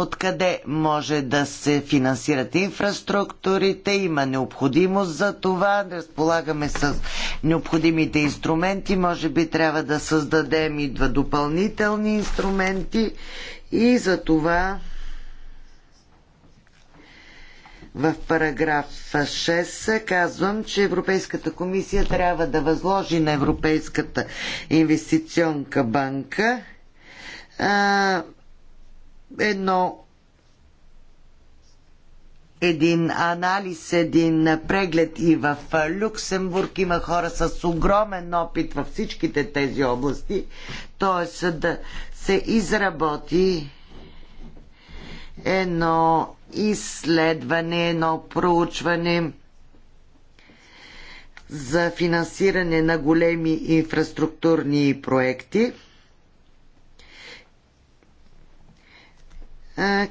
откъде може да се финансират инфраструктурите, има необходимост за това, да разполагаме с необходимите инструменти, може би трябва да създадем и два допълнителни инструменти и за това в параграф 6 казвам, че Европейската комисия трябва да възложи на Европейската инвестиционка банка едно един анализ, един преглед и в Люксембург има хора с огромен опит във всичките тези области, т.е. да се изработи едно изследване, едно проучване за финансиране на големи инфраструктурни проекти –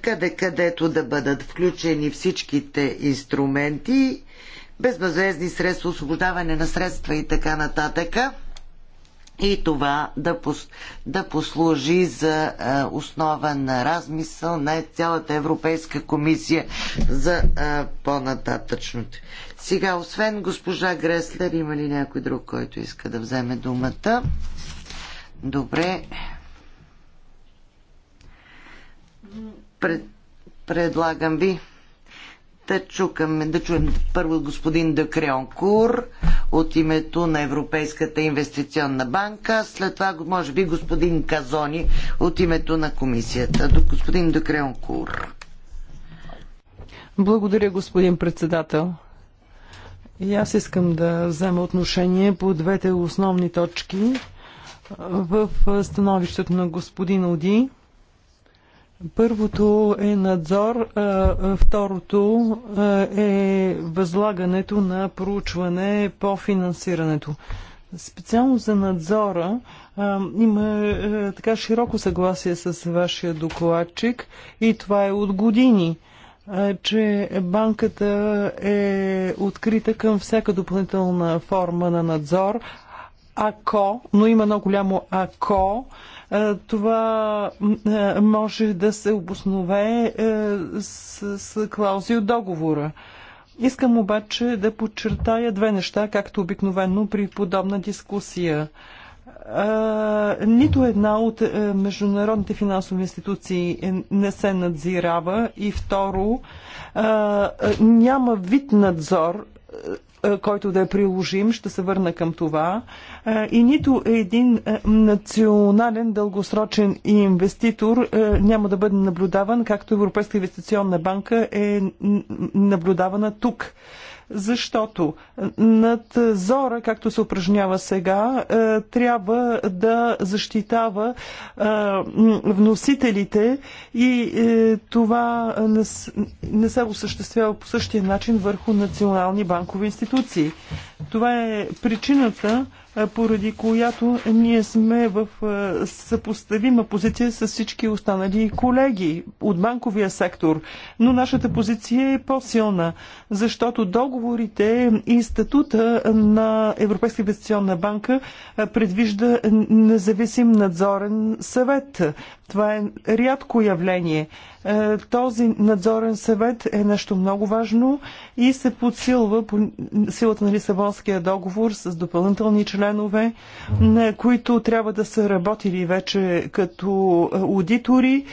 къде където да бъдат включени всичките инструменти, безвъзвездни средства, освобождаване на средства и така нататък. И това да, пос, да послужи за а, на размисъл на цялата Европейска комисия за по-нататъчното. Сега, освен госпожа Греслер, има ли някой друг, който иска да вземе думата? Добре. Пред, предлагам ви да, чукаме, да чуем първо господин Кур от името на Европейската инвестиционна банка, след това може би господин Казони от името на комисията. До господин Кур. Благодаря, господин председател. И аз искам да взема отношение по двете основни точки в становището на господин Оди Първото е надзор, второто е възлагането на проучване по финансирането. Специално за надзора има така широко съгласие с вашия докладчик и това е от години че банката е открита към всяка допълнителна форма на надзор, ако, но има много голямо ако, е, това е, може да се обоснове е, с, с клаузи от договора. Искам обаче да подчертая две неща, както обикновено при подобна дискусия. нито една от международните финансови институции не се надзирава и второ, няма вид надзор е, който да е приложим, ще се върна към това, е, и нито един е, национален дългосрочен инвеститор няма да бъде наблюдаван, както Европейска инвестиционна банка е наблюдавана тук защото надзора, както се упражнява сега, е, трябва да защитава е, вносителите и е, това не се осъществява по същия начин върху национални банкови институции. Това е причината, поради която ние сме в съпоставима позиция с всички останали колеги от банковия сектор. Но нашата позиция е по-силна, защото договорите и статута на Европейска инвестиционна банка предвижда независим надзорен съвет. Това е рядко явление. Е, този надзорен съвет е нещо много важно и се подсилва по силата на Лисабонския договор с допълнителни членове, които трябва да са работили вече като аудитори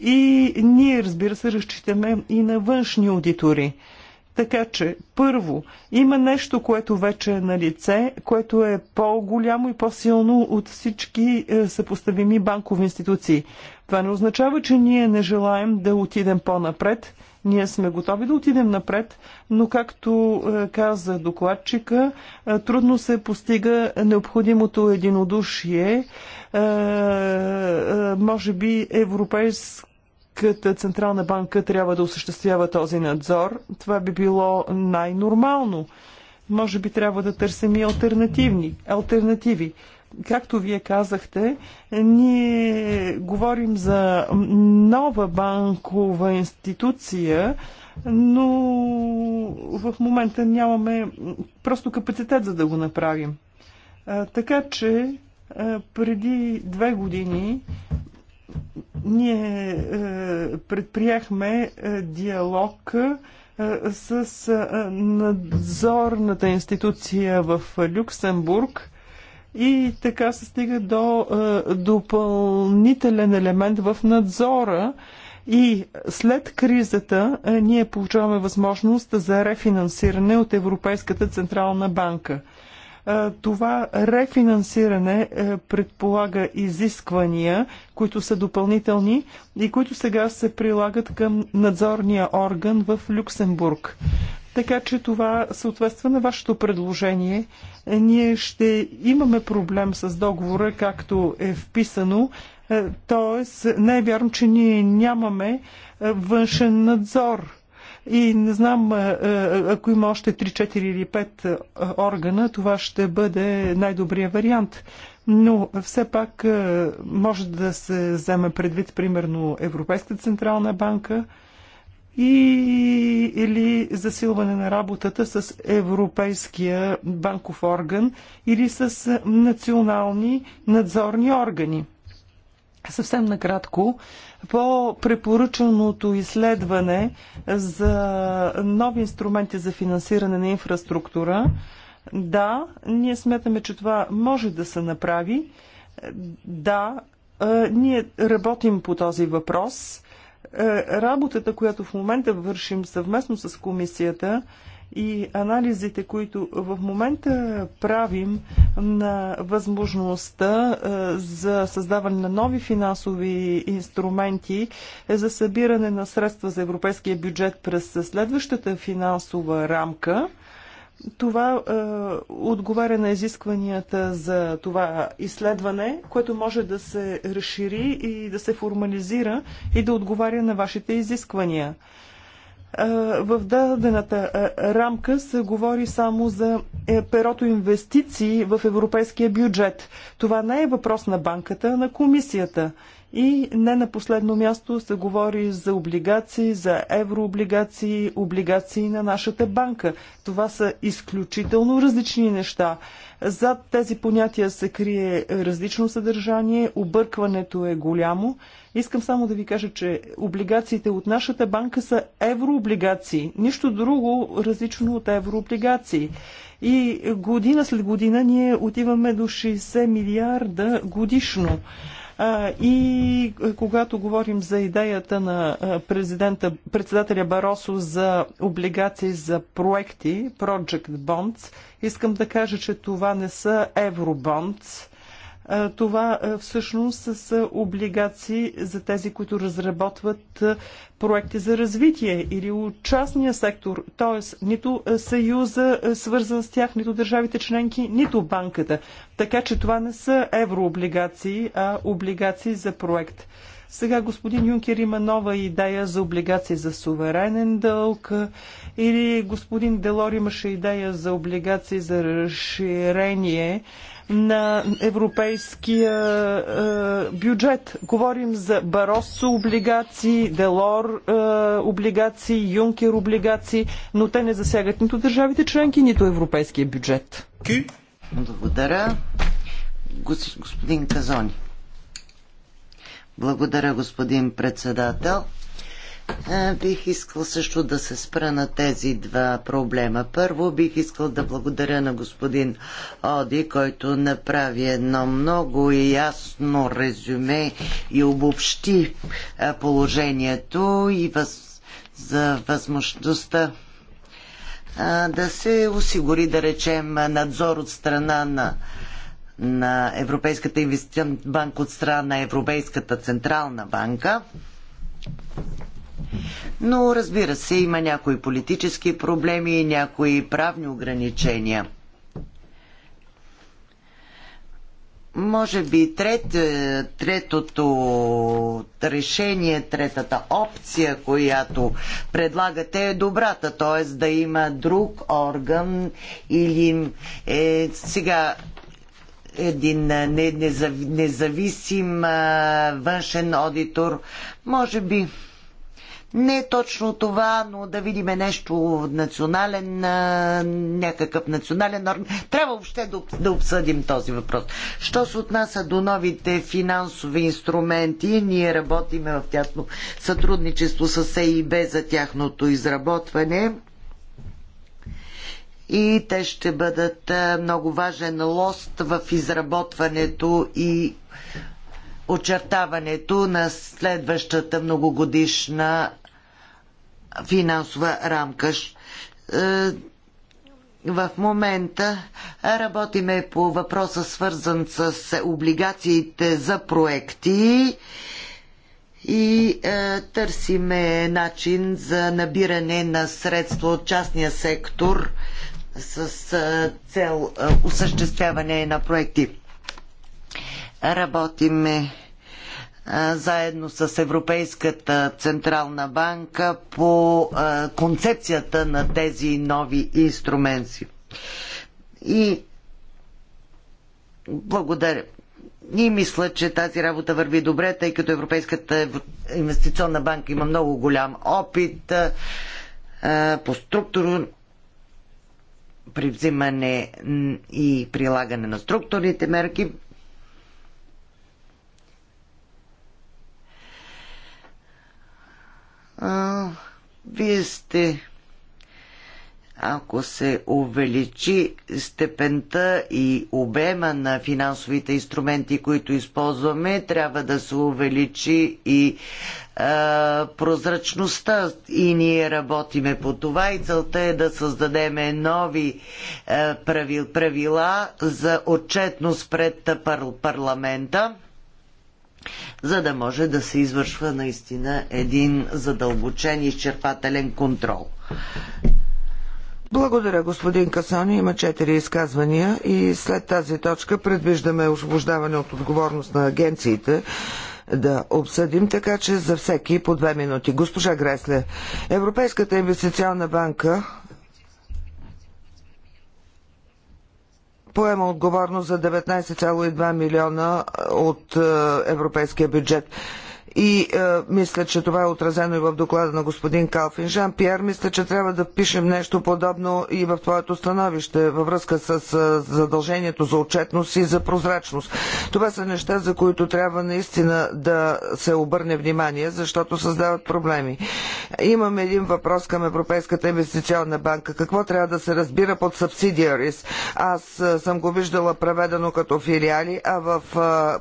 и ние, разбира се, разчитаме и на външни аудитори. Така че, първо, има нещо, което вече е на лице, което е по-голямо и по-силно от всички е, съпоставими банкови институции. Това не означава, че ние не желаем да отидем по-напред. Ние сме готови да отидем напред, но както е, каза докладчика, е, трудно се постига необходимото единодушие. Може би европейско Европейската централна банка трябва да осъществява този надзор. Това би било най-нормално. Може би трябва да търсим и альтернативни, альтернативи. Както вие казахте, ние говорим за нова банкова институция, но в момента нямаме просто капацитет за да го направим. Така че преди две години ние е, предприехме е, диалог е, с надзорната институция в Люксембург и така се стига до допълнителен елемент в надзора. И след кризата ние получаваме възможност за рефинансиране от Европейската централна банка. Е, това рефинансиране е, предполага изисквания, които са допълнителни и които сега се прилагат към надзорния орган в Люксембург. Така че това съответства на вашето предложение. Е, ние ще имаме проблем с договора, както е вписано. Тоест, не е вярно, че ние нямаме външен надзор и не знам, е, е, ако има още 3, 4 или 5 е, органа, това ще бъде най-добрият вариант. Но все пак може да се вземе предвид, примерно, Европейска централна банка и, или засилване на работата с Европейския банков орган или с национални надзорни органи. Съвсем накратко, по препоръчаното изследване за нови инструменти за финансиране на инфраструктура, да, ние сметаме, че това може да се направи. Да, е, ние работим по този въпрос. Е, работата, която в момента вършим съвместно с комисията, и анализите, които в момента правим на възможността е, за създаване на нови финансови инструменти е, за събиране на средства за европейския бюджет през следващата финансова рамка, това е, отговаря на изискванията за това изследване, което може да се разшири и да се формализира и да отговаря на вашите изисквания в дадената рамка се говори само за е, перото инвестиции в европейския бюджет. Това не е въпрос на банката, а на комисията. И не на последно място се говори за облигации, за еврооблигации, облигации на нашата банка. Това са изключително различни неща. Зад тези понятия се крие различно съдържание, объркването е голямо. Искам само да ви кажа, че облигациите от нашата банка са еврооблигации. Нищо друго различно от еврооблигации. И година след година ние отиваме до 60 милиарда годишно. И когато говорим за идеята на президента, председателя Баросо за облигации за проекти, Project Bonds, искам да кажа, че това не са евробондс, това всъщност са облигации за тези, които разработват проекти за развитие или от частния сектор, т.е. нито Съюза свързан с тях, нито държавите членки, нито банката. Така че това не са еврооблигации, а облигации за проект. Сега господин Юнкер има нова идея за облигации за суверенен дълг или господин Делор имаше идея за облигации за разширение на европейския е, бюджет. Говорим за Баросо облигации, Делор е, облигации, Юнкер облигации, но те не засягат нито държавите членки, нито европейския бюджет. Благодаря. Господин Казони. Благодаря, господин председател. Е, бих искал също да се спра на тези два проблема. Първо бих искал да благодаря на господин Оди, който направи едно много ясно резюме и обобщи е, положението и въз... за възможността е, да се осигури, да речем, надзор от страна на на Европейската инвестиционна банка от страна на Европейската централна банка. Но разбира се, има някои политически проблеми и някои правни ограничения. Може би трет, е, третото решение, третата опция, която предлагате е добрата, т.е. да има друг орган или е, сега един е, независим е, външен аудитор. Може би не е точно това, но да видим нещо национален, някакъв национален орган. Трябва въобще да, да обсъдим този въпрос. Що се отнася до новите финансови инструменти, ние работиме в тясно сътрудничество с ЕИБ за тяхното изработване и те ще бъдат много важен лост в изработването и очертаването на следващата многогодишна финансова рамка. Е, в момента работиме по въпроса свързан с облигациите за проекти и е, търсиме начин за набиране на средства от частния сектор с е, цел е, осъществяване на проекти. Работиме заедно с Европейската Централна банка по концепцията на тези нови инструменти. И благодаря. И мисля, че тази работа върви добре, тъй като Европейската инвестиционна банка има много голям опит по структурно при взимане и прилагане на структурните мерки. А, вие сте ако се увеличи степента и обема на финансовите инструменти, които използваме, трябва да се увеличи и а, прозрачността. И ние работиме по това и целта е да създадеме нови а, правил, правила за отчетност пред парламента за да може да се извършва наистина един задълбочен и изчерпателен контрол. Благодаря, господин Касани. Има четири изказвания и след тази точка предвиждаме освобождаване от отговорност на агенциите да обсъдим, така че за всеки по две минути. Госпожа Гресле, Европейската инвестиционна банка поема отговорност за 19,2 милиона от европейския бюджет и е, мисля, че това е отразено и в доклада на господин Калфин. Жан Пьер, мисля, че трябва да пишем нещо подобно и в твоето становище във връзка с е, задължението за отчетност и за прозрачност. Това са неща, за които трябва наистина да се обърне внимание, защото създават проблеми. Имам един въпрос към Европейската инвестиционна банка. Какво трябва да се разбира под субсидиарис? Аз е, съм го виждала преведено като филиали, а в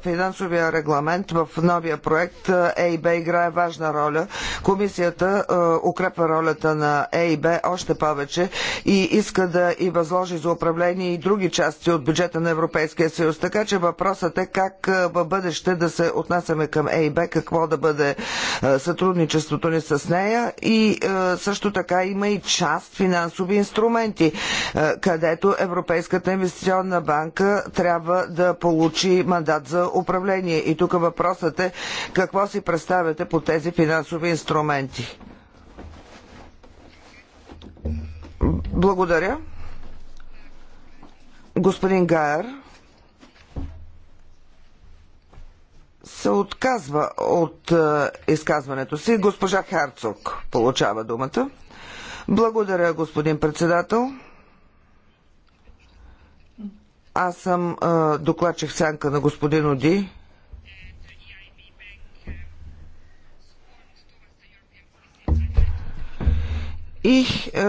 е, финансовия регламент, в новия проект е, ЕИБ играе важна роля. Комисията е, укрепва ролята на ЕИБ още повече и иска да и възложи за управление и други части от бюджета на Европейския съюз. Така че въпросът е как е, в бъдеще да се отнасяме към ЕИБ, какво да бъде е, сътрудничеството ни с нея и също така има и част финансови инструменти, където Европейската инвестиционна банка трябва да получи мандат за управление. И тук въпросът е какво се си представяте по тези финансови инструменти? Благодаря. Господин Гайер се отказва от е, изказването си. Госпожа Херцог получава думата. Благодаря, господин председател. Аз съм е, докладчик сянка на господин Оди. и е,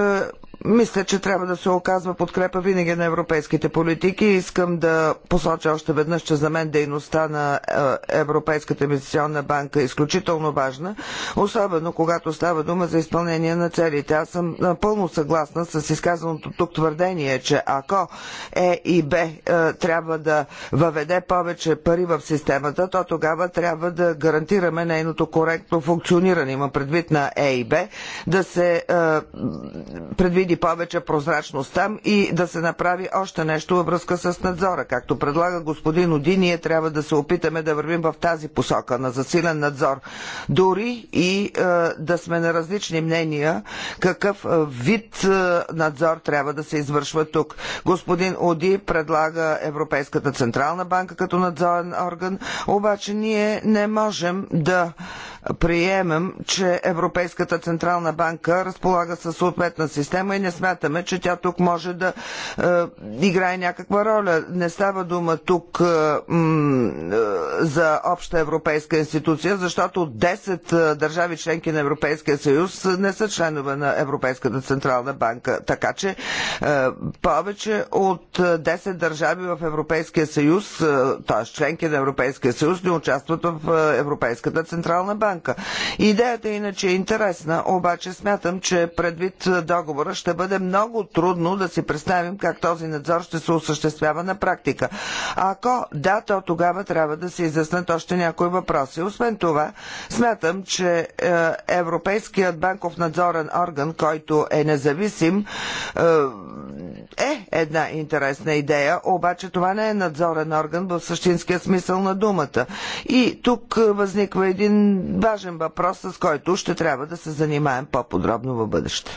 мисля, че трябва да се оказва подкрепа винаги на европейските политики. Искам да посоча още веднъж, че за мен дейността на е, Европейската инвестиционна банка е изключително важна, особено когато става дума за изпълнение на целите. Аз съм напълно е, съгласна с изказаното тук твърдение, че ако Е и Б е, трябва да въведе повече пари в системата, то тогава трябва да гарантираме нейното коректно функциониране. Има предвид на Е и Б да се предвиди и повече прозрачност там и да се направи още нещо във връзка с надзора. Както предлага господин Оди, ние трябва да се опитаме да вървим в тази посока на засилен надзор. Дори и е, да сме на различни мнения, какъв е, вид е, надзор трябва да се извършва тук. Господин Оди предлага Европейската централна банка като надзорен орган, обаче ние не можем да приемем, че Европейската централна банка разполага със съответна система и не смятаме, че тя тук може да е, играе някаква роля. Не става дума тук е, е за обща европейска институция, защото 10 е, държави членки на Европейския съюз не са членове на Европейската централна банка. Така че е, повече от 10 държави в Европейския съюз, е, т.е. членки на Европейския съюз, не участват в Европейската централна банка банка. Идеята иначе е интересна, обаче смятам, че предвид договора ще бъде много трудно да си представим как този надзор ще се осъществява на практика. Ако да, то тогава трябва да се изяснат още някои въпроси. Освен това, смятам, че е, Европейският банков надзорен орган, който е независим, е, е една интересна идея, обаче това не е надзорен орган в същинския смисъл на думата. И тук възниква един важен въпрос, с който ще трябва да се занимаем по-подробно в бъдеще.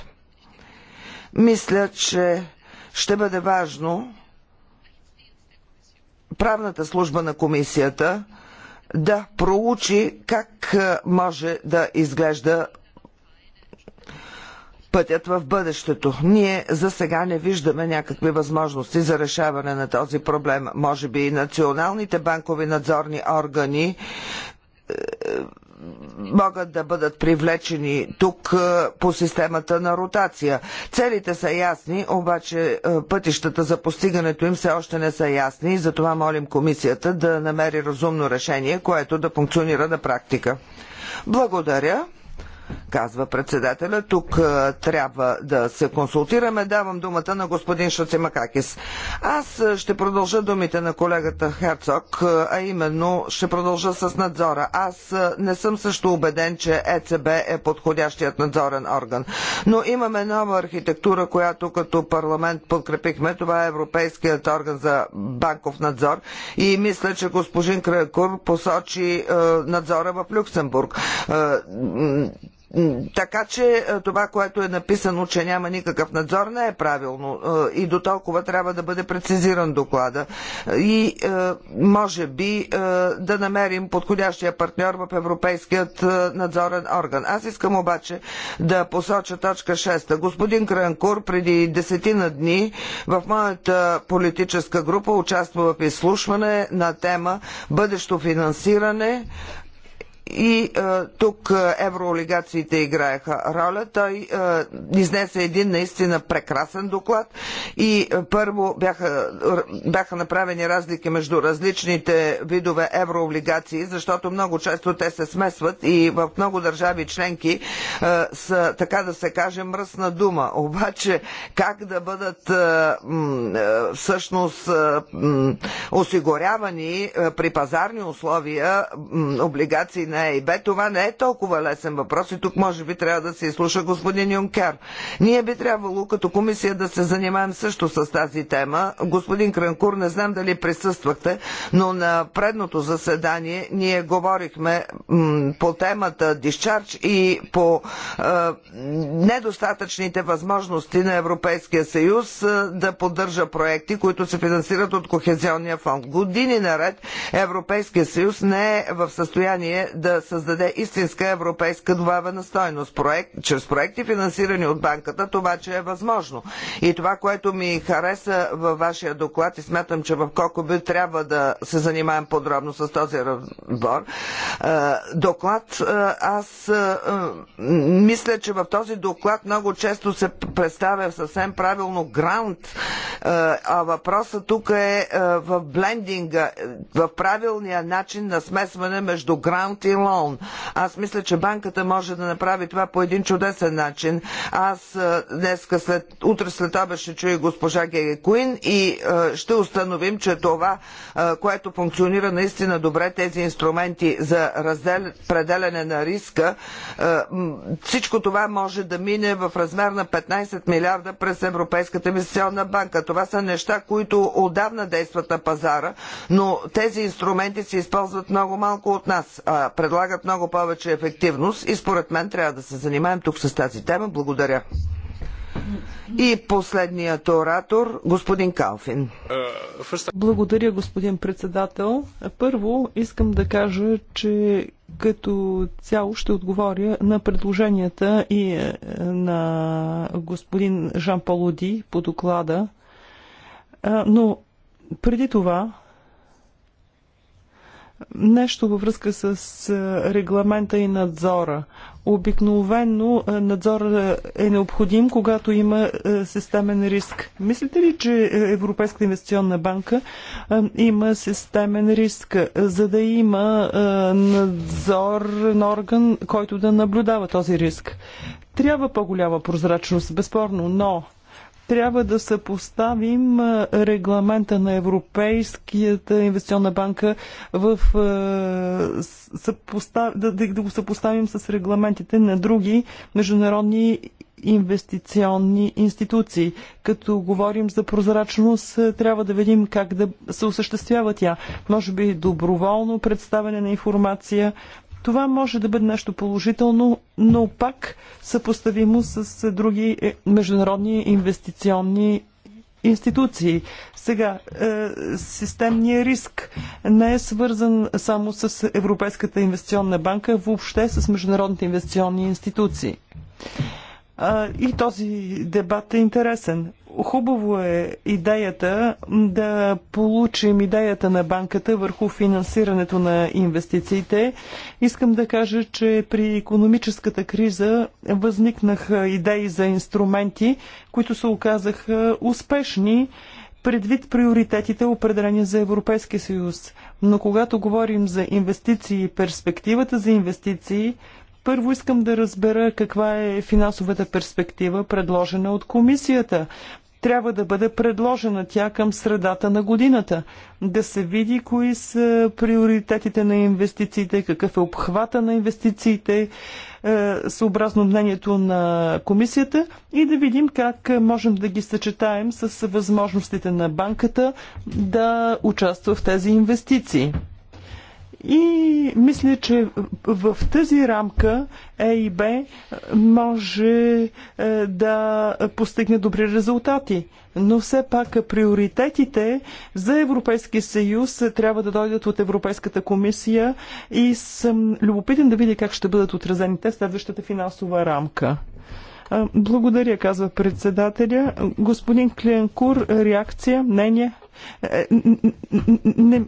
Мисля, че ще бъде важно правната служба на комисията да проучи как може да изглежда пътят в бъдещето. Ние за сега не виждаме някакви възможности за решаване на този проблем. Може би и националните банкови надзорни органи е, могат да бъдат привлечени тук е, по системата на ротация. Целите са ясни, обаче е, пътищата за постигането им все още не са ясни и затова молим комисията да намери разумно решение, което да функционира на практика. Благодаря казва председателя. Тук а, е, трябва да се консултираме. Давам думата на господин Шацимакакис. Аз е, ще продължа думите на колегата Херцог, е, а именно ще продължа с надзора. Аз не съм също убеден, че ЕЦБ е подходящият надзорен орган. Но имаме нова архитектура, която като парламент подкрепихме. Това е Европейският орган за банков надзор. И мисля, че господин Кракур посочи надзора в Люксембург. Така че е, това, което е написано, че няма никакъв надзор, не е правилно е, и до толкова трябва да бъде прецизиран доклада. И е, може би да намерим подходящия партньор в Европейският надзорен орган. Аз искам обаче да посоча точка 6. Господин Кранкур преди десетина дни в моята политическа група участва в изслушване на тема бъдещо финансиране и е, тук е, еврооблигациите играеха роля. Той е, изнесе един наистина прекрасен доклад и е, първо бяха, бяха направени разлики между различните видове еврооблигации, защото много често те се смесват и в много държави членки е, са, така да се каже, мръсна дума. Обаче как да бъдат е, е, всъщност е, осигурявани е, при пазарни условия е, облигации на на бе това не е толкова лесен въпрос и тук може би трябва да се изслуша господин Юнкер. Ние би трябвало като комисия да се занимаем също с тази тема. Господин Кранкур, не знам дали присъствахте, но на предното заседание ние говорихме по темата дисчарч и по е, недостатъчните възможности на Европейския съюз е, да поддържа проекти, които се финансират от Кохезионния фонд. Години наред Европейския съюз не е в състояние да да създаде истинска европейска добавена стойност. Проект, чрез проекти финансирани от банката това, че е възможно. И това, което ми хареса във вашия доклад и смятам, че в колко би трябва да се занимаем подробно с този разбор. Доклад аз мисля, че в този доклад много често се представя съвсем правилно грант, а въпросът тук е в блендинга, в правилния начин на смесване между грант и Green Loan. Аз мисля, че банката може да направи това по един чудесен начин. Аз днеска след, утре след това ще чуя госпожа Геге Куин и ще установим, че това, което функционира наистина добре, тези инструменти за раздел, пределяне на риска, всичко това може да мине в размер на 15 милиарда през Европейската инвестиционна банка. Това са неща, които отдавна действат на пазара, но тези инструменти се използват много малко от нас. А, предлагат много повече ефективност и според мен трябва да се занимаем тук с тази тема. Благодаря. И последният оратор, господин Калфин. Благодаря, господин председател. Първо искам да кажа, че като цяло ще отговоря на предложенията и е, на господин Жан Полоди по доклада. Е, но преди това Нещо във връзка с регламента и надзора. Обикновено надзор е необходим, когато има системен риск. Мислите ли, че Европейската инвестиционна банка има системен риск, за да има надзорен орган, който да наблюдава този риск? Трябва по-голяма прозрачност, безспорно, но трябва да съпоставим регламента на Европейската инвестиционна банка в, съпостав... да, да го съпоставим с регламентите на други международни инвестиционни институции. Като говорим за прозрачност, трябва да видим как да се осъществява тя. Може би доброволно представяне на информация, това може да бъде нещо положително, но пак съпоставимо с е, други е, международни инвестиционни институции. Сега, е, системният риск не е свързан само с Европейската инвестиционна банка, въобще с международните инвестиционни институции. Е, и този дебат е интересен. Хубаво е идеята да получим идеята на банката върху финансирането на инвестициите. Искам да кажа, че при економическата криза възникнаха идеи за инструменти, които се оказаха успешни предвид приоритетите, определени за Европейския съюз. Но когато говорим за инвестиции и перспективата за инвестиции, първо искам да разбера каква е финансовата перспектива, предложена от комисията. Трябва да бъде предложена тя към средата на годината. Да се види кои са приоритетите на инвестициите, какъв е обхвата на инвестициите, е, съобразно мнението на комисията и да видим как можем да ги съчетаем с възможностите на банката да участва в тези инвестиции. И мисля, че в тази рамка Б може е, да постигне добри резултати. Но все пак приоритетите за Европейския съюз трябва да дойдат от Европейската комисия и съм любопитен да видя как ще бъдат отразени те в следващата финансова рамка. Е, благодаря, казва председателя. Господин Клиенкур, реакция, мнение? Не, не,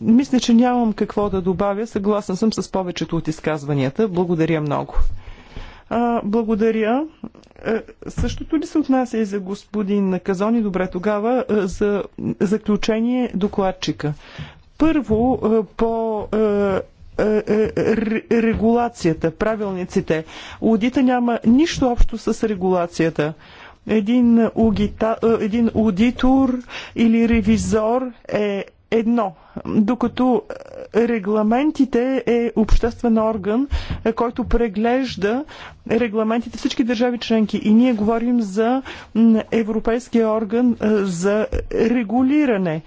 мисля, че нямам какво да добавя. Съгласна съм с повечето от изказванията. Благодаря много. А, благодаря. А, е, същото ли се отнася и за господин Казони? Добре, тогава а, е, за заключение докладчика. Първо, а, е, по а, регулацията, правилниците. Аудита няма нищо общо с регулацията един, аудитор или ревизор е едно, докато е, регламентите е обществен орган, е, който преглежда регламентите всички държави членки. И ние говорим за Европейския орган е, за регулиране.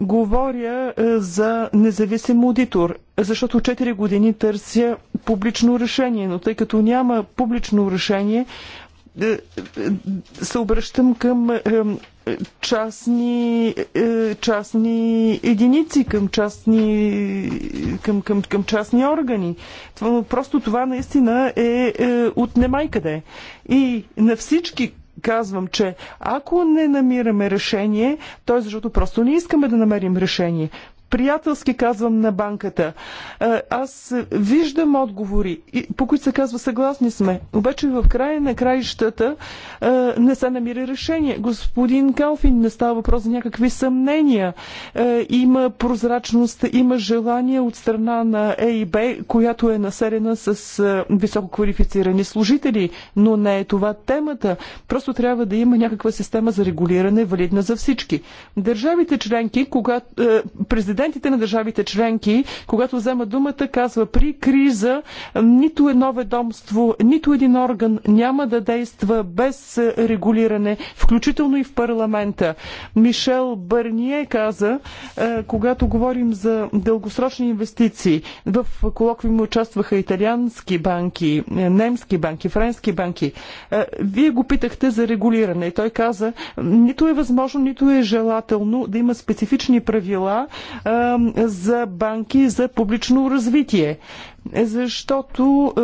Говоря за независим аудитор, защото 4 години търся публично решение, но тъй като няма публично решение, се обръщам към частни, е, частни единици, към частни, към, към, към частни органи. Това, просто това наистина е, е от къде. И на всички казвам, че ако не намираме решение, то е защото просто не искаме да намерим решение приятелски казвам на банката. Аз виждам отговори, по които се казва съгласни сме. Обаче в края на краищата не се намира решение. Господин Калфин, не става въпрос за някакви съмнения. Има прозрачност, има желание от страна на ЕИБ, която е населена с високо квалифицирани служители, но не е това темата. Просто трябва да има някаква система за регулиране, валидна за всички. Държавите членки, когато президент президентите на държавите членки, когато взема думата, казва при криза нито едно ведомство, нито един орган няма да действа без регулиране, включително и в парламента. Мишел Бърние каза, е, когато говорим за дългосрочни инвестиции, в му участваха италиански банки, е, немски банки, френски банки. Е, вие го питахте за регулиране и той каза, нито е възможно, нито е желателно да има специфични правила за банки за публично развитие. Защото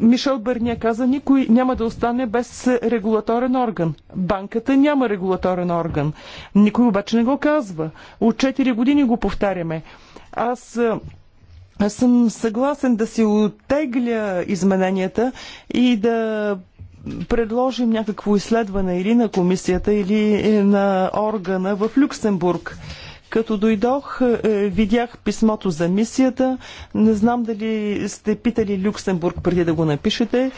Мишел Бърния каза, никой няма да остане без регулаторен орган. Банката няма регулаторен орган. Никой обаче не го казва. От 4 години го повтаряме. Аз аз съм съгласен да си оттегля измененията и да предложим някакво изследване или на комисията, или на органа в Люксембург. Като дойдох, е, видях писмото за мисията. Не знам дали сте питали Люксембург преди да го напишете.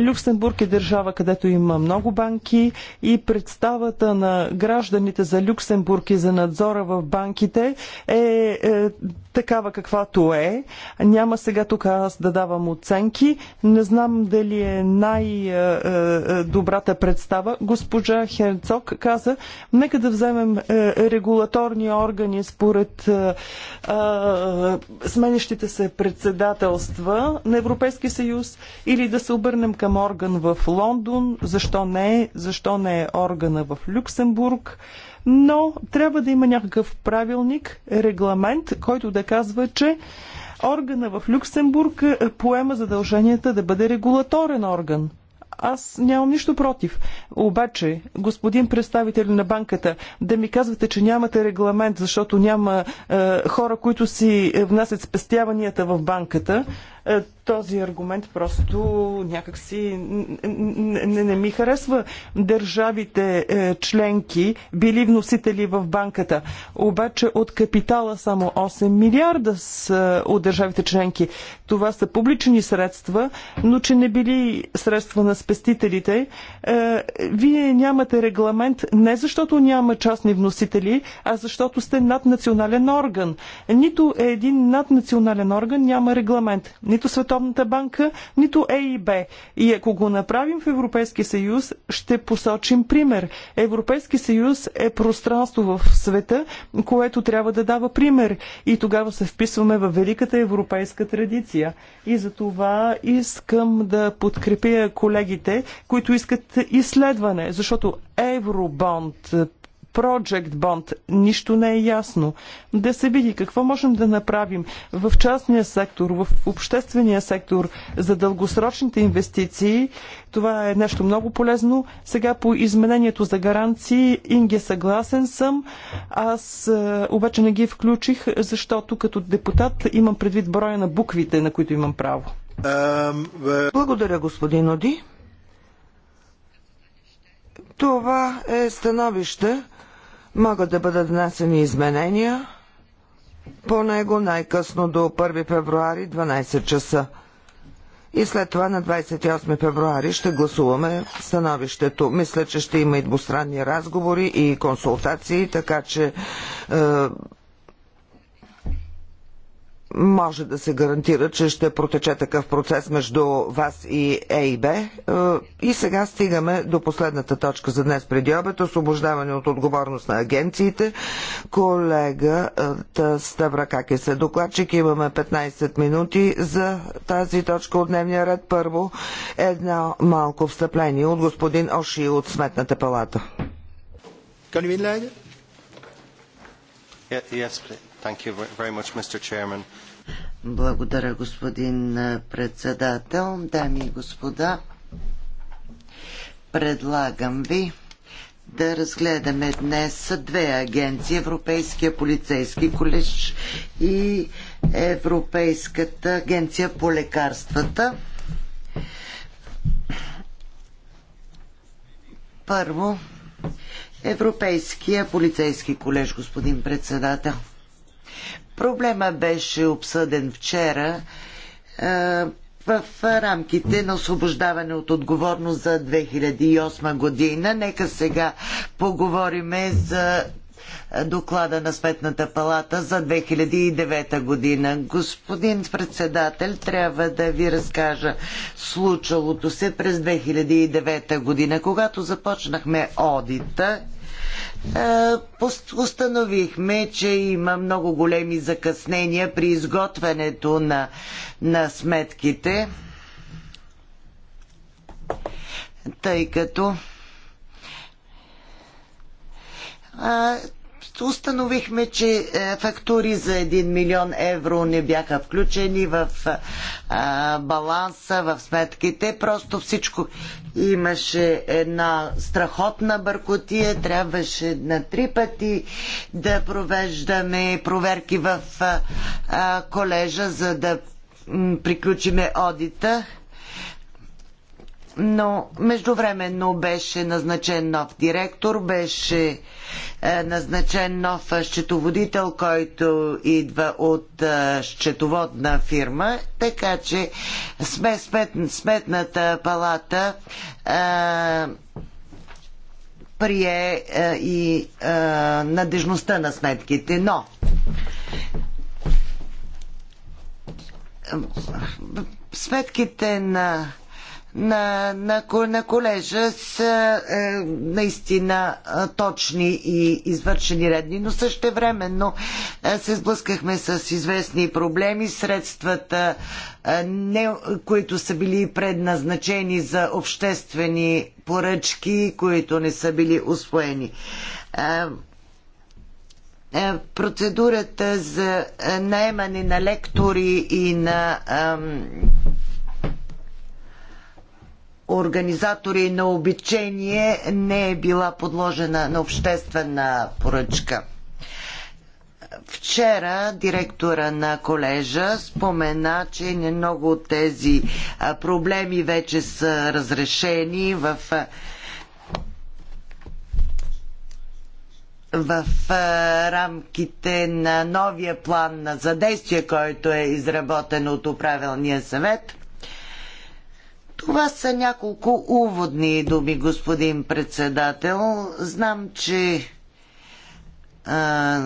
Люксембург е държава, където има много банки и представата на гражданите за Люксембург и за надзора в банките е, е такава каквато е. Няма сега тук аз да давам оценки. Не знам дали е най-добрата е, е, представа. Госпожа Херцог каза, нека да вземем регулаторни орган органи според а, а, сменящите се председателства на Европейския съюз или да се обърнем към орган в Лондон, защо не е, защо не е органа в Люксембург но трябва да има някакъв правилник, регламент, който да казва, че органа в Люксембург поема задълженията да бъде регулаторен орган. Аз нямам нищо против. Обаче, господин представител на банката, да ми казвате, че нямате регламент, защото няма е, хора, които си внасят спестяванията в банката, е, този аргумент просто някакси не, не, не ми харесва. Държавите е, членки били вносители в банката, обаче от капитала само 8 милиарда са от държавите членки. Това са публични средства, но че не били средства на спестителите. Е, вие нямате регламент не защото няма частни вносители, а защото сте наднационален орган. Нито един наднационален орган няма регламент нито Световната банка, нито ЕИБ. И ако го направим в Европейския съюз, ще посочим пример. Европейски съюз е пространство в света, което трябва да дава пример. И тогава се вписваме в великата европейска традиция. И за това искам да подкрепя колегите, които искат изследване, защото Евробонд Project Bond. Нищо не е ясно. Да се види какво можем да направим в частния сектор, в обществения сектор за дългосрочните инвестиции. Това е нещо много полезно. Сега по изменението за гаранции, Инге съгласен съм. Аз е, обаче не ги включих, защото като депутат имам предвид броя на буквите, на които имам право. Благодаря, господин Оди. Това е становище, могат да бъдат внасени изменения по него най-късно до 1 февруари 12 часа. И след това на 28 февруари ще гласуваме становището. Мисля, че ще има и двустранни разговори и консултации, така че е, може да се гарантира, че ще протече такъв процес между вас и Е И сега стигаме до последната точка за днес преди обед освобождаване от отговорност на агенциите. Колегата е, как е докладчик. Имаме 15 минути за тази точка от дневния ред. Първо едно малко встъпление от господин Оши от Сметната палата. Can you yes, thank you very much, Mr. Chairman. Благодаря, господин председател. Дами и господа, предлагам ви да разгледаме днес две агенции Европейския полицейски колеж и Европейската агенция по лекарствата. Първо, Европейския полицейски колеж, господин председател. Проблема беше обсъден вчера е, в рамките на освобождаване от отговорност за 2008 година. Нека сега поговориме за доклада на Сметната палата за 2009 година. Господин председател, трябва да ви разкажа случалото се през 2009 година, когато започнахме одита е, установихме, че има много големи закъснения при изготвянето на, на сметките, тъй като установихме, че е, фактури за 1 милион евро не бяха включени в е, баланса, в сметките. Просто всичко имаше една страхотна бъркотия. Трябваше на три пъти да провеждаме проверки в е, колежа, за да приключиме одита но междувременно беше назначен нов директор, беше е, назначен нов счетоводител, който идва от е, счетоводна фирма, така че сме, смет, сметната палата е, прие и надежността на сметките, но сметките на на, на, на колежа са е, наистина е, точни и извършени редни, но също времено е, се сблъскахме с известни проблеми. Средствата, е, не, които са били предназначени за обществени поръчки, които не са били освоени. Е, процедурата за наемане на лектори и на организатори на обичение не е била подложена на обществена поръчка. Вчера директора на колежа спомена, че много от тези проблеми вече са разрешени в в рамките на новия план за действие, който е изработен от управилния съвет. Това са няколко уводни думи, господин председател. Знам, че а,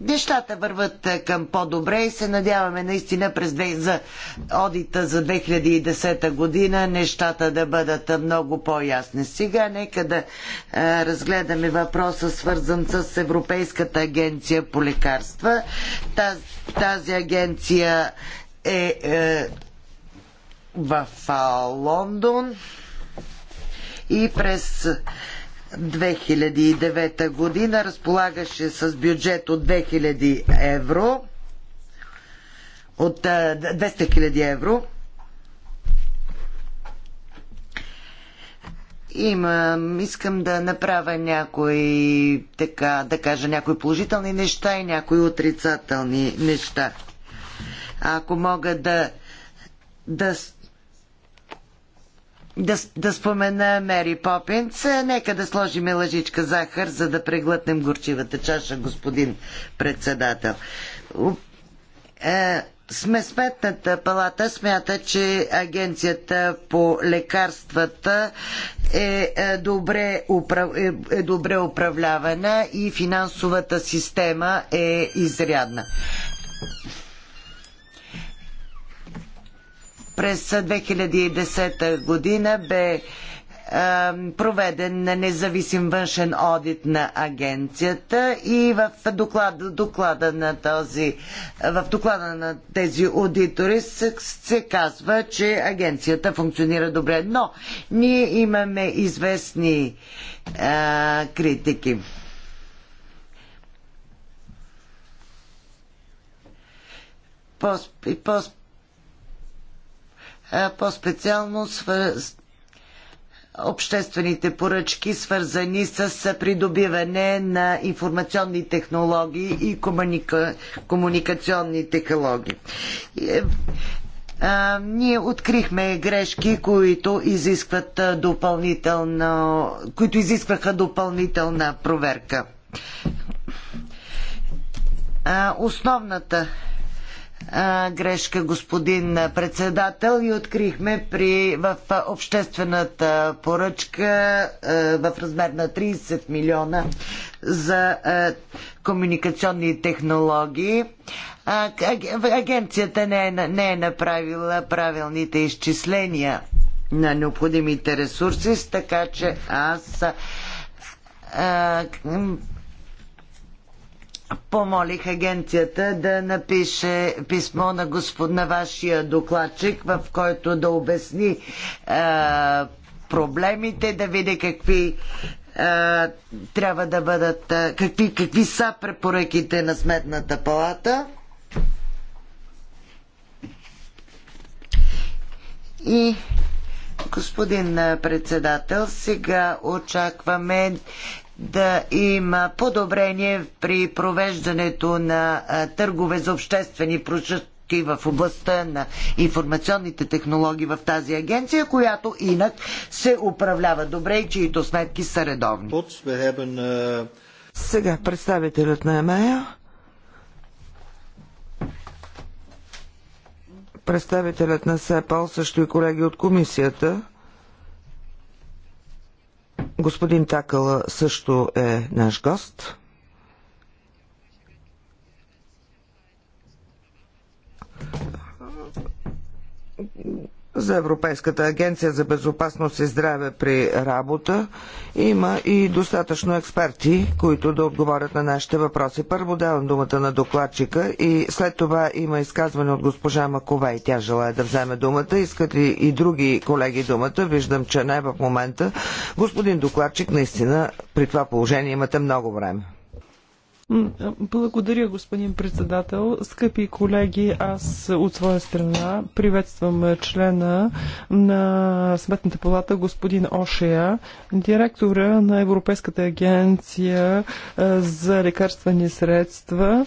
нещата върват към по-добре и се надяваме наистина през две, за одита за 2010 година нещата да бъдат много по-ясни. Сега нека да а, разгледаме въпроса свързан с Европейската агенция по лекарства. Таз, тази агенция е, е в Лондон и през 2009 година разполагаше с бюджет от 2000 евро от 200 000 евро Имам, искам да направя някои, така, да кажа някои положителни неща и някои отрицателни неща. Ако мога да, да, да, да спомена Мери Попинц. Нека да сложим лъжичка захар, за да преглътнем горчивата чаша, господин председател. Е, сме сметната палата смята, че агенцията по лекарствата е, е добре, е, е добре управлявана и финансовата система е изрядна. През 2010 година бе проведен независим външен одит на агенцията и в доклада, на този, в доклада на тези аудитори се, се казва, че агенцията функционира добре. Но ние имаме известни а, критики. По, по, по-специално свър... обществените поръчки, свързани с придобиване на информационни технологии и комуника... комуникационни технологии. Е, а, ние открихме грешки, които изискват допълнително, които изискваха допълнителна проверка. А, основната грешка, господин председател, и открихме при, в обществената поръчка в размер на 30 милиона за комуникационни технологии. агенцията не е, не е направила правилните изчисления на необходимите ресурси, така че аз а, помолих агенцията да напише писмо на, господ, на вашия докладчик, в който да обясни е, проблемите, да види какви е, трябва да бъдат, е, какви, какви са препоръките на Сметната палата. И Господин е, председател, сега очакваме да има подобрение при провеждането на търгове за обществени поръчки в областта на информационните технологии в тази агенция, която инак се управлява добре и чието сметки са редовни. Сега представителят на ЕМЕЯ. Представителят на СЕПАЛ, също и колеги от комисията – Господин Такала също е наш гост. за Европейската агенция за безопасност и здраве при работа има и достатъчно експерти, които да отговорят на нашите въпроси. Първо давам думата на докладчика и след това има изказване от госпожа Макова и тя желая да вземе думата. Искат ли и други колеги думата? Виждам, че не в момента. Господин докладчик, наистина при това положение имате много време. Благодаря, господин председател. Скъпи колеги, аз от своя страна приветствам члена на Сметната палата, господин Ошея, директора на Европейската агенция за лекарствени средства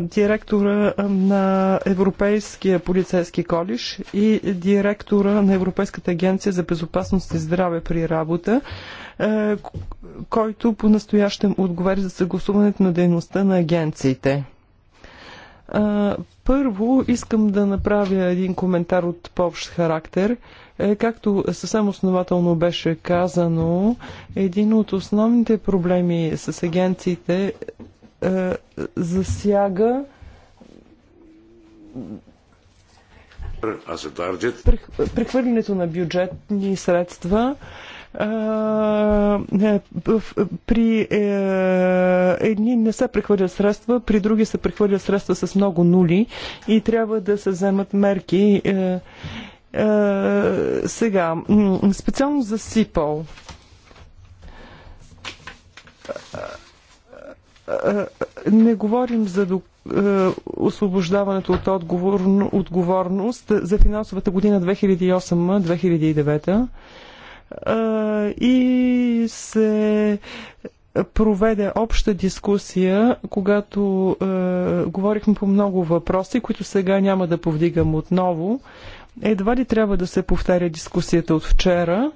директора на Европейския полицейски колиш и директора на Европейската агенция за безопасност и здраве при работа, който по-настоящем отговаря за съгласуването на дейността на агенциите. Първо искам да направя един коментар от по-общ характер. Е, както съвсем основателно беше казано, един от основните проблеми с агенциите е, засяга прехвърлянето на бюджетни средства е, при е, едни не се прехвърлят средства, при други се прехвърлят средства с много нули и трябва да се вземат мерки. Сега, специално за СИПОЛ не говорим за е, освобождаването от отговорност за финансовата година 2008-2009 е, и се проведе обща дискусия, когато е, говорихме по много въпроси, които сега няма да повдигам отново. Едва ли трябва да се повтаря дискусията от вчера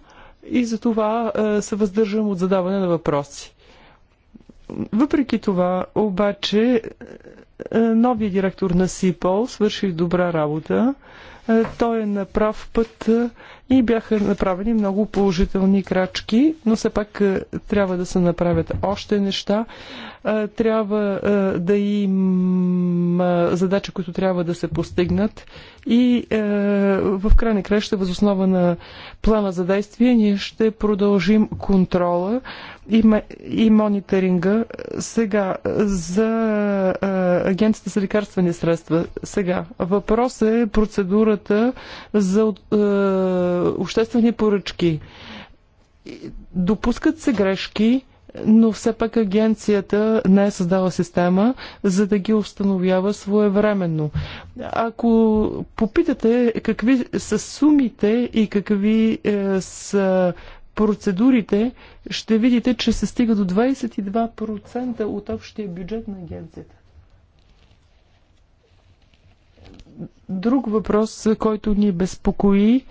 и затова е, се въздържам от задаване на въпроси. Въпреки това, обаче, е, е, новия директор на СИПОЛ свърши добра работа. Е, той е на прав път и бяха направени много положителни крачки, но все пак трябва да се направят още неща. Трябва да има задачи, които трябва да се постигнат и в крайна краща, възоснова на плана за действие, ние ще продължим контрола и, и мониторинга. Сега, за Агенцията за лекарствени средства. Сега, въпрос е процедурата за обществени поръчки. Допускат се грешки, но все пак агенцията не е създала система, за да ги установява своевременно. Ако попитате какви са сумите и какви е, са процедурите, ще видите, че се стига до 22% от общия бюджет на агенцията. Друг въпрос, който ни безпокои,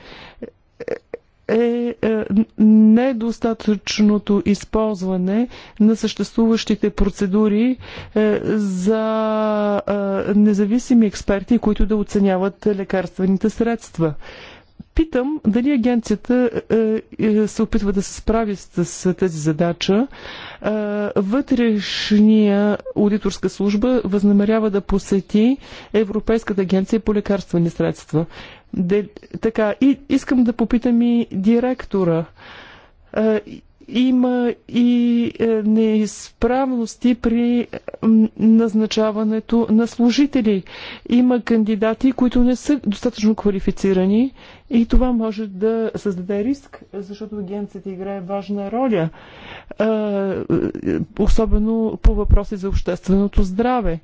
е, е, е недостатъчното използване на съществуващите процедури е, за независими експерти, които да оценяват лекарствените средства питам дали агенцията е, е, е, се опитва да се справи с тази задача. Вътрешния аудиторска служба възнамерява да посети Европейската агенция по лекарствени средства. Де, така, и искам да попитам и директора има и е, неизправности при назначаването на служители. Има кандидати, които не са достатъчно квалифицирани и това може да създаде риск, защото агенцията играе важна роля, е, особено по въпроси за общественото здраве.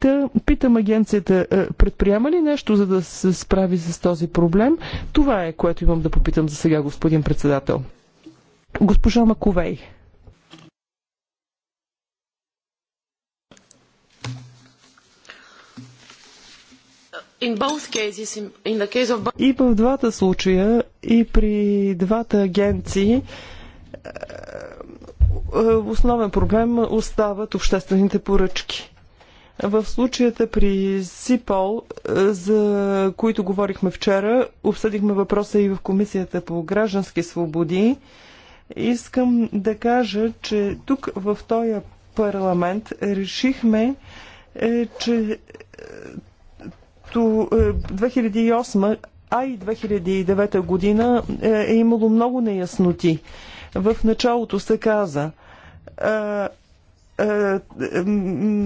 Та питам агенцията, е, предприема ли нещо, за да се справи с този проблем? Това е, което имам да попитам за сега, господин председател. Госпожа Маковей. И в двата случая, и при двата агенции, е, е, основен проблем остават обществените поръчки. В случаята при СИПОЛ, е, за които говорихме вчера, обсъдихме въпроса и в Комисията по граждански свободи. Искам да кажа, че тук в този парламент решихме, е, че 2008, е, е, а и 2009 година е имало много неясноти. В началото се каза, е,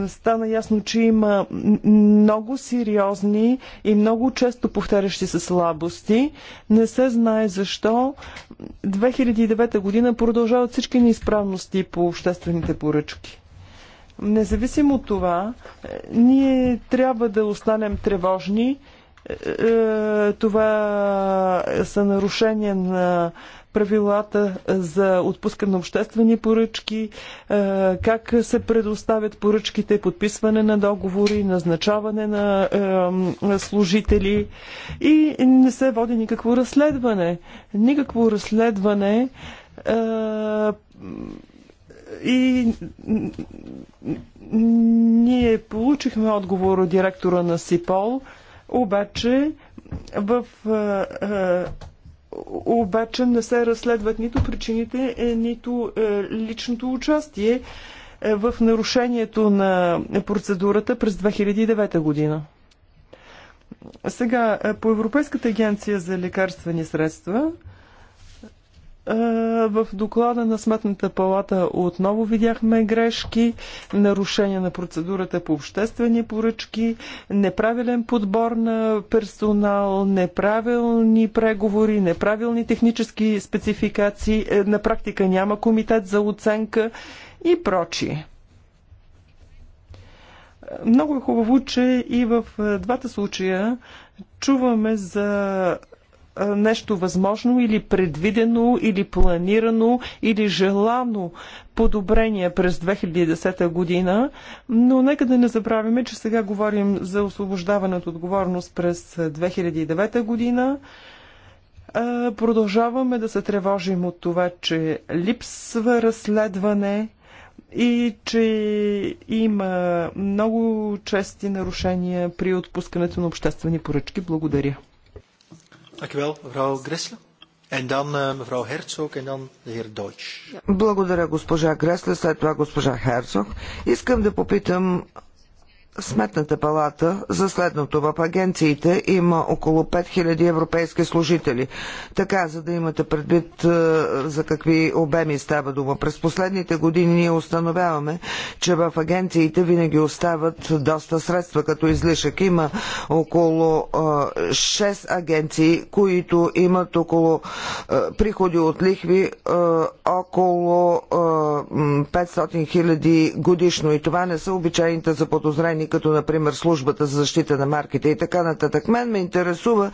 стана ясно, че има много сериозни и много често повтарящи се слабости. Не се знае защо. 2009 година продължават всички неизправности по обществените поръчки. Независимо от това, е, ние трябва да останем тревожни. Е, това са нарушения на правилата за отпускане на обществени поръчки, как се предоставят поръчките, подписване на договори, назначаване на служители и не се води никакво разследване. Никакво разследване и ние получихме отговор от директора на СИПОЛ, обаче в обаче не се разследват нито причините, е, нито е, личното участие е, в нарушението на процедурата през 2009 година. Сега, по Европейската агенция за лекарствени средства, в доклада на Сметната палата отново видяхме грешки, нарушения на процедурата по обществени поръчки, неправилен подбор на персонал, неправилни преговори, неправилни технически спецификации, е, на практика няма комитет за оценка и прочие. Много е хубаво, че и в е, двата случая чуваме за нещо възможно или предвидено, или планирано, или желано подобрение през 2010 година, но нека да не забравяме, че сега говорим за освобождаване от отговорност през 2009 година. Продължаваме да се тревожим от това, че липсва разследване и че има много чести нарушения при отпускането на обществени поръчки. Благодаря. Dank u wel, mevrouw Gressle. En dan uh, mevrouw Herzog en dan de heer Deutsch. Благодаря, госпожа Гресле, след това госпожа Херцог. Искам да попитам Сметната палата за следното. В агенциите има около 5000 европейски служители. Така, за да имате предвид е, за какви обеми става дума. През последните години ние установяваме, че в агенциите винаги остават доста средства като излишък. Има около 6 е, агенции, които имат около е, приходи от лихви около 500 000 годишно. И това не са обичайните за подозрени като например службата за защита на марките и така нататък. Мен ме интересува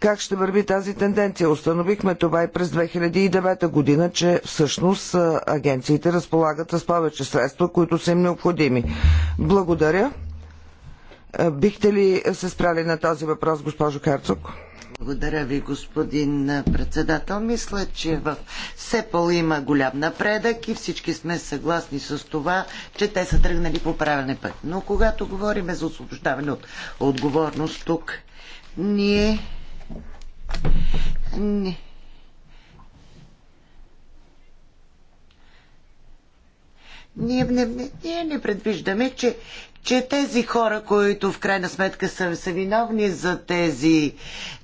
как ще върви тази тенденция. Установихме това и през 2009 година, че всъщност агенциите разполагат с повече средства, които са им необходими. Благодаря. Бихте ли се спрали на този въпрос, госпожо Карцук? Благодаря ви, господин председател. Мисля, че в СЕПОЛ има голям напредък и всички сме съгласни с това, че те са тръгнали по правилен път. Но когато говорим за освобождаване от отговорност тук, ние... ние... Ние не, ние не предвиждаме, че, че тези хора, които в крайна сметка са, са виновни за тези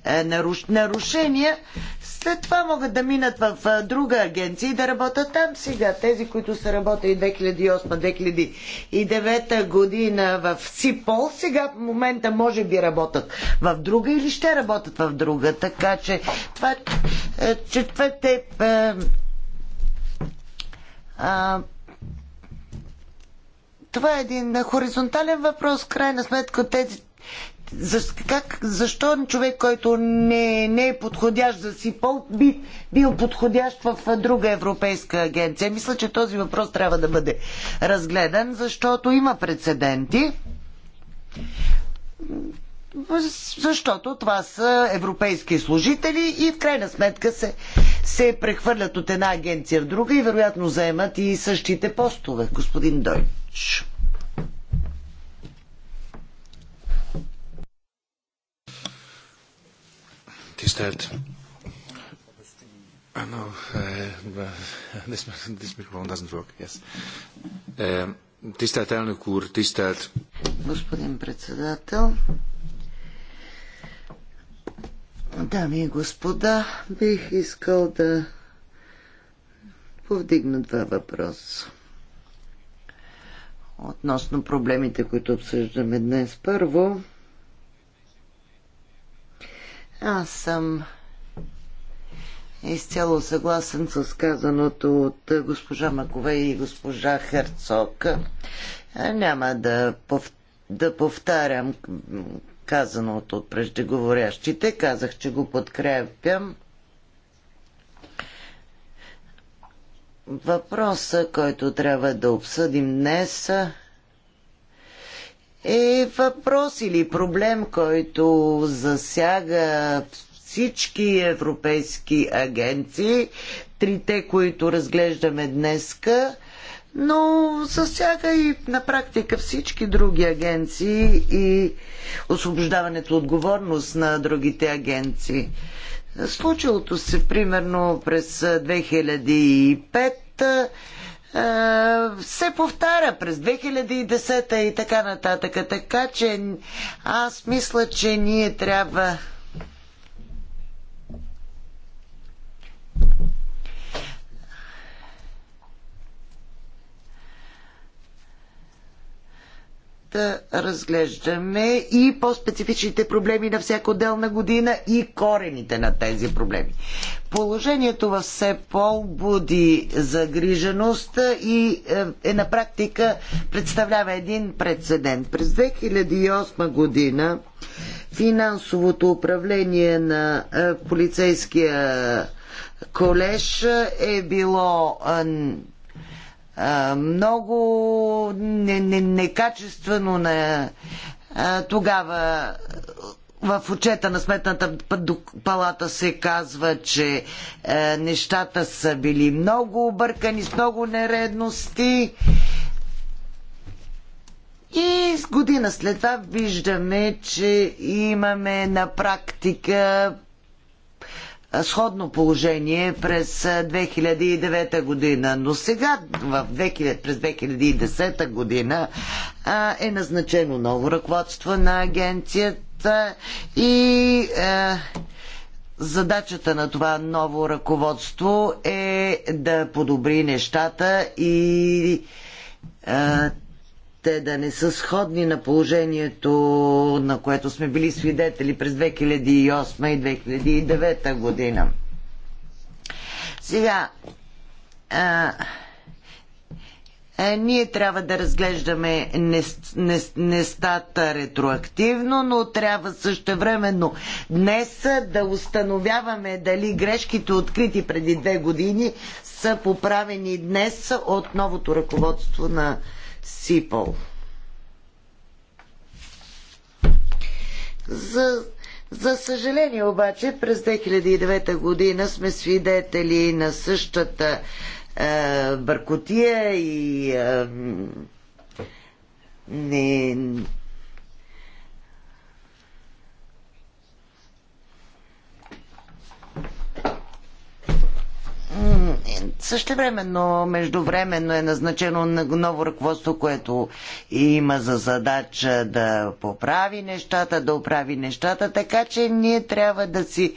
е, наруш, нарушения, след това могат да минат в е, друга агенция и да работят там сега. Тези, които са работили 2008-2009 година в СИПОЛ, сега в момента може би работят в друга или ще работят в друга. Така че това, е, четвърте. те. Е, това е един хоризонтален въпрос. Крайна сметка тези защо, как, защо човек, който не, не е подходящ за си пол, би бил подходящ в друга европейска агенция? Мисля, че този въпрос трябва да бъде разгледан, защото има прецеденти. Защото това са европейски служители и в крайна сметка се, се прехвърлят от една агенция в друга и вероятно заемат и същите постове, господин Дой. Deutsch. Tisztelt. No, uh, this, this microphone doesn't work, yes. Uh, tisztelt elnök úr, tisztelt... Господин председател, дами и господа, бих искал да повдигна два въпроса относно проблемите, които обсъждаме днес. Първо, аз съм изцяло съгласен с казаното от госпожа Макове и госпожа Херцог. Няма да, пов... да повтарям казаното от преждеговорящите. Казах, че го подкрепям. Въпросът, който трябва да обсъдим днес е въпрос или проблем, който засяга всички европейски агенции, трите, които разглеждаме днеска, но засяга и на практика всички други агенции и освобождаването отговорност на другите агенции. Случилото се примерно през 2005 се повтаря през 2010 и така нататък. Така че аз мисля, че ние трябва да разглеждаме и по-специфичните проблеми на всяка отделна година и корените на тези проблеми. Положението в СЕПОЛ буди загриженост и е, е на практика представлява един прецедент. През 2008 година финансовото управление на е, полицейския колеж е било много не, не, некачествено на тогава в отчета на сметната палата се казва, че е, нещата са били много объркани, с много нередности. И с година след това виждаме, че имаме на практика сходно положение през 2009 година. Но сега, в 2000, през 2010 година, е назначено ново ръководство на агенцията и задачата на това ново ръководство е да подобри нещата и те да не са сходни на положението, на което сме били свидетели през 2008 и 2009 година. Сега, а, а, е, ние трябва да разглеждаме нестата ретроактивно, но трябва също времено днес да установяваме дали грешките открити преди две години са поправени днес от новото ръководство на Сипал. За, за съжаление обаче през 2009 година сме свидетели на същата е, бъркотия и е, не, Същевременно, междувременно е назначено на ново ръководство, което има за задача да поправи нещата, да оправи нещата, така че ние трябва да си,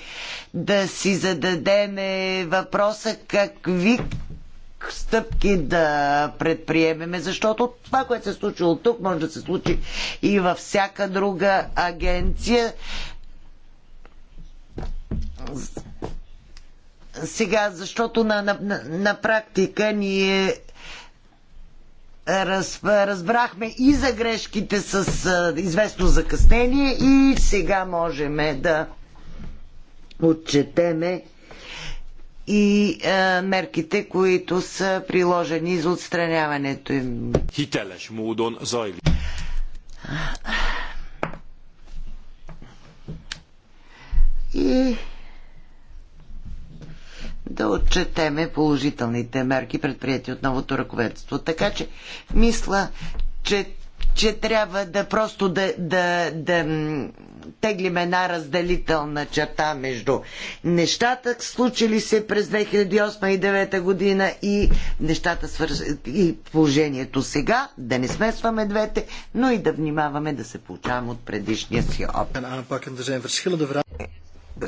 да си зададеме въпроса какви стъпки да предприемеме, защото това, което се е случило тук, може да се случи и във всяка друга агенция сега, защото на, на, на практика ние раз, разбрахме и за грешките с а, известно закъснение и сега можем да отчетеме и а, мерките, които са приложени за отстраняването им. Хителеш удон зайли. И да отчетеме положителните мерки, предприяти от новото ръководство. Така че мисля, че, че трябва да просто да, да, да теглим една разделителна черта между нещата, случили се през 2008 и 2009 година и нещата свърж... и положението сега, да не смесваме двете, но и да внимаваме да се получаваме от предишния си опит.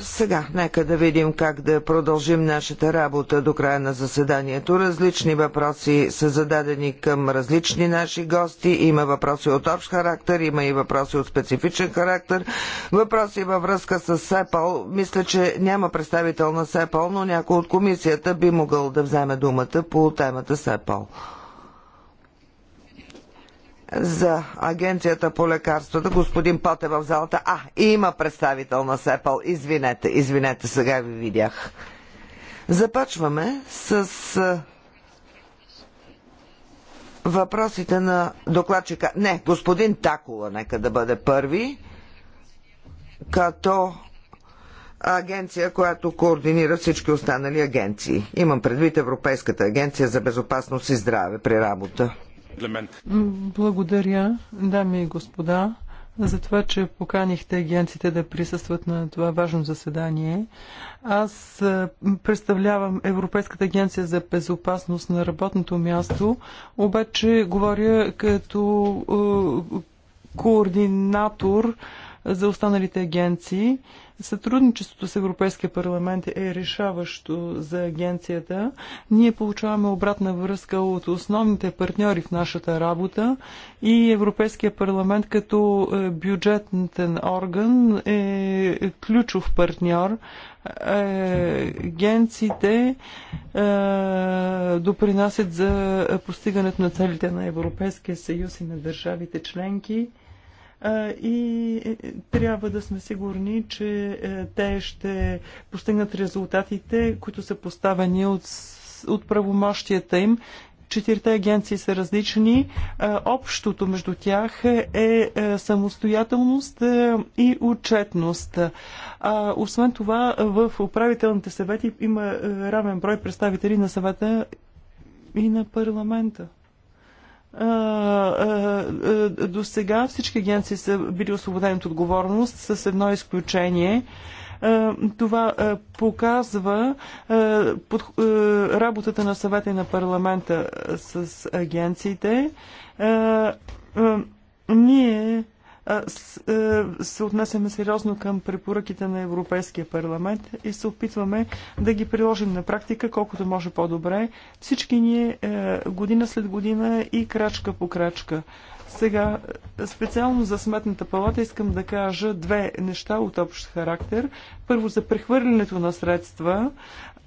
Сега, нека да видим как да продължим нашата работа до края на заседанието. Различни въпроси са зададени към различни наши гости. Има въпроси от общ характер, има и въпроси от специфичен характер. Въпроси във връзка с СЕПАЛ. Мисля, че няма представител на СЕПАЛ, но някой от комисията би могъл да вземе думата по темата СЕПАЛ за агенцията по лекарствата. Господин Пот е в залата. А, и има представител на СЕПАЛ. Извинете, извинете, сега ви видях. Започваме с въпросите на докладчика. Не, господин Такола, нека да бъде първи, като агенция, която координира всички останали агенции. Имам предвид Европейската агенция за безопасност и здраве при работа. Благодаря, дами и господа, за това, че поканихте агенците да присъстват на това важно заседание. Аз представлявам Европейската агенция за безопасност на работното място, обаче говоря като координатор за останалите агенции сътрудничеството с Европейския парламент е решаващо за агенцията. Ние получаваме обратна връзка от основните партньори в нашата работа и Европейския парламент като е, бюджетен орган е ключов партньор. Е, агенциите е, допринасят за постигането на целите на Европейския съюз и на държавите членки и е, трябва да сме сигурни, че е, те ще постигнат резултатите, които са поставени от, от правомощията им четирите агенции са различни. Общото между тях е, е самостоятелност и отчетност. Освен това, в управителните съвети има равен брой представители на съвета и на парламента. До сега всички агенции са били освободени от отговорност с едно изключение това показва работата на съвета и на парламента с агенциите. Ние е, се отнесеме сериозно към препоръките на Европейския парламент и се опитваме да ги приложим на практика колкото може по-добре. Всички ние е, година след година и крачка по крачка. Сега, е, специално за Сметната палата искам да кажа две неща от общ характер. Първо за прехвърлянето на средства.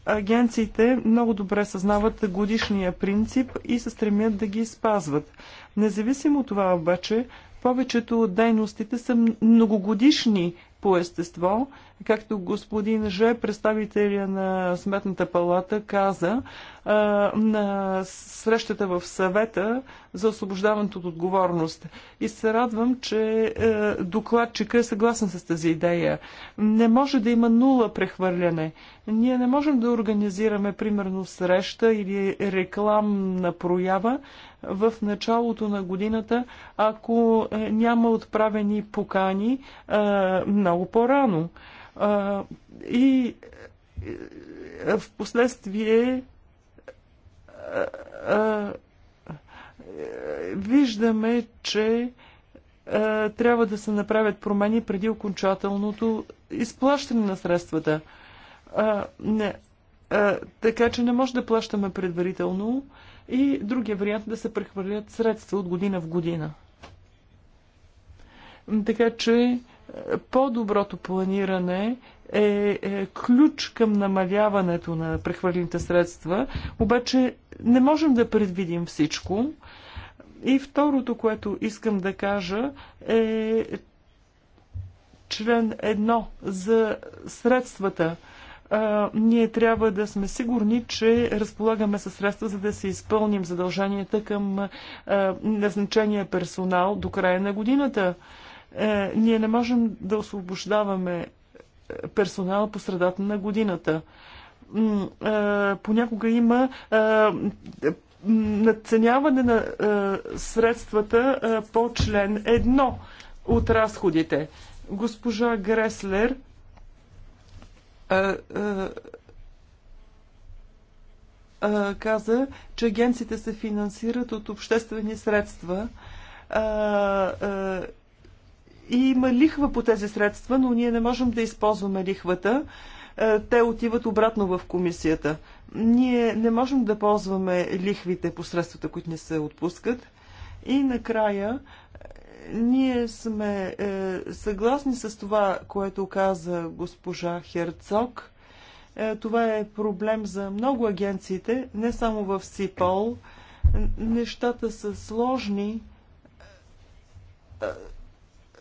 Агенциите много добре съзнават годишния принцип и се стремят да ги спазват. Независимо от това обаче, повечето от дейностите са многогодишни по естество. Както господин Же, представителя на Сметната палата, каза, на срещата в съвета за освобождаването от отговорност. И се радвам, че е, докладчика е съгласен с тази идея. Не може да има нула прехвърляне. Ние не можем да организираме, примерно, среща или рекламна проява в началото на годината, ако е, няма отправени покани е, много по-рано. И в последствие виждаме, че трябва да се направят промени преди окончателното изплащане на средствата. не. така че не може да плащаме предварително и другия вариант да се прехвърлят средства от година в година. Така че по-доброто планиране е, е ключ към намаляването на прехвърлените средства, обаче не можем да предвидим всичко. И второто, което искам да кажа е член едно за средствата а, ние трябва да сме сигурни, че разполагаме със средства, за да се изпълним задълженията към а, назначения персонал до края на годината. А, е, ние не можем да освобождаваме Персонала по средата на годината. Понякога има надценяване на средствата по член едно от разходите. Госпожа Греслер каза, че агенците се финансират от обществени средства има лихва по тези средства, но ние не можем да използваме лихвата. Е, те отиват обратно в комисията. Ние не можем да ползваме лихвите по средствата, които ни се отпускат. И накрая, е, ние сме е, съгласни с това, което каза госпожа Херцог. това е проблем за много агенциите, не само в СИПОЛ. Нещата са сложни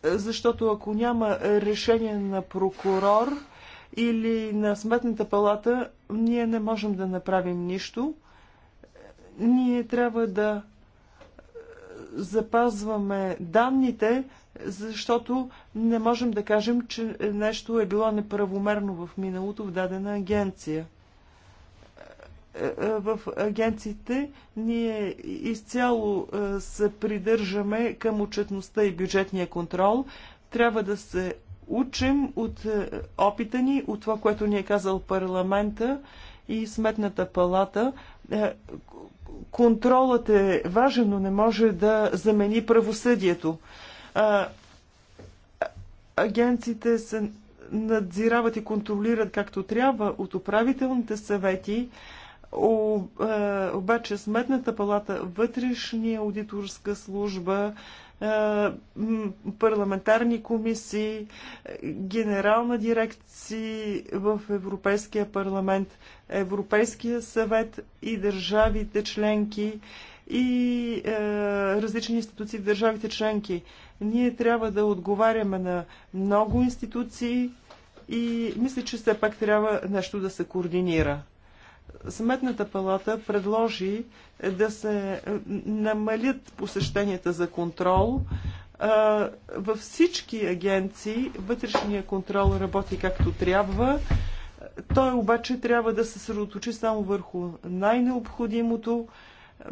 защото ако няма решение на прокурор или на сметната палата, ние не можем да направим нищо. Ние трябва да е, запазваме данните, защото не можем да кажем, че нещо е било неправомерно в миналото в дадена агенция. Е, е, в агенциите ние изцяло е, се придържаме към отчетността и бюджетния контрол. Трябва да се учим от опита ни, от това, което ни е казал парламента и сметната палата. Контролът е важен, но не може да замени правосъдието. Агенциите се надзирават и контролират както трябва от управителните съвети, е, обаче Сметната палата, вътрешния аудиторска служба, е, парламентарни комисии, генерална дирекции в Европейския парламент, Европейския съвет и държавите членки и е, различни институции в държавите членки. Ние трябва да отговаряме на много институции и мисля, че все пак трябва нещо да се координира. Сметната палата предложи да се намалят посещенията за контрол. Във всички агенции вътрешния контрол работи както трябва. Той обаче трябва да се съсредоточи само върху най-необходимото.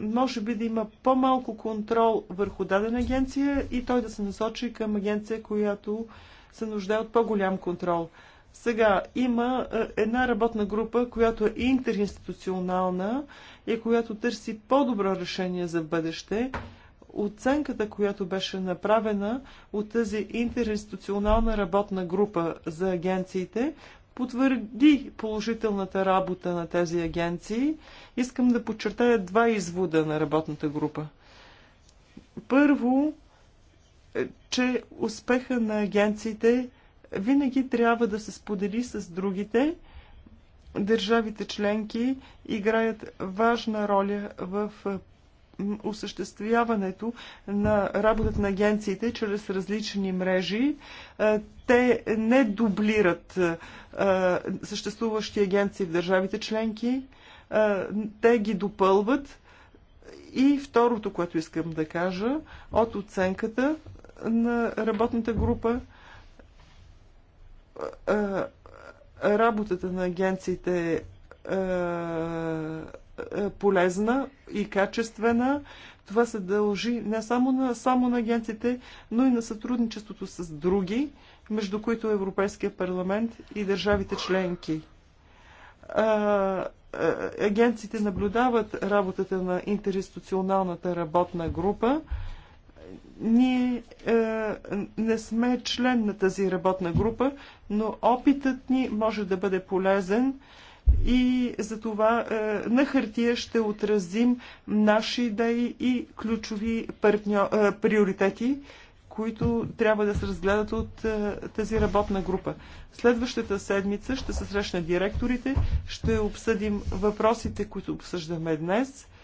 Може би да има по-малко контрол върху дадена агенция и той да се насочи към агенция, която се нуждае от по-голям контрол. Сега има е, една работна група, която е интеринституционална и която търси по-добро решение за бъдеще. Оценката, която беше направена от тази интеринституционална работна група за агенциите, потвърди положителната работа на тези агенции. Искам да подчертая два извода на работната група. Първо, е, че успеха на агенциите винаги трябва да се сподели с другите. Държавите членки играят важна роля в осъществяването на работата на агенциите чрез различни мрежи. Е, те не дублират е, съществуващи агенции в държавите членки, е, те ги допълват. И второто, което искам да кажа, от оценката на работната група, работата на агенциите е полезна и качествена. Това се дължи не само на, само на агенциите, но и на сътрудничеството с други, между които Европейския парламент и държавите членки. Агенциите наблюдават работата на интерституционалната работна група ние е, не сме член на тази работна група, но опитът ни може да бъде полезен и за това е, на хартия ще отразим наши идеи и ключови партньор, е, приоритети, които трябва да се разгледат от е, тази работна група. Следващата седмица ще се срещна директорите, ще обсъдим въпросите, които обсъждаме днес –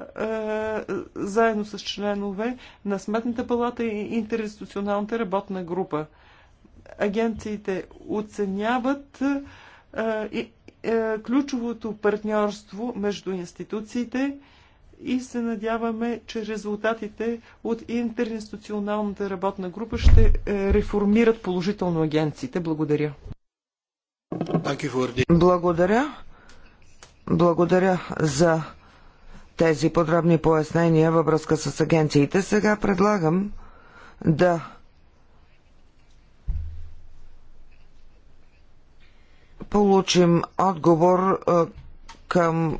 е, заедно с членове на Сметната палата и интерституционалната работна група. Агенциите оценяват е, е, ключовото партньорство между институциите и се надяваме, че резултатите от Интерституционалната работна група ще реформират положително агенциите. Благодаря. Благодаря. Благодаря за тези подробни пояснения във връзка с агенциите. Сега предлагам да получим отговор към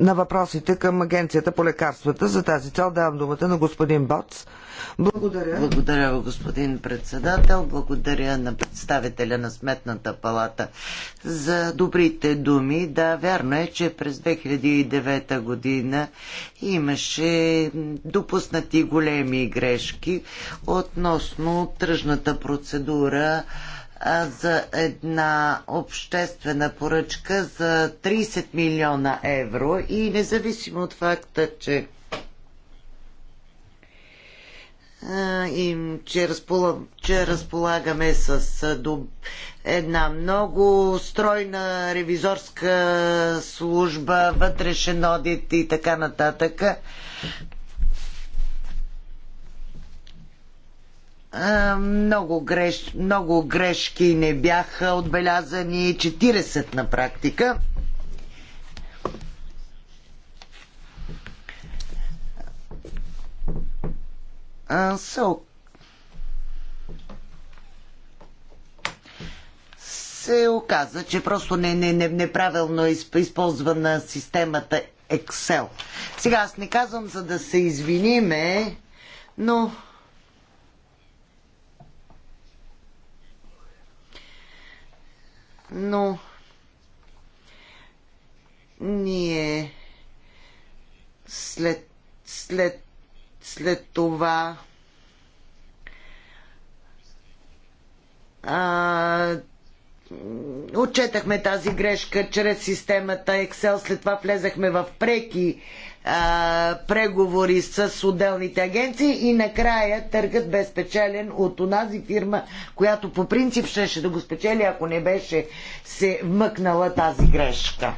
на въпросите към Агенцията по лекарствата. За тази цел давам думата на господин Боц. Благодаря. Благодаря, господин председател. Благодаря на представителя на Сметната палата за добрите думи. Да, вярно е, че през 2009 година имаше допуснати големи грешки относно тръжната процедура за една обществена поръчка за 30 милиона евро и независимо от факта, че И че, разполаг, че разполагаме с една много стройна ревизорска служба, вътрешен одит и така нататък. много, греш, много грешки не бяха отбелязани, 40 на практика. So, се оказа, че просто не, не, не, неправилно използвана системата Excel. Сега аз не казвам за да се извиниме, но но ние след, след, след това а, отчетахме тази грешка чрез системата Excel, след това влезахме в преки а, преговори с отделните агенции и накрая търгът бе спечелен от онази фирма, която по принцип щеше да го спечели, ако не беше се вмъкнала тази грешка.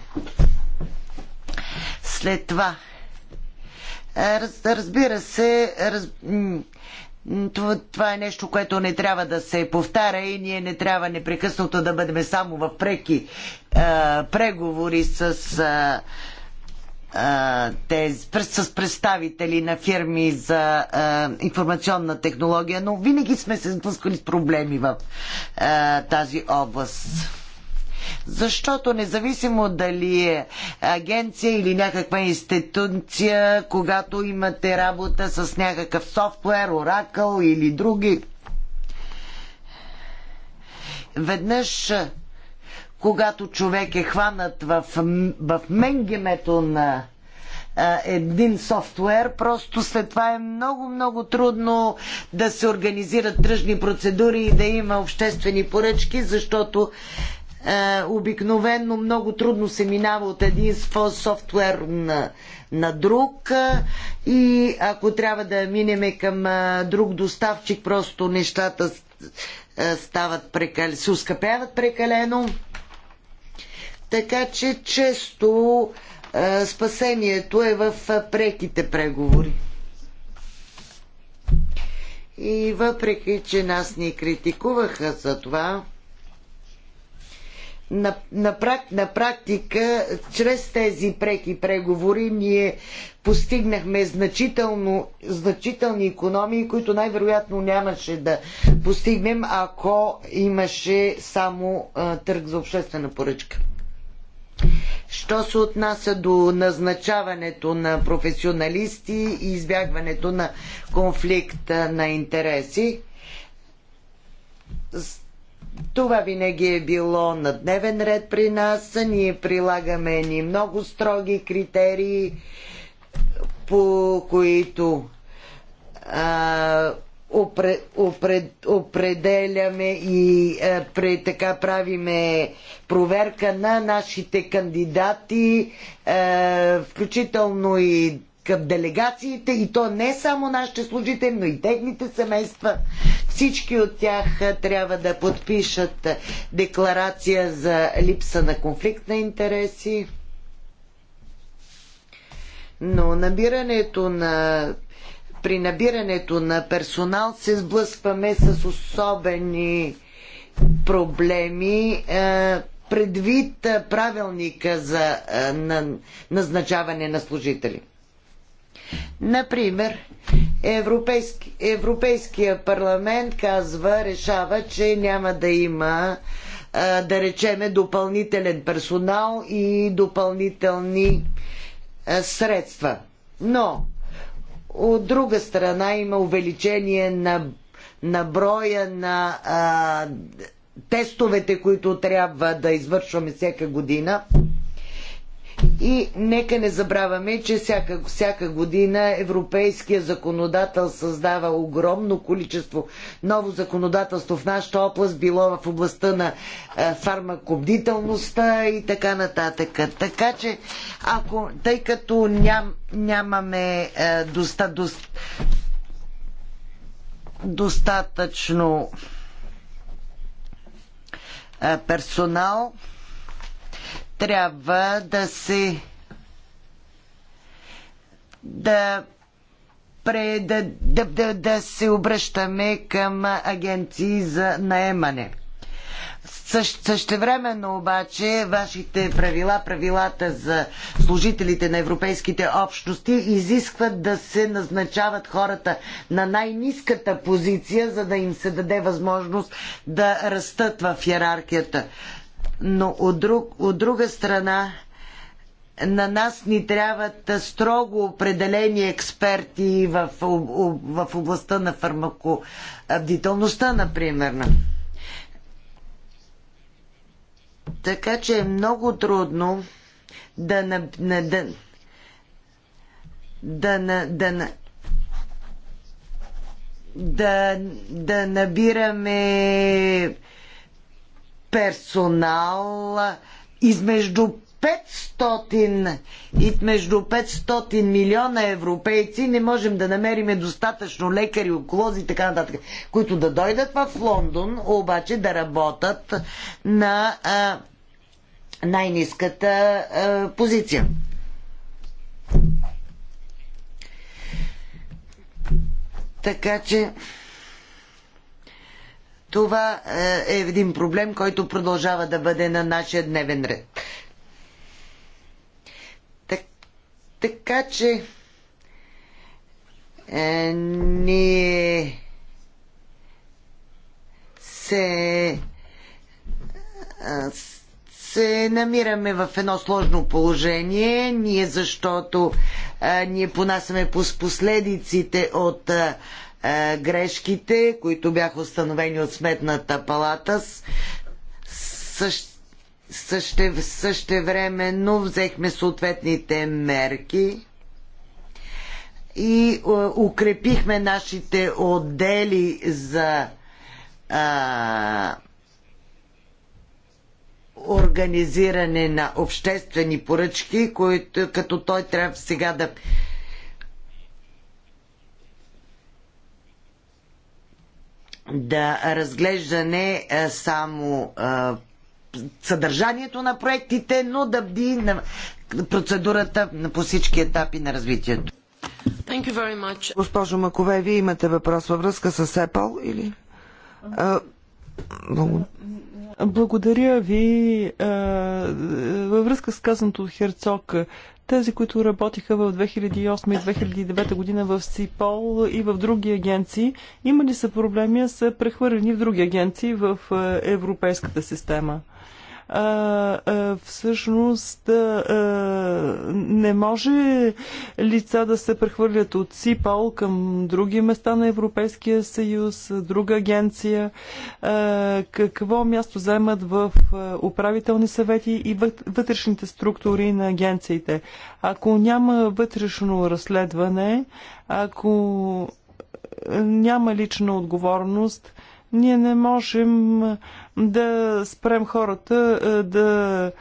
След това Разбира се, раз това е нещо, което не трябва да се повтаря и ние не трябва непрекъснато да бъдем само в преки а, преговори с, а, а, тези, с представители на фирми за а, информационна технология, но винаги сме се сблъскали с проблеми в а, тази област. Защото независимо дали е агенция или някаква институция, когато имате работа с някакъв софтуер, оракъл или други, веднъж когато човек е хванат в, в менгемето на а, един софтуер, просто след това е много, много трудно да се организират тръжни процедури и да има обществени поръчки, защото е, обикновенно много трудно се минава от един софтуер на, на друг е, и ако трябва да минеме към е, друг доставчик, просто нещата стават прекал... се ускъпяват прекалено. Така че често спасението е в преките преговори. И въпреки, че нас ни критикуваха за това, на, на, на практика, чрез тези преки преговори, ние постигнахме значителни економии, които най-вероятно нямаше да постигнем, ако имаше само а, търг за обществена поръчка. Що се отнася до назначаването на професионалисти и избягването на конфликт на интереси, това винаги е било на дневен ред при нас. Ние прилагаме ни много строги критерии, по които а, опре, опре, определяме и а, пре, така правиме проверка на нашите кандидати, а, включително и към делегациите и то не само нашите служители, но и техните семейства. Всички от тях трябва да подпишат декларация за липса на конфликт на интереси. Но набирането на при набирането на персонал се сблъскваме с особени проблеми предвид правилника за назначаване на служители. Например, Европейски, Европейския парламент казва, решава, че няма да има да речеме допълнителен персонал и допълнителни средства. Но от друга страна има увеличение на, на броя на а, тестовете, които трябва да извършваме всяка година. И нека не забравяме, че всяка, всяка година европейският законодател създава огромно количество ново законодателство в нашата област, било в областта на е, фармакобдителността и така нататък. Така че, ако, тъй като ням, нямаме е, доста, доста, достатъчно е, персонал, трябва да се да, пре, да, да, да, да се обръщаме към агенции за наемане. Също, същевременно обаче вашите правила, правилата за служителите на европейските общности изискват да се назначават хората на най-низката позиция, за да им се даде възможност да растат в иерархията но от, друг, от друга страна на нас ни трябват строго определени експерти в, в областта на фармакобдителността, например. Така че е много трудно да, на, на, да, да, на, да, на, да, да набираме персонал измежду 500 и между 500 милиона европейци не можем да намериме достатъчно лекари, околози и така нататък, които да дойдат в Лондон, обаче да работят на най-низката позиция. Така че това е, е един проблем, който продължава да бъде на нашия дневен ред. Так, така че е, ние се е, се намираме в едно сложно положение, ние защото е, ние понасяме последиците от Е, е, грешките, които бяха установени от Сметната палата. също съще, същевременно взехме съответните мерки и е, укрепихме нашите отдели за а, е, организиране на обществени поръчки, които, като той трябва сега да да разглежда не само съдържанието на проектите, но да бди на процедурата по всички етапи на развитието. Госпожо Макове, вие имате въпрос във връзка с Apple или? Благодаря. Благодаря ви. Във връзка с казаното от Херцог, тези, които работиха в 2008 и 2009 година в СИПОЛ и в други агенции, имали са проблеми, са прехвърлени в други агенции в европейската система? А всъщност не може лица да се прехвърлят от СИПАЛ към други места на Европейския съюз, друга агенция. Какво място заемат в управителни съвети и вътрешните структури на агенциите? Ако няма вътрешно разследване, ако няма лична отговорност, ние не можем да спрем хората е, да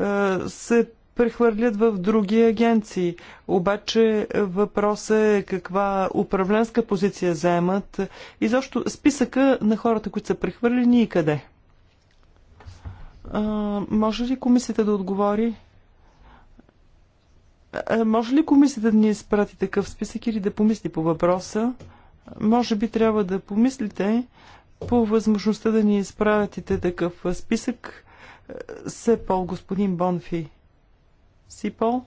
е, се прехвърлят в други агенции. Обаче въпрос е каква управленска позиция заемат и защо списъка на хората, които са прехвърлени и къде. А, може ли комисията да отговори? А, може ли комисията да ни изпрати такъв списък или да помисли по въпроса? Може би трябва да помислите, по възможността да ни изпратите такъв списък. се пол, господин Бонфи. Сипол?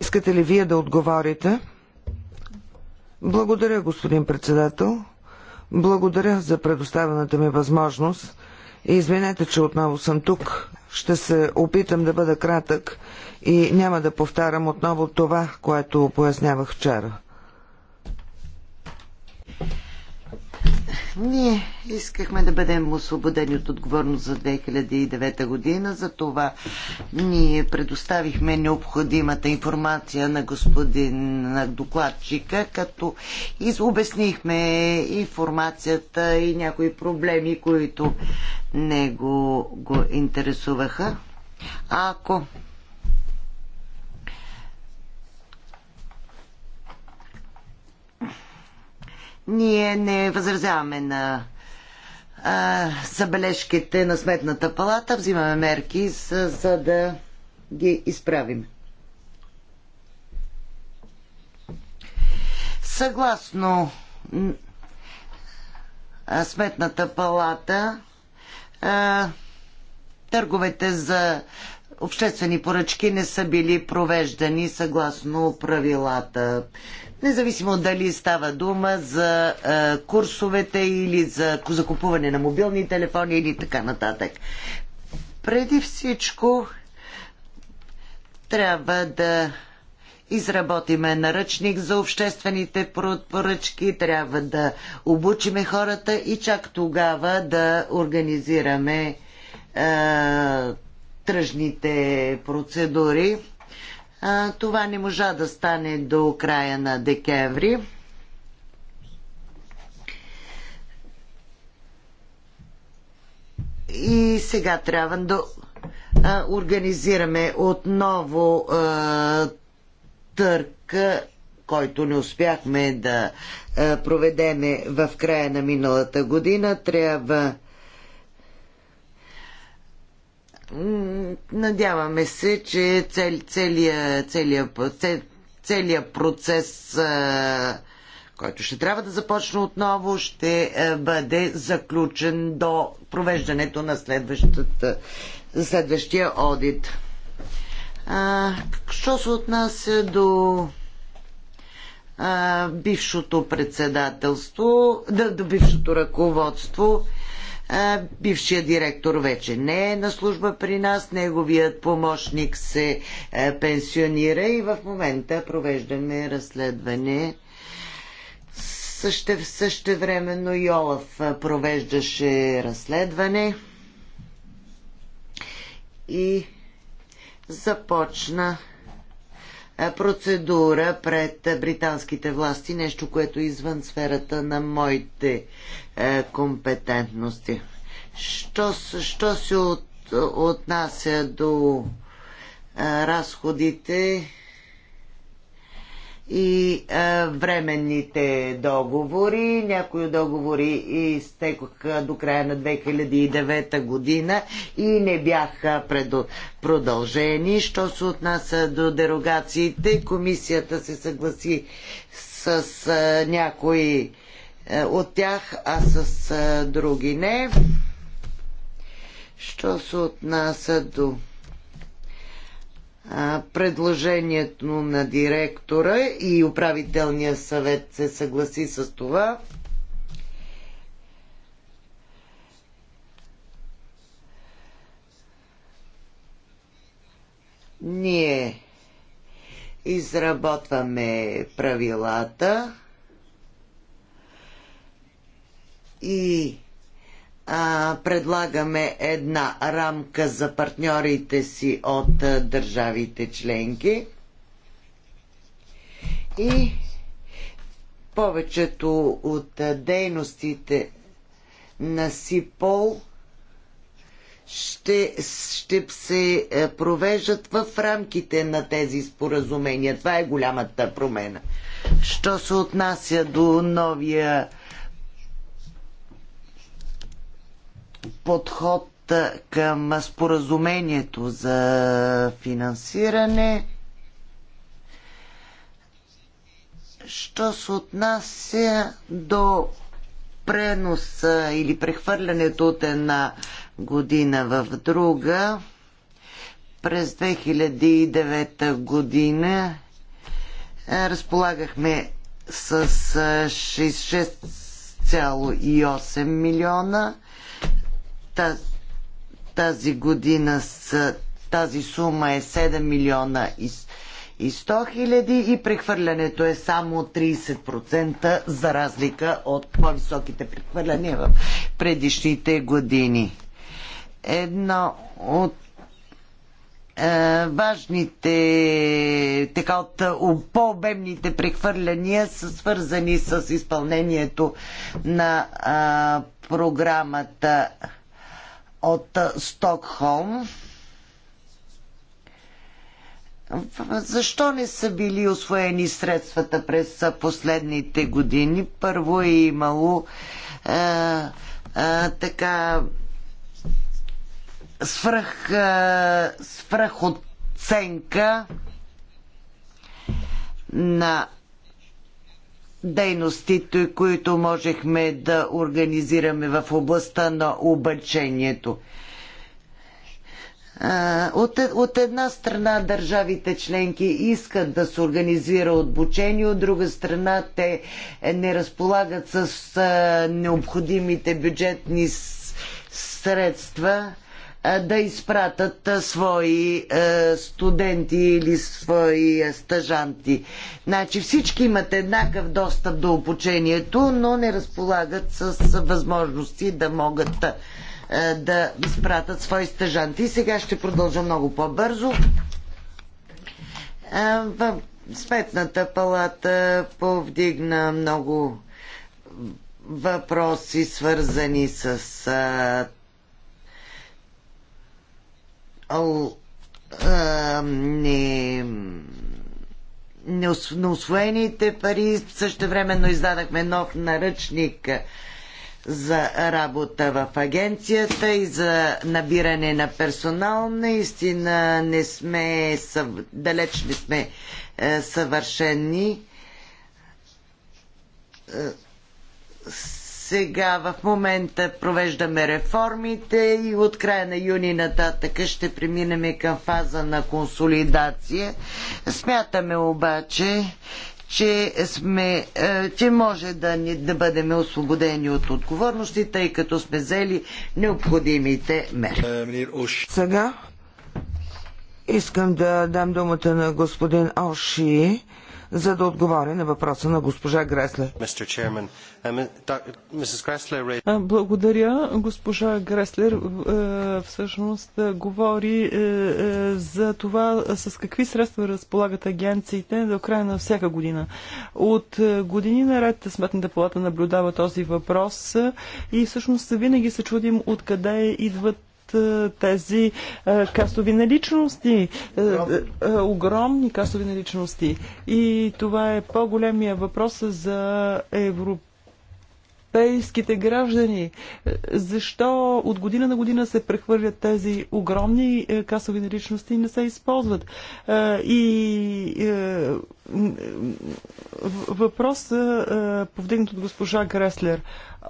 Искате ли вие да отговорите? Благодаря, господин председател. Благодаря за предоставената ми възможност. И извинете, че отново съм тук. Ще се опитам да бъда кратък и няма да повтарям отново това, което пояснявах вчера. Ние искахме да бъдем освободени от отговорност за 2009 година, за това ние предоставихме необходимата информация на господин на докладчика, като обяснихме информацията и някои проблеми, които него го интересуваха. А ако Ние не възразяваме на а, събележките на Сметната палата, взимаме мерки, за, за да ги изправим. Съгласно Сметната палата, търговете за обществени поръчки не са били провеждани съгласно правилата. Независимо дали става дума за е, курсовете или за закупуване на мобилни телефони или така нататък. Преди всичко трябва да изработиме наръчник за обществените поръчки, трябва да обучиме хората и чак тогава да организираме е, тръжните процедури. Това не можа да стане до края на декември. И сега трябва да организираме отново търк, който не успяхме да проведеме в края на миналата година. Трябва Надяваме се, че цел, целият, целия, целия процес, който ще трябва да започне отново, ще бъде заключен до провеждането на следващия одит. А, що се отнася до а, бившото председателство, да, до бившото ръководство, бившия директор вече не е на служба при нас, неговият помощник се е, пенсионира и в момента провеждаме разследване. Съще, същевременно Йолав е, провеждаше разследване и започна процедура пред британските власти, нещо, което е извън сферата на моите е, компетентности. Що, що се от, отнася до е, разходите, и а, временните договори. Някои договори изтекоха до края на 2009 година и не бяха предо... продължени. Що се отнася до дерогациите, комисията се съгласи с а, някои а, от тях, а с а, други не. Що се отнася до предложението на директора и управителния съвет се съгласи с това. Ние изработваме правилата и а, предлагаме една рамка за партньорите си от а, държавите членки. И повечето от дейностите на СИПОЛ ще, ще се провеждат в рамките на тези споразумения. Това е голямата промена. Що се отнася до новия подход към споразумението за финансиране. Що се отнася до преноса или прехвърлянето от една година в друга, през 2009 година разполагахме с 6,8 милиона тази година с тази сума е 7 милиона и, 100 хиляди и прехвърлянето е само 30% за разлика от по-високите прехвърляния в предишните години. Едно от е, важните, така от по-обемните прехвърляния са свързани с изпълнението на а, програмата от Стокхолм. Защо не са били освоени средствата през последните години? Първо е имало а, а, така свръх, е, свръхоценка на дейностите, които можехме да организираме в областта на обучението. От, от една страна държавите членки искат да се организира обучение, от друга страна те не разполагат с необходимите бюджетни средства да изпратят свои студенти или свои стъжанти. Значи всички имат еднакъв достъп до обучението, но не разполагат с възможности да могат да изпратят свои стъжанти. И сега ще продължа много по-бързо. В Сметната палата повдигна много въпроси, свързани с ал, а, не освоените пари. Същевременно издадахме нов наръчник за работа в агенцията и за набиране на персонал. Наистина не сме, далеч не сме е, съвършени. Е, сега в момента провеждаме реформите и от края на юни нататък ще преминем към фаза на консолидация. Смятаме обаче, че, сме, е, че може да, ни, да бъдем освободени от отговорности, тъй като сме взели необходимите мерки. Е, Сега искам да дам думата на господин Алши за да отговоря на въпроса на госпожа Гресле. Благодаря. Госпожа Греслер е, всъщност е, говори е, за това с какви средства разполагат агенциите до края на всяка година. От години наред Сметната палата наблюдава този въпрос и всъщност винаги се чудим откъде идват е, тези е, касови наличности, е, огромни касови наличности. И това е по-големия въпрос за Европа европейските граждани. Е, защо от година на година се прехвърлят тези огромни е, касови наличности и не се използват? Е, и въпрос повдигнат от госпожа Греслер.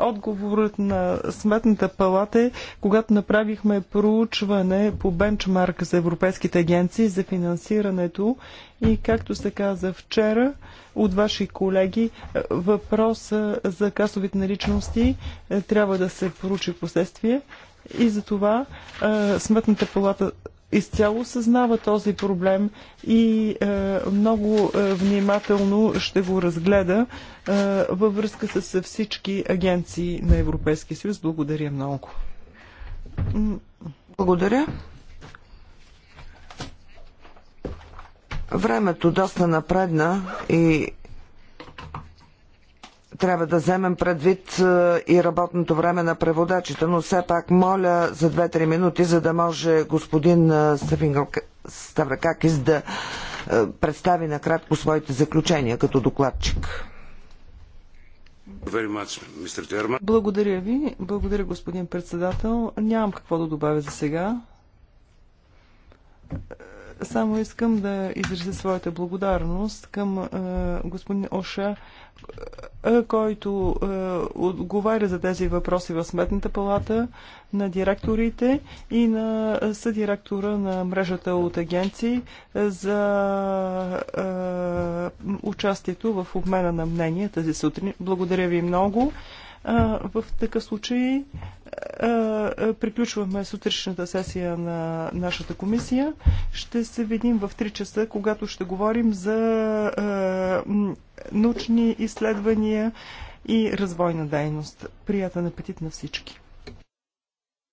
Отговорът на Сметната палата е, когато направихме проучване по бенчмарк за европейските агенции за финансирането и както се каза вчера от ваши колеги, е, въпроса за касовите наличности е, трябва да се поручи в последствие. И за това е, Сметната палата изцяло съзнава този проблем и много внимателно ще го разгледа във връзка с всички агенции на Европейския съюз. Благодаря много. Благодаря. Времето доста напредна и трябва да вземем предвид е, и работното време на преводачите, но все пак моля за 2-3 минути, за да може господин е, Ставракакис да е, представи накратко своите заключения като докладчик. Благодаря ви. Благодаря, господин председател. Нямам какво да добавя за сега. Само искам да изразя своята благодарност към а, е, господин Оша, а, е, който а, е, отговаря за тези въпроси в Сметната палата, на директорите и на съдиректора на мрежата от агенции за участието в обмена на мнения тази сутрин. Благодаря ви много. В такъв случай е, е, приключваме сутрешната сесия на нашата комисия. Ще се видим в 3 часа, когато ще говорим за е, научни изследвания и развойна дейност. Приятен апетит на всички!